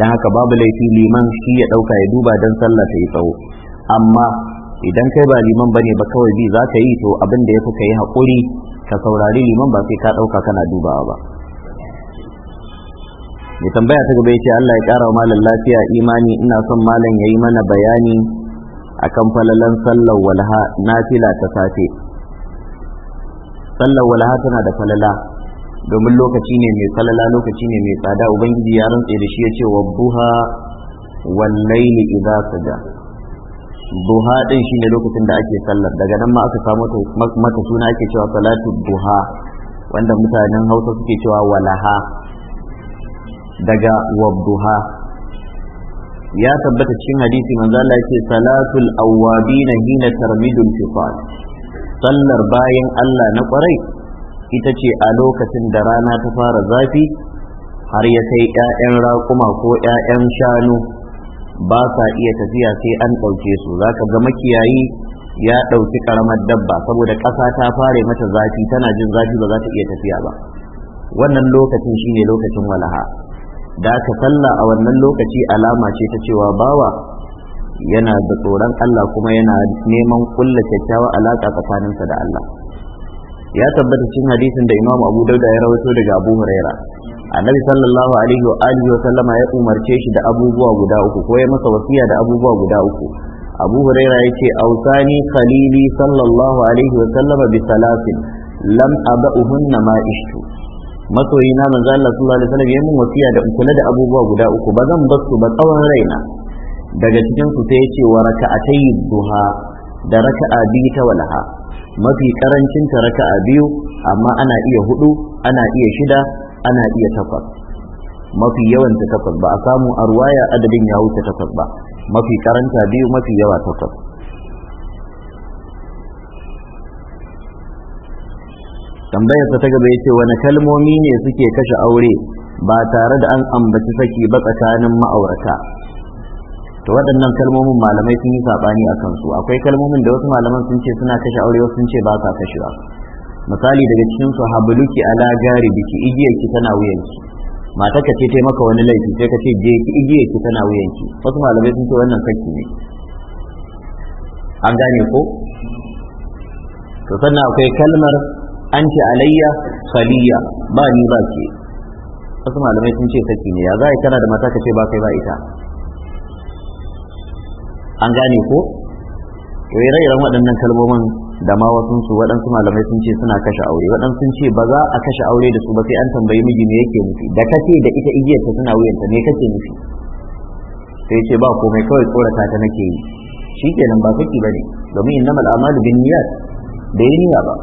dan haka babu laifi liman shi ya dauka ya duba dan sallah ta yi tsawo amma idan kai ba liman bane ba kawai bi ka yi to abin da yafi kai hakuri ka saurari liman ba sai ka dauka kana dubawa ba mai tambaya ta gaba yace Allah ya kara wa malam lafiya imani ina son malam yayi mana bayani akan falalan sallar walha nafila ta safe sallar walha tana da falala domin lokaci ne mai falala lokaci ne mai tsada ubangiji ya rantse da shi ya ce wa buha wallaili idza saja buha din shine lokacin da ake sallar daga nan ma aka samu mata suna ake cewa salatu buha wanda mutanen Hausa suke cewa walaha daga wabduha ya tabbata cikin hadisi manzo Allah yake salatul awwabin hina tarmidul fisal sallar bayan Allah na kwarai ita ce a lokacin da rana ta fara zafi har ya kai ƴaƴan raƙuma ko ƴaƴan shanu ba sa iya tafiya sai an ɗauke su zaka ga makiyayi ya ɗauki ƙaramar dabba saboda ƙasa ta fare mata zafi tana jin zafi ba za ta iya tafiya ba wannan lokacin shine lokacin walaha da aka salla a wannan lokaci alama ce ta cewa bawa yana da tsoron Allah kuma yana neman kulla kyakkyawa alaka tsakaninsa da Allah ya tabbata cikin hadisin da Imam Abu Dawud ya rawaito daga Abu Huraira Annabi sallallahu alaihi wa alihi wa sallama ya umarce shi da abubuwa guda uku ko ya masa wasiya da abubuwa guda uku Abu Huraira yace ausani khalili sallallahu alaihi wa sallama bi salasin lam aba'uhunna ma ishtu masoyi na manzo Allah sallallahu alaihi wasallam yayin wasiya da kula da abubuwa guda uku ba zan bar su ba tsawon raina daga cikin su sai yace wa raka'atay duha da raka'a biyu ta walaha mafi karancin ta raka'a biyu amma ana iya hudu ana iya shida ana iya takwas mafi yawan ta takwas ba a samu a ruwaya adadin ya wuce takwas ba mafi karanta biyu mafi yawa takwas tambayar ta gaba ce wani kalmomi ne suke kashe aure ba tare da an ambaci saki ba tsakanin ma'aurata to waɗannan kalmomin malamai sun yi saɓani a kansu akwai kalmomin da wasu malaman sun ce suna kashe aure wasu sun ce ba sa kashewa misali daga cikin su habluki ala igiyar ki tana wuyanki mata ka ce taimaka wani laifi sai ka ce je ki ki tana wuyanki wasu malamai sun ce wannan saki ne an gane ko to sannan akwai kalmar anti alayya khaliya ba ni ba ke wasu malamai sun ce saki ne ya za a kana da mata ka ce ba kai ba ita an gane ko yoyi rairan waɗannan kalmomin da ma wasu su waɗansu malamai sun ce suna kashe aure waɗansu sun ce ba za a kashe aure da su ba sai an tambayi miji me yake nufi da kace da ita igiyarta suna wuyanta me kake nufi sai ce ba komai kawai tsorata ta nake yi Shi kenan ba saki ba ne, domin innamal a'malu binniyat bai niyya ba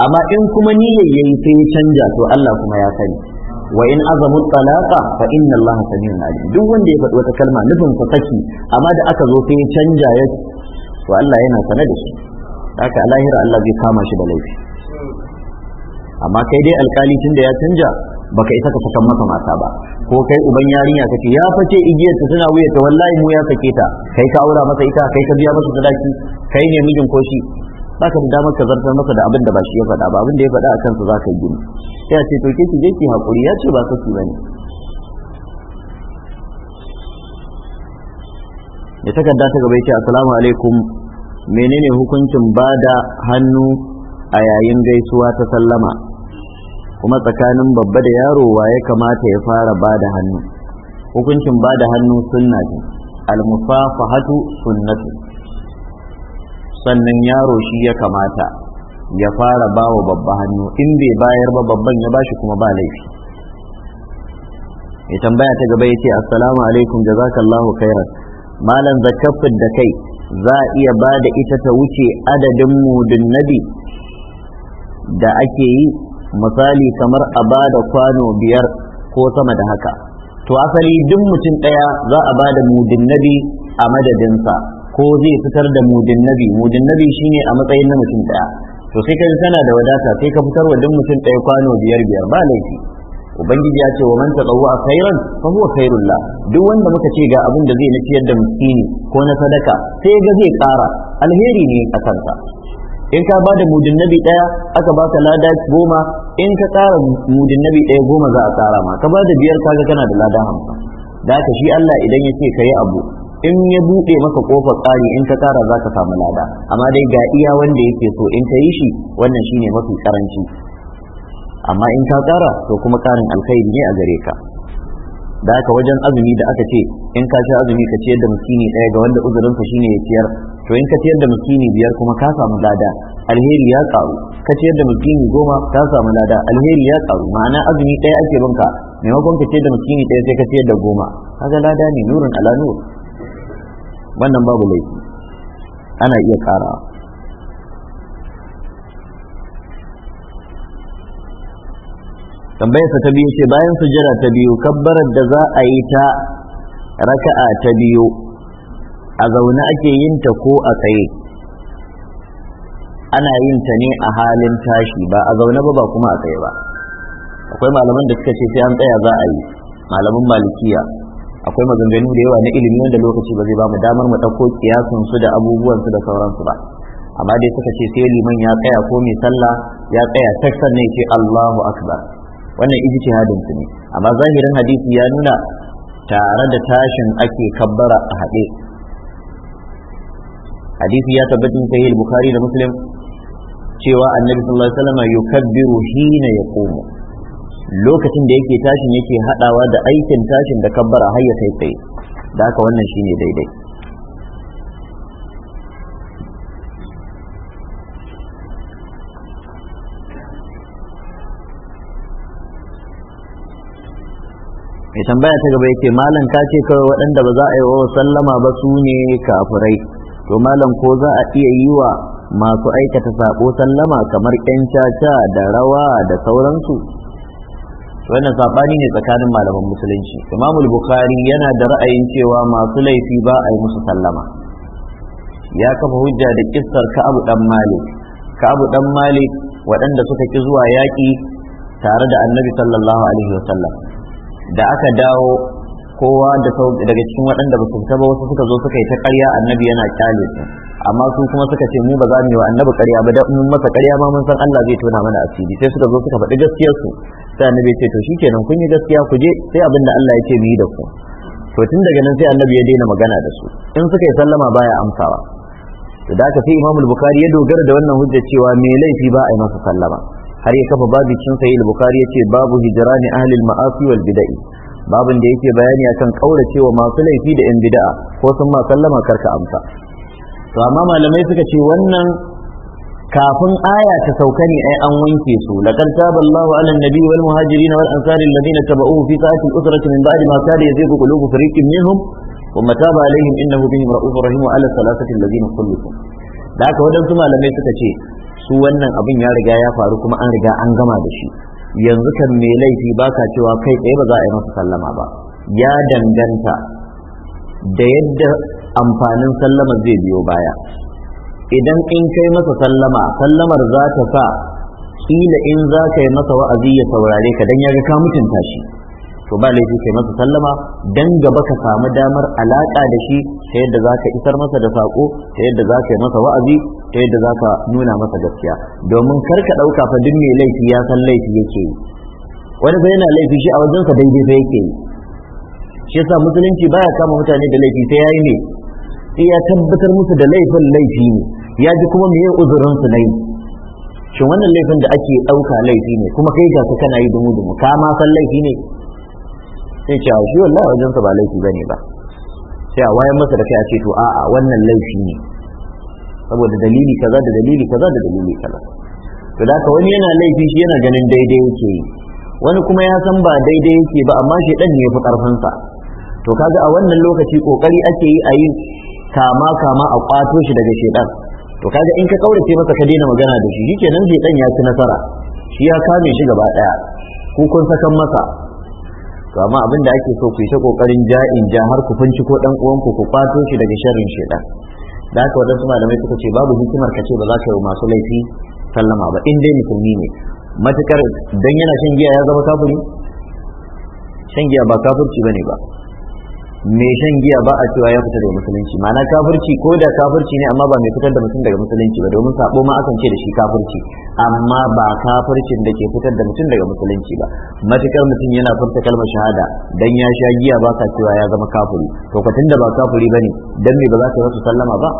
amma in kuma niyyar yayi sai ya canja to Allah kuma ya sani wa in azamu talaqa fa inna Allah samiun alim duk wanda ya faɗi wata kalma nufin sa saki amma da aka zo sai ya canja ya to Allah yana sanar da shi haka lahira Allah zai kama shi da laifi amma kai dai alkali tunda ya canja baka isa ka fakan masa mata ba ko kai uban yarinya kace ya face igiyar ta tana wuya ta wallahi mu ya sake ta kai ka aura masa ita kai ka biya masa sadaki kai ne mijin ko shi ba ka da damar ka zartar masa da abin da ba shi ya faɗa ba abin da ya faɗa a kansa za ka yi gini ya ce to ke ki je ki haƙuri ya ce ba saki ba ne da takarda ta gaba ce assalamu alaikum menene hukuncin ba da hannu a yayin gaisuwa ta sallama kuma tsakanin babba da yaro wa ya kamata ya fara ba da hannu hukuncin ba da hannu sunna ne al-musafahatu sunnatu sannan yaro shi ya kamata ya fara bawa babba hannu in bai bayar ba babban ya bashi kuma ba laifi ya tambaya ta gaba ya ce assalamu alaikum jazakallahu khairan malam zakafin da kai za a iya ba da ita ta wuce adadin mudin nabi da ake yi misali kamar a ba da kwano biyar ko sama da haka to asali duk mutum ɗaya za a ba da mudin nabi a madadinsa ko zai fitar da mudin nabi mudin nabi shine a matsayin na mutum daya to sai ka tana da wadata sai ka fitar wa duk mutum daya kwano biyar biyar ba laifi ubangiji ya ce wa man tatawwa khairan fa huwa khairul la duk wanda muka ce ga abin da zai na ciyar da miskini ko na sadaka sai ga zai kara alheri ne a kanka in ka bada mudin nabi daya aka baka lada goma in ka kara mudin nabi daya goma za a kara ma ka bada biyar kaga kana da lada hamsin da shi Allah idan ya ce ka yi abu in ya buɗe maka kofar tsari in ka ƙara za ka samu lada amma dai ga iya wanda yake so in ta yi shi wannan shine mafi karanci amma in ka ƙara to kuma ƙarin alkhairi ne a gare ka da aka wajen azumi da aka ce in ka sha azumi ka ciyar da miskini ɗaya ga wanda uzurinsa shine ya ciyar to in ka ciyar da miskini biyar kuma ka samu lada alheri ya karu ka ciyar da miskini goma ka samu lada alheri ya karu ma'ana azumi ɗaya ake binka maimakon ka ciyar da miskini ɗaya sai ka ciyar da goma kaga lada ne nurin ala nur wannan babu laifi ana iya karawa tambayarsa ta biyu ce bayan sujjada ta biyu kabbarar da za a yi ta raka'a ta biyu a zaune ake yin ta ko a tsaye ana yin ta ne a halin tashi ba a zaune ba ba kuma a tsaye ba akwai malaman da suka ce sai an tsaya za a yi malaman malikiya akwai maganganu da yawa na ilimi wanda lokaci ba zai ba mu damar mu ɗauko kiyasin su da abubuwan su da sauransu ba amma dai suka ce sai liman ya tsaya ko mai sallah ya tsaya taksan ne ce Allahu akbar wannan ijtihadin su ne amma zahirin hadisi ya nuna tare da tashin ake kabbara a haɗe hadisi ya tabbatin sahih bukhari da muslim cewa annabi sallallahu alaihi wasallam yukabbiru hina yaqumu lokacin da yake tashin yake hadawa da aikin tashin da kabbara har ya kai tsaye da haka wannan shine daidai mai tambaya ta gaba yake malam ka ce kawai waɗanda ba za a yi wa sallama ba su ne kafirai to malam ko za a iya yi wa masu aikata sako sallama kamar 'yan caca da rawa da sauransu wannan sabani ne tsakanin malaman musulunci imamu bukhari yana da ra'ayin cewa masu laifi ba a yi musu sallama ya kafa hujja da kissar ka'abu dan malik ka'abu dan malik waɗanda suka ki zuwa yaƙi tare da annabi sallallahu alaihi da aka dawo kowa da daga cikin waɗanda ba su fita ba wasu suka zo suka yi ta ƙarya annabi yana kyale su amma su kuma suka ce mu ba za mu yi wa annabi ƙarya ba dan mun masa ƙarya ma mun san Allah zai tona mana asiri sai suka zo suka faɗi gaskiyar su sai annabi ya ce to shikenan kun yi gaskiya ku je sai abin da Allah ya ce mu yi da ku to tun daga nan sai annabi ya daina magana da su in suka yi sallama baya amsawa to da aka sai Imam Bukhari ya dogara da wannan hujja cewa me laifi ba a yi masa sallama har ya kafa babu cin sahih Bukhari ce babu hijrani ahli al-ma'asi wal bida'i babin da yake bayani akan cewa masu laifi da yan bida'a ko sun ma sallama karka amsa to amma malamai suka ce wannan kafin aya ta sauka ne ai an wanke su laqad taballahu 'alan nabiy wal muhajirin wal ansari alladhina tabauhu fi sa'ati al-usrati min ba'di ma kana yazigu qulubu fariqin minhum wa taba alaihim innahu bihim ra'ufur rahim wa 'ala thalathati alladhina khulifu da haka wadansu malamai suka ce su wannan abin ya riga ya faru kuma an riga an gama da shi yanzu kan mai laifi ba ka cewa kai tsaye ba za a yi masa sallama ba ya danganta da yadda amfanin sallama zai biyo baya idan in kai masa sallama sallamar za ta sa kila in za ka yi masa wa'azi ya saurare ka dan ya ga ka mutunta shi to ba laifi kai masa sallama dan gaba ka samu damar alaka da shi ta yadda zaka isar masa da sako ta yadda zaka yi masa wa'azi ta yadda zaka nuna masa gaskiya domin kar ka dauka fa duk mai laifi ya san laifi yake yi wani sai yana laifi shi a wajen sa daidai yake yi shi yasa musulunci baya kama mutane da laifi sai yayi ne sai ya tabbatar musu da laifin laifi ne ya ji kuma meye uzurin su yi. shin wannan laifin da ake ɗauka laifi ne kuma kai ga su kana yi dumu dumu ka ma san laifi ne sai ce shi wallahi wajen sa ba laifi bane ba sai a wayan masa da kai a ce to a'a wannan laifi ne saboda dalili kaza da dalili kaza da dalili kaza to da wani yana laifi shi yana ganin daidai yake yi wani kuma ya san ba daidai yake ba amma shi dan ne ya fi karfin sa to kaga a wannan lokaci kokari ake yi a yi kama kama a kwato shi daga shedan to kaga in ka kaurace masa ka daina magana da shi shikenan shedan ya ci nasara shi ya kame shi gaba daya ko kun sakan masa to amma abin da ake so ku yi ta kokarin ja'in ja har ku fanci ko dan uwanku ku kwato shi daga sharrin shedan da haka wadansu malamai suka ce babu hikimar ka ce ba za ka yi masu laifi sallama ba in dai musulmi ne matukar dan yana shan giya ya zama kafiri shan giya ba kafirci bane ba mai shan giya ba a cewa ya fita daga musulunci ma'ana kafirci ko da kafirci ne amma ba mai fitar da mutum daga musulunci ba domin sabo ma akan ce da shi kafirci amma ba kafircin da ke fitar da mutum daga musulunci ba matukar mutum yana furta kalmar shahada dan ya sha giya ba ka cewa ya zama kafiri to ka tunda ba kafiri bane dan me ba za ka yi sallama ba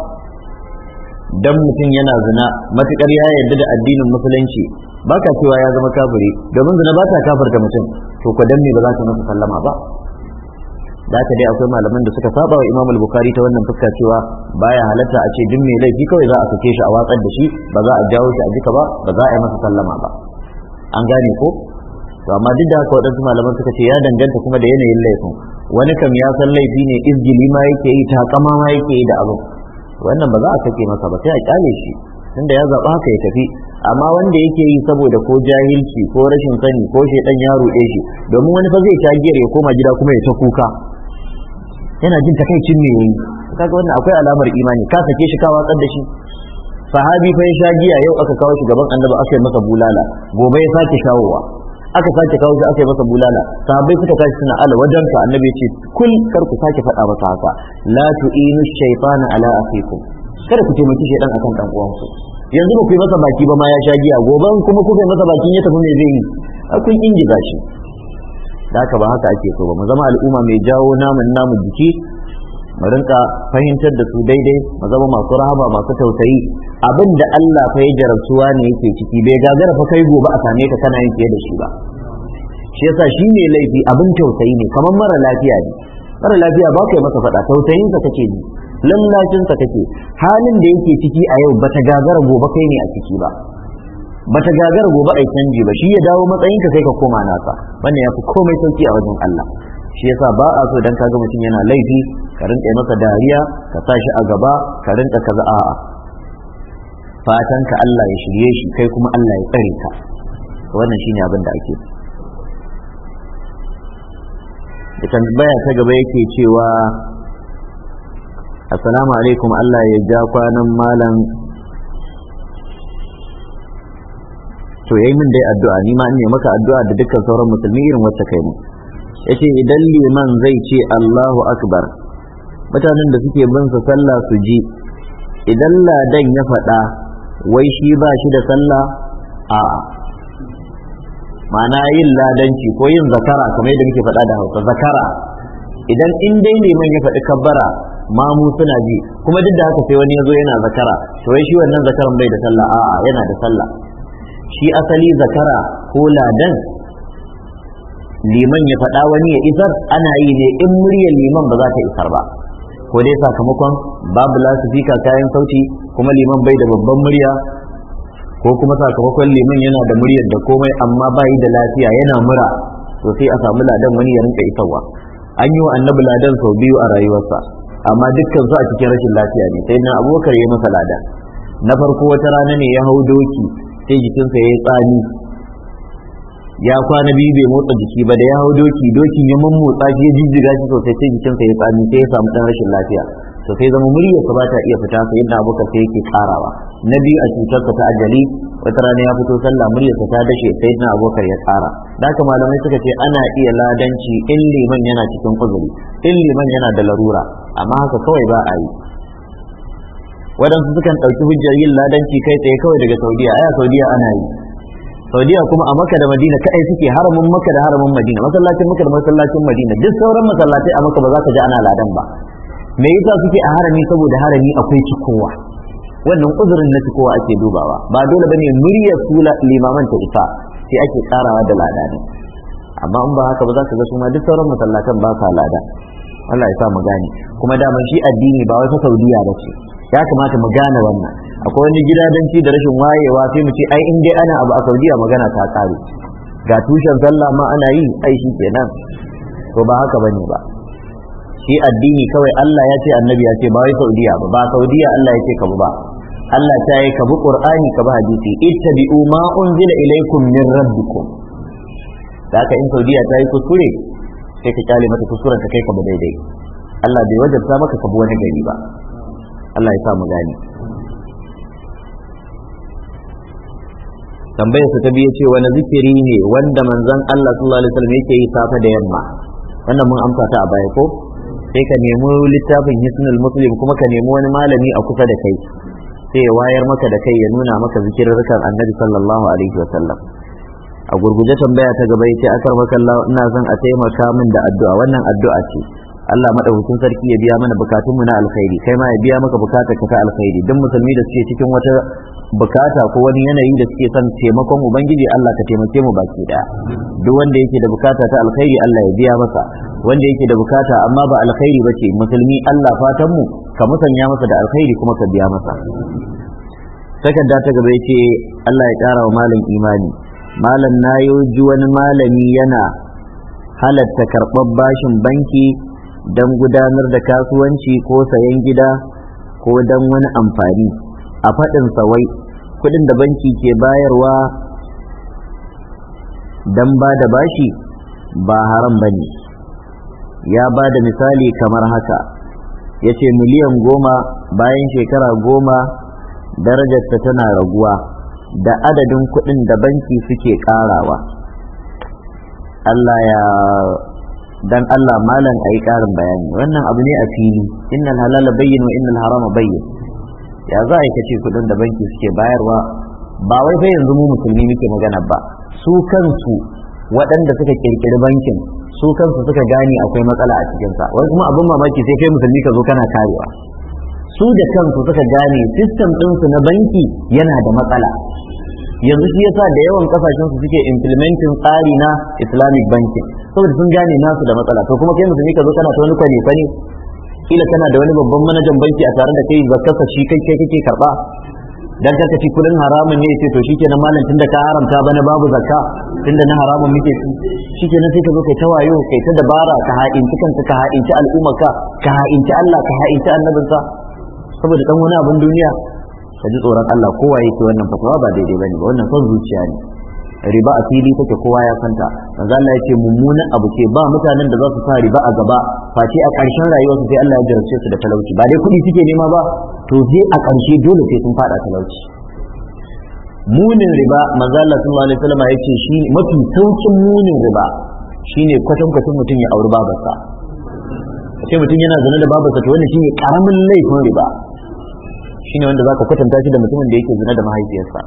dan mutum yana zina matukar ya yarda da addinin musulunci ba ka cewa ya zama kafiri domin zina ba ta kafirta mutum to ka dan me ba za ka yi sallama ba da haka dai akwai malaman da suka saba wa Imam Bukhari ta wannan fuska cewa baya halatta a ce duk mai laifi kawai za a sake shi a watsar da shi ba za a jawo shi a jika ba ba za a yi masa sallama ba an gane ko to amma duk da haka waɗansu malaman suka ce ya danganta kuma da yanayin laifin wani kam ya san laifi ne izgili ma yake yi takama ma yake yi da abu wannan ba za a sake masa ba sai a kyale shi tunda ya zaba haka ya tafi amma wanda yake yi saboda ko jahilci ko rashin sani ko shaidan ya ruɗe shi domin wani fa zai tagiyar giyar ya koma gida kuma ya ta kuka yana jin takaicin me yayi kaga wannan akwai alamar imani ka sake shi ka watsar da shi sahabi fa ya sha giya yau aka kawo shi gaban annabi aka yi masa bulala gobe ya sake shawowa aka sake kawo shi aka yi masa bulala sahabbai suka tashi suna ala wajen ka annabi ya ce kul kar ku sake faɗa masa haka la inu shaytana ala afikum kada ku taimaki shaydan akan dan uwanku yanzu ba ku yi masa baki ba ma ya sha giya gobe kuma kuka yi masa bakin ya tafi me zai yi a kun shi da haka ba haka ake so ba mu zama al'umma mai jawo namun namun jiki mu rinka fahimtar da su daidai mu zama masu rahama masu tausayi abin da Allah fa ya jarabtuwa ne yake ciki bai gagara fa kai gobe a same ka kana yin fiye da shi ba shi yasa shi ne laifi abin tausayi ne kamar mara lafiya ne mara lafiya ba kai masa faɗa tausayin sa kake ji lallacin sa kake halin da yake ciki a yau bata gagara gobe kai ne a ciki ba bata gagar gobe a canji ba shi ya dawo matsayin ka sai ka koma nasa wannan fi komai sauki a wajen Allah shi yasa ba a so dan ga mutum yana laifi ka rinka masa dariya ka sa shi a gaba ka rinka kaza a'a fatan ka Allah ya shirye shi kai kuma Allah ya tsare ka wannan shine abin da ake da tambaya ta gaba yake cewa assalamu alaikum Allah ya ja kwanan malam to yayi min dai addu'a ni ma ne maka addu'a da dukkan sauran musulmi irin wacce kai mu yace idan liman zai ce Allahu akbar mutanen da suke bin sa sallah su ji idan ladan ya faɗa wai shi ba shi da sallah a ma'ana yin ladanci ko yin zakara kamar yadda muke faɗa da hausa zakara idan in dai liman ya faɗi kabbara mamu suna ji kuma duk da haka sai wani ya zo yana zakara to wai shi wannan zakaran bai da sallah a'a yana da sallah shi asali zakara ko ladan liman ya faɗa wani ya isar ana yi ne in muryar liman ba za ta isar ba ko dai sakamakon babu lasifika kayan sauti kuma liman bai da babban murya ko kuma sakamakon liman yana da muryar da komai amma bai da lafiya yana mura to sai a samu ladan wani ya rinka isarwa an yi wa annabi ladan sau biyu a rayuwarsa amma dukkan su a cikin rashin lafiya ne sai na abokar ya masa lada na farko wata rana ne ya hau doki sai jikinsa ya yi tsani ya kwana biyu bai motsa jiki ba da ya hau doki doki ya mummotsa shi ya jijjiga shi sosai sai jikinsa ya tsani sai ya samu dan rashin lafiya to sai zama muryarsa ba ta iya fita sai yadda abokan sai yake karawa na biyu a cutarsa ta ajali wata rana ya fito sallah muryarsa ta dashe sai yadda abokan ya kara da haka malamai suka ce ana iya ladanci in liman yana cikin uzuri in liman yana da larura amma haka kawai ba a yi waɗansu sukan ɗauki hujjar yin ladanci kai tsaye kawai daga saudiya aya saudiya ana yi saudiya kuma a maka da madina kaɗai suke haramin maka da haramin madina masallacin maka da masallacin madina duk sauran masallatai a maka ba za ka ji ana ladan ba me yasa suke a harami saboda harami akwai cikowa wannan uzurin na cikowa ake dubawa ba dole bane muryar sula limaman ta isa sai ake karawa da lada ne amma in ba haka ba za ka ga su ma duk sauran masallatan ba sa lada Allah ya sa mu gane kuma daman shi addini ba wata saudiya ba ce ya kamata mu gane wannan akwai wani ci da rashin wayewa sai mu ce ai in dai ana abu a saudiya magana ta kare ga tushen sallah ma ana yi ai shi kenan to ba haka bane ba shi addini kawai Allah ya ce annabi ya ce ba wai saudiya ba ba saudiya Allah ya ce ka ba Allah ta yi ka bi Qur'ani ka bi hadisi ittabi'u ma unzila ilaykum min rabbikum da haka in saudiya ta yi kuskure sai ka kyale mata kuskuren ka kai ka ba daidai Allah bai wajabta maka ka bi wani gari ba Allah ya sa mu gani. tambayar su ta biyu ce wani zikiri ne wanda manzon Allah sallallahu alaihi wasallam yake yi safe da yamma wannan mun amsa ta a baya ko sai ka nemi littafin hisnul muslim kuma ka nemi wani malami a kusa da kai sai wayar maka da kai ya nuna maka zikirrukan annabi sallallahu alaihi wasallam a gurguje tambaya ta gaba yace akar maka ina son a taimaka min da addu'a wannan addu'a ce Allah madaukakin sarki ya biya mana bukatunmu mu na alkhairi kai ma ya biya maka bukatar ka ta alkhairi duk musulmi da suke cikin wata bukata ko wani yanayi da suke son taimakon ubangiji Allah ka taimake mu baki daya duk wanda yake da bukata ta alkhairi Allah ya biya masa wanda yake da bukata amma ba alkhairi ce, musulmi Allah fatan mu ka musanya masa da alkhairi kuma ka biya masa takarda ta gaba yace Allah ya kara wa malam imani malam na ji wani malami yana halatta karɓar bashin banki don gudanar da kasuwanci ko sayan gida ko don wani amfani a faɗin sawai kuɗin da banki ke bayarwa don ba da bashi ba haram ba ne ya ba da misali kamar haka ya ce miliyan goma bayan shekara goma darajarta tana raguwa da adadin kuɗin da banki suke ƙarawa. Allah ya dan Allah a ayi karin bayani wannan abu ne a fili innal halala bayyin wa innal harama bayyin ya za a yi kace kudin da banki suke bayarwa ba wai fa yanzu mu musulmi muke magana ba su kansu waɗanda suka kirkiri bankin su kansu suka gane akwai matsala a cikinsa wani kuma abin mamaki sai kai musulmi ka zo kana karewa su da kansu suka gane sistem ɗinsu na banki yana da matsala yanzu shi yasa da yawan kasashen su suke implementing tsari na islamic banking saboda sun gane nasu da matsala to kuma kai musulmi ka zo kana ta wani kwale kwale kila kana da wani babban manajan banki a tare da kai zakkarsa shi kai kai kake karba dan karka ci kudin haramun ne yace to shikenan malam tunda ka haramta bana babu zakka tunda na haramun muke ci shikenan sai ka zo kai tawayo kai ta dabara ka ha'inci kanka ka ha'inci al'ummarka ka ha'inci Allah ka ha'inci annabinsa saboda dan wani abin duniya ka ji tsoron Allah kowa yake wannan fatawa ba daidai bane ba wannan son zuciya ne riba a fili take kowa ya santa manzo Allah yace mummunan abu ce ba mutanen da za su sa riba a gaba face a ƙarshen rayuwar su sai Allah ya jarabce su da talauci ba dai kuɗi suke nema ba to sai a ƙarshe dole sai sun fada talauci munin riba manzo Allah sallallahu alaihi wasallam yace shi mafi saukin munin riba shine kwatankwacin mutum ya auri babarsa sai mutum yana zane da babarsa to wannan shine karamin laifin riba ne wanda zaka kwatanta shi da mutumin da yake zina da mahaifiyarsa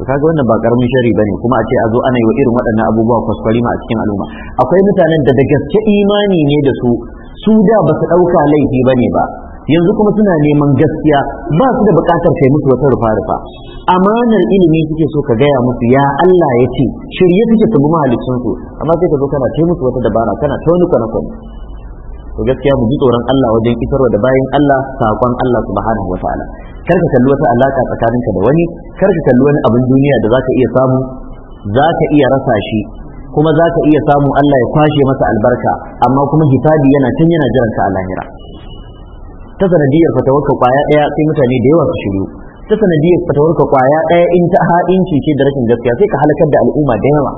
to kaga wannan ba karamin shari bane kuma a ce a zo ana yi wa irin waɗannan abubuwa kwaskwari ma a cikin al'umma akwai mutanen da da gaske imani ne da su su da ba su ɗauka laifi bane ba yanzu kuma suna neman gaskiya ba su da buƙatar kai musu wata rufa rufa amanar ilimi suke so ka gaya musu ya Allah ya ce shirye suke su bi mahalicin amma sai ka zo kana kai musu wata dabara kana ta wani kwana to gaskiya mu ji tsoron Allah wajen isarwa da bayan Allah sakon Allah subhanahu wataala kar ka kalli wata alaka tsakaninka da wani kar ka kalli wani abin duniya da zaka iya samu zaka iya rasa shi kuma zaka iya samu Allah ya kwashe masa albarka amma kuma hisabi yana tun yana jiran ka a lahira ta sanadiyar fatawarka kwaya daya sai mutane da yawa su shiru ta sanadiyar fatawarka kwaya daya in ta ha'inci ce da rashin gaskiya sai ka halakar da al'umma da yawa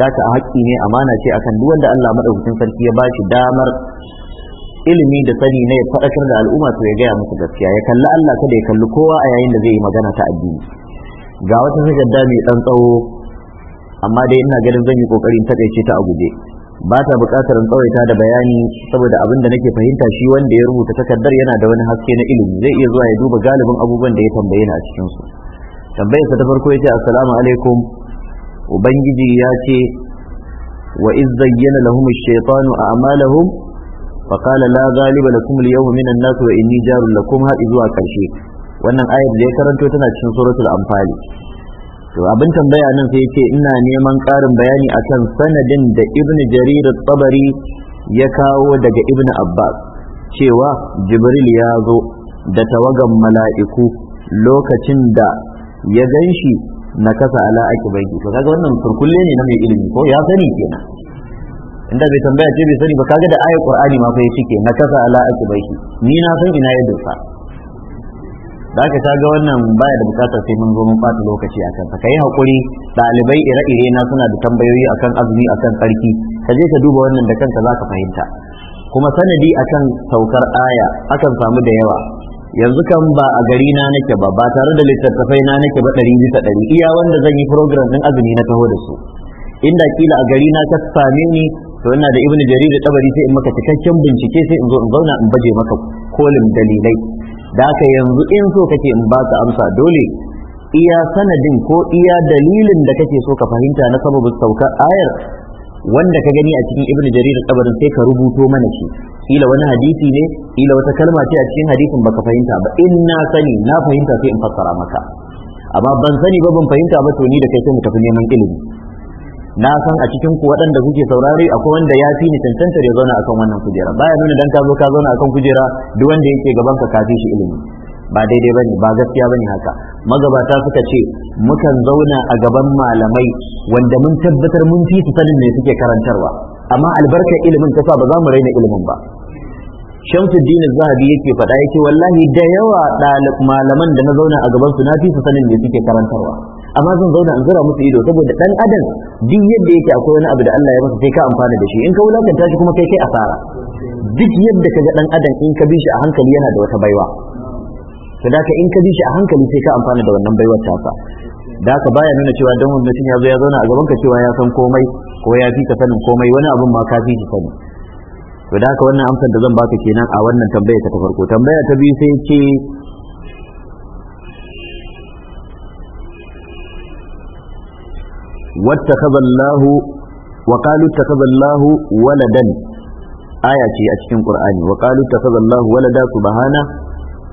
data a haƙƙi ne amana ce akan duk wanda Allah madaukakin sarki ya bashi damar ilimi da sani ne ya faɗakar da al'umma to ya gaya musu gaskiya ya kalli Allah kada ya kalli kowa a yayin da zai yi magana ta addini ga wata takarda mai dan tsawo amma dai ina ganin zan yi kokarin takaice ta a guje ba ta buƙatar in tsawaita da bayani saboda abin da nake fahimta shi wanda ya rubuta takardar yana da wani haske na ilimi zai iya zuwa ya duba galibin abubuwan da ya tambaye ni a cikin su tambayar sa ta farko yace assalamu alaikum ubangiji ya ce wa izzayyana lahum ash-shaytanu a'malahum fa qala la ghaliba lakum al-yawma min an-nas wa inni jarun lakum zuwa karshe wannan ayar da ya karanto tana cikin suratul amfani. to abin tambaya nan sai yace ina neman ƙarin bayani akan sanadin da ibn jarir at-tabari ya kawo daga ibn abbas cewa jibril ya zo da tawagan mala'iku lokacin da ya ganshi na kasa ala aqibaiki to kaga wannan turkulle ne na mai ilimi ko ya sani kenan inda bai tambaya ce bai sani ba kaga da ayat qur'ani ma fa cike na kasa ala aqibaiki ni na san ina yadda fa da kaga wannan baya da bukatar sai mun zo mun fata lokaci akan sa, kai hakuri dalibai ire-ire na suna da tambayoyi akan azumi akan tsarki ka je ka duba wannan da kanka ka fahimta kuma sanadi akan saukar aya akan samu da yawa yanzu kan ba a gari na nake ba ba tare da littattafai na nake ba ɗari bisa ɗari iya wanda zan yi program ɗin azumi na taho da su inda kila a gari na ka same ni to ina da ibnu jarir da tabari sai in maka cikakken bincike sai in zo in zauna in baje maka kolin dalilai da haka yanzu in so kake in ba baka amsa dole iya sanadin ko iya dalilin da kake so ka fahimta na sababin saukar ayar wanda ka gani a cikin ibnu jarir kabarin sai ka rubuto mana shi ila wani hadisi ne ila wata kalma ce a cikin hadisin baka fahimta ba in na sani na fahimta sai in fassara maka amma ban sani ba ban fahimta ba to ni da kai sai mu tafi neman ilimi na san a cikin ku waɗanda kuke saurare akwai wanda ya fi ni cancantar ya zauna akan wannan kujera baya nuna dan ka zo ka zauna akan kujera duk wanda yake gaban ka kafi shi ilimi ba daidai ba ne ba gaskiya ba ne haka magabata suka ce mukan zauna a gaban malamai wanda mun tabbatar mun fi su sanin ne suke karantarwa amma albarkar ilimin ta ba za mu raina ilimin ba shamsuddin zahabi yake faɗa yake wallahi da yawa malaman da na zauna a gaban su na fi su sanin ne suke karantarwa amma zan zauna in zura musu ido saboda dan adam duk yadda yake akwai wani abu da Allah ya masa sai ka amfana da shi in ka wulakanta shi kuma kai kai asara duk yadda ka ga dan adam in ka bi shi a hankali yana da wata baiwa to da in ka bi shi a hankali sai ka amfana da wannan baiwar tasa da haka baya nuna cewa dan mutum ya zo ya zauna a gaban ka cewa ya san komai ko ya fi ka sanin komai wani abun ma ka fi shi sani to da haka wannan amsar da zan baka kenan a wannan tambaya ta farko tambaya ta biyu sai ce واتخذ الله وقالوا اتخذ الله ولدا آية في أشكين قرآني وقالوا اتخذ الله ولدا سبحانه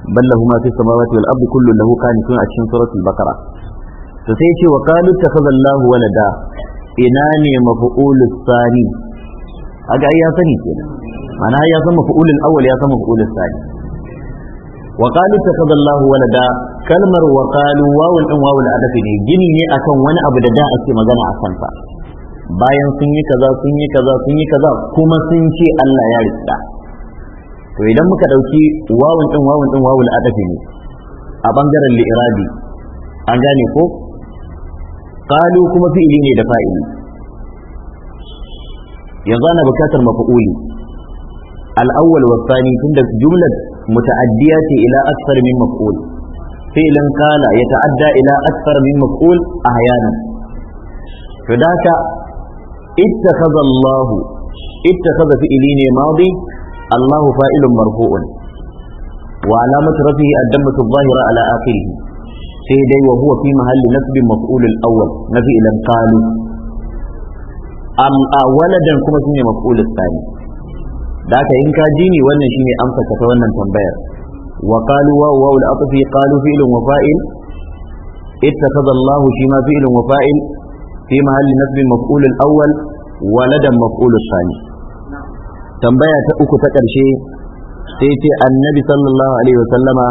bal lahu ma fis samawati wal ardi kullun lahu qanitun a cikin suratul baqara to sai ce wa qalu takhadha Allahu walada ina ne maf'ulus sani aga ya sani kenan ma'ana ya san maf'ulul awwal ya san maf'ulus sani wa qalu takhadha Allahu walada kalmar wa qalu wawul din wawul ne gini ne akan wani abu da da ake magana a bayan sun yi kaza sun yi kaza sun yi kaza kuma sun ce Allah ya rikida to idan muka dauki wawun din wawun din wawul adafi ne a bangaren li'irabi an gane ko qalu kuma fi'ili ne da fa'ili yanzu ana bukatar mafa'uli al-awwal wa thani tunda jumlar muta'addiya ce ila akthar min maf'ul fi'lan kana yata'adda ila akthar min maf'ul ahyana to daka ittakhadha Allah ittakhadha fi'ili ne madi Allahu fa'ilun marfu'un wa alamatu rafihi ad-dammatu adh-dhahira ala akhirih sai dai wa huwa fi mahalli nasbin maf'ulul awwal nafi ilan qalu am waladan kuma shine maf'ulul thani da haka in ka ji ni wannan shine amsa ta wannan tambayar wa qalu wa wa al-atfi qalu fi'lun wa fa'il wa fi waladan tambaya ta uku ta ƙarshe sai ce annabi sallallahu alaihi wasallama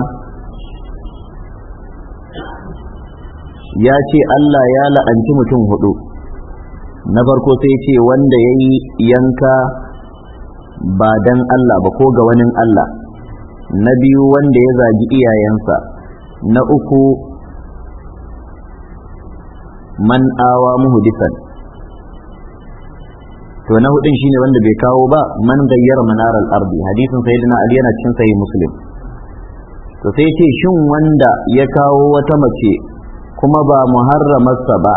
ya ce Allah ya la'anci mutum hudu na farko sai ce wanda ya yi yanka ba dan Allah ba ko ga wani Allah na biyu wanda ya zagi iyayensa na uku man awa muhudisan to na hudun shine wanda bai kawo ba man gayyara manaral ardi hadisin sayyidina ali yana cikin sahih muslim to sai ce shin wanda ya kawo wata mace kuma ba muharramarsa ba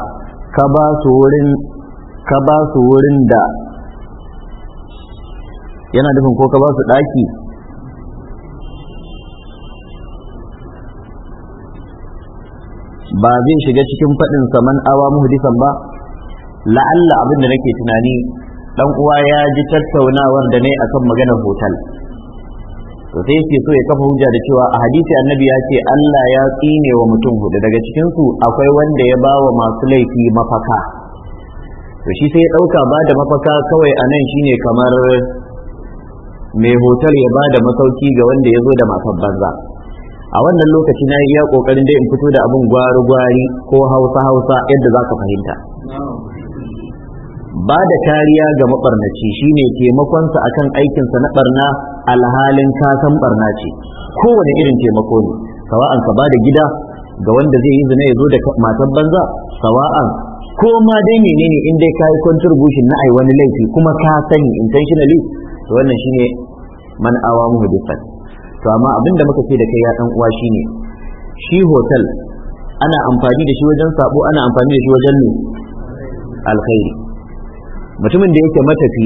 ka ba su wurin ka ba su wurin da yana nufin ko ka ba su daki ba zai shiga cikin faɗin saman awa muhdisan ba la'alla abin da nake tunani dan uwa ya ji tattaunawar da ne akan maganar hotel to sai yake so ya kafa hujja da cewa a hadisi annabi ya ce Allah ya tsine wa mutum hudu daga cikin su akwai wanda ya bawa masu laifi mafaka to shi sai ya dauka ba da mafaka kawai a nan shine kamar mai hotel ya ba da masauki ga wanda ya zo da matar banza a wannan lokaci na yi iya kokarin dai in fito da abin gwari-gwari ko hausa-hausa yadda za ka fahimta ba da kariya ga mabarnaci shine taimakonsa akan aikinsa na barna alhalin kasan barna ce kowane irin taimako ne sawa'an ka ba da gida ga wanda zai yi zina ya zo da matan banza sawa'an ko ma dai menene in dai kayi contribution na ai wani laifi kuma ka sani intentionally to wannan shine man awa muhdithan to amma abin da muka ce da kai ya dan uwa shine shi hotel ana amfani da shi wajen sabo ana amfani da shi wajen alkhairi mutumin da yake matafi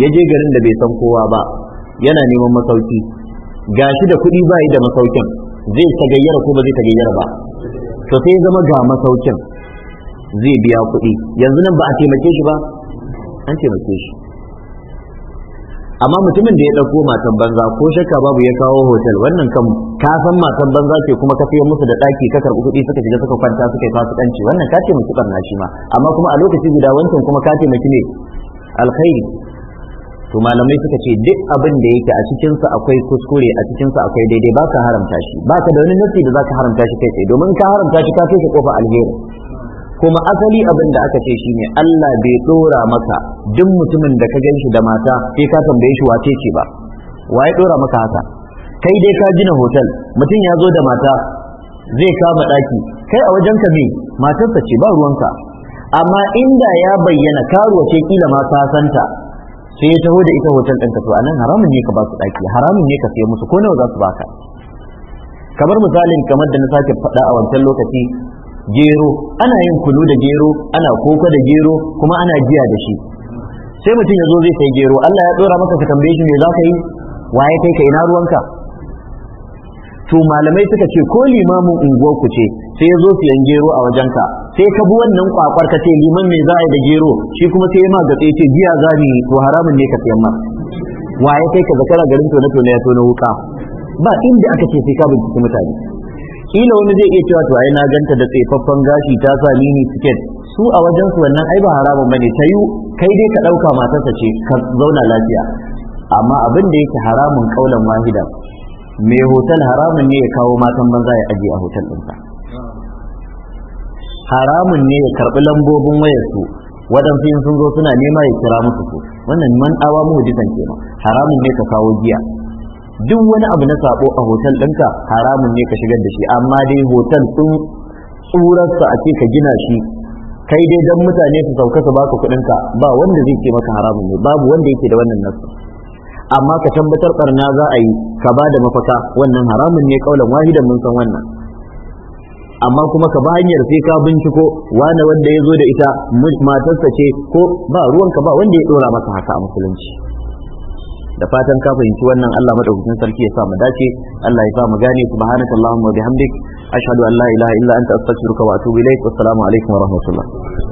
ya je garin da bai san kowa ba yana neman masauki gashi da kuɗi ba da masaukin zai ta gayyara ko ba zai ta gayyara ba to sai zama ga masaukin zai biya kuɗi yanzu nan ba a taimake shi ba an taimake shi amma mutumin da ya ɗauko matan banza ko shakka babu ya kawo hotel wannan kan ka san matan banza ke kuma ka fiye musu da ɗaki ka karɓi kuɗi suka shiga suka kwanta suka yi fasikanci wannan ka taimaki barna shi ma amma kuma a lokaci guda wancan kuma ka taimaki ne alkhairi to malamai suka ce duk abin da yake a cikinsa akwai kuskure a cikinsa akwai daidai ba ka haramta shi ba ka da wani nasi da za ka haramta shi kai tsaye domin ka haramta shi ka kai shi kofa alheri kuma asali abin da aka ce shi ne Allah bai dora maka duk mutumin da ka gan da mata sai ka tambaye shi wace ce ba waye dora maka haka kai dai ka gina hotel mutum ya zo da mata zai kama daki kai a wajen ka me matarsa ce ba ruwanka amma inda ya bayyana karuwa ce kila ma ka santa sai ya taho da ita hotel ɗinka to anan haramun ne ka ba su daki haramun ne ka sayo musu ko nawa za su baka kamar misalin kamar da na sake faɗa a wancan lokaci gero ana yin kulu da gero ana koko da gero kuma ana jiya da shi sai mutum ya zo zai sai gero Allah ya dora maka ka tambaye shi me za ka yi waye kai ka ina ruwanka to malamai suka ce ko limamin unguwar ku ce sai ya zo siyan gero a wajenka sai ka bi wannan kwakwar ka ce liman me za a yi da gero shi kuma sai ya ma gatsa ce jiya za ni to haramun ne ka siyan ma waye kai ka zakara garin to na ya tona wuka ba inda aka ce sai ka binciki mutane kila wani zai iya cewa to ai na ganta da tsefaffen gashi ta sa mini tiket su a wajen su wannan ai ba haramun bane ta yi kai dai ka ɗauka matarsa ce ka zauna lafiya amma abin da yake haramun kaulan wahida mai hotel haramun ne ya kawo matan banza ya aje a hotel ɗinsa haramun ne ya karɓi lambobin wayarsu waɗansu in sun zo suna nema ya kira musu su wannan man awa mu hadisan kenan haramun ne ka kawo giya duk wani abu na sabo a hotel ɗinka haramun ne ka shigar da shi amma dai hotel sun tsurarsa a ce ka gina shi kai dai don mutane su sauka su baka kuɗinka ba wanda zai ce maka haramun ne babu wanda yake da wannan nasu amma ka tabbatar ɓarna za a yi ka ba da mafaka wannan haramun ne ƙaunar wahidan mun san wannan amma kuma ka ba hanyar sai ka binciko wane wanda ya zo da ita matarsa ce ko ba ruwanka ba wanda ya dora masa haka a musulunci da fatan ka fahimci wannan Allah madaukakin sarki ya sa mu dace Allah ya sa mu gane subhanakallahumma wa bihamdik ashhadu an la ilaha illa anta astaghfiruka wa atubu ilaik assalamu alaikum wa rahmatullah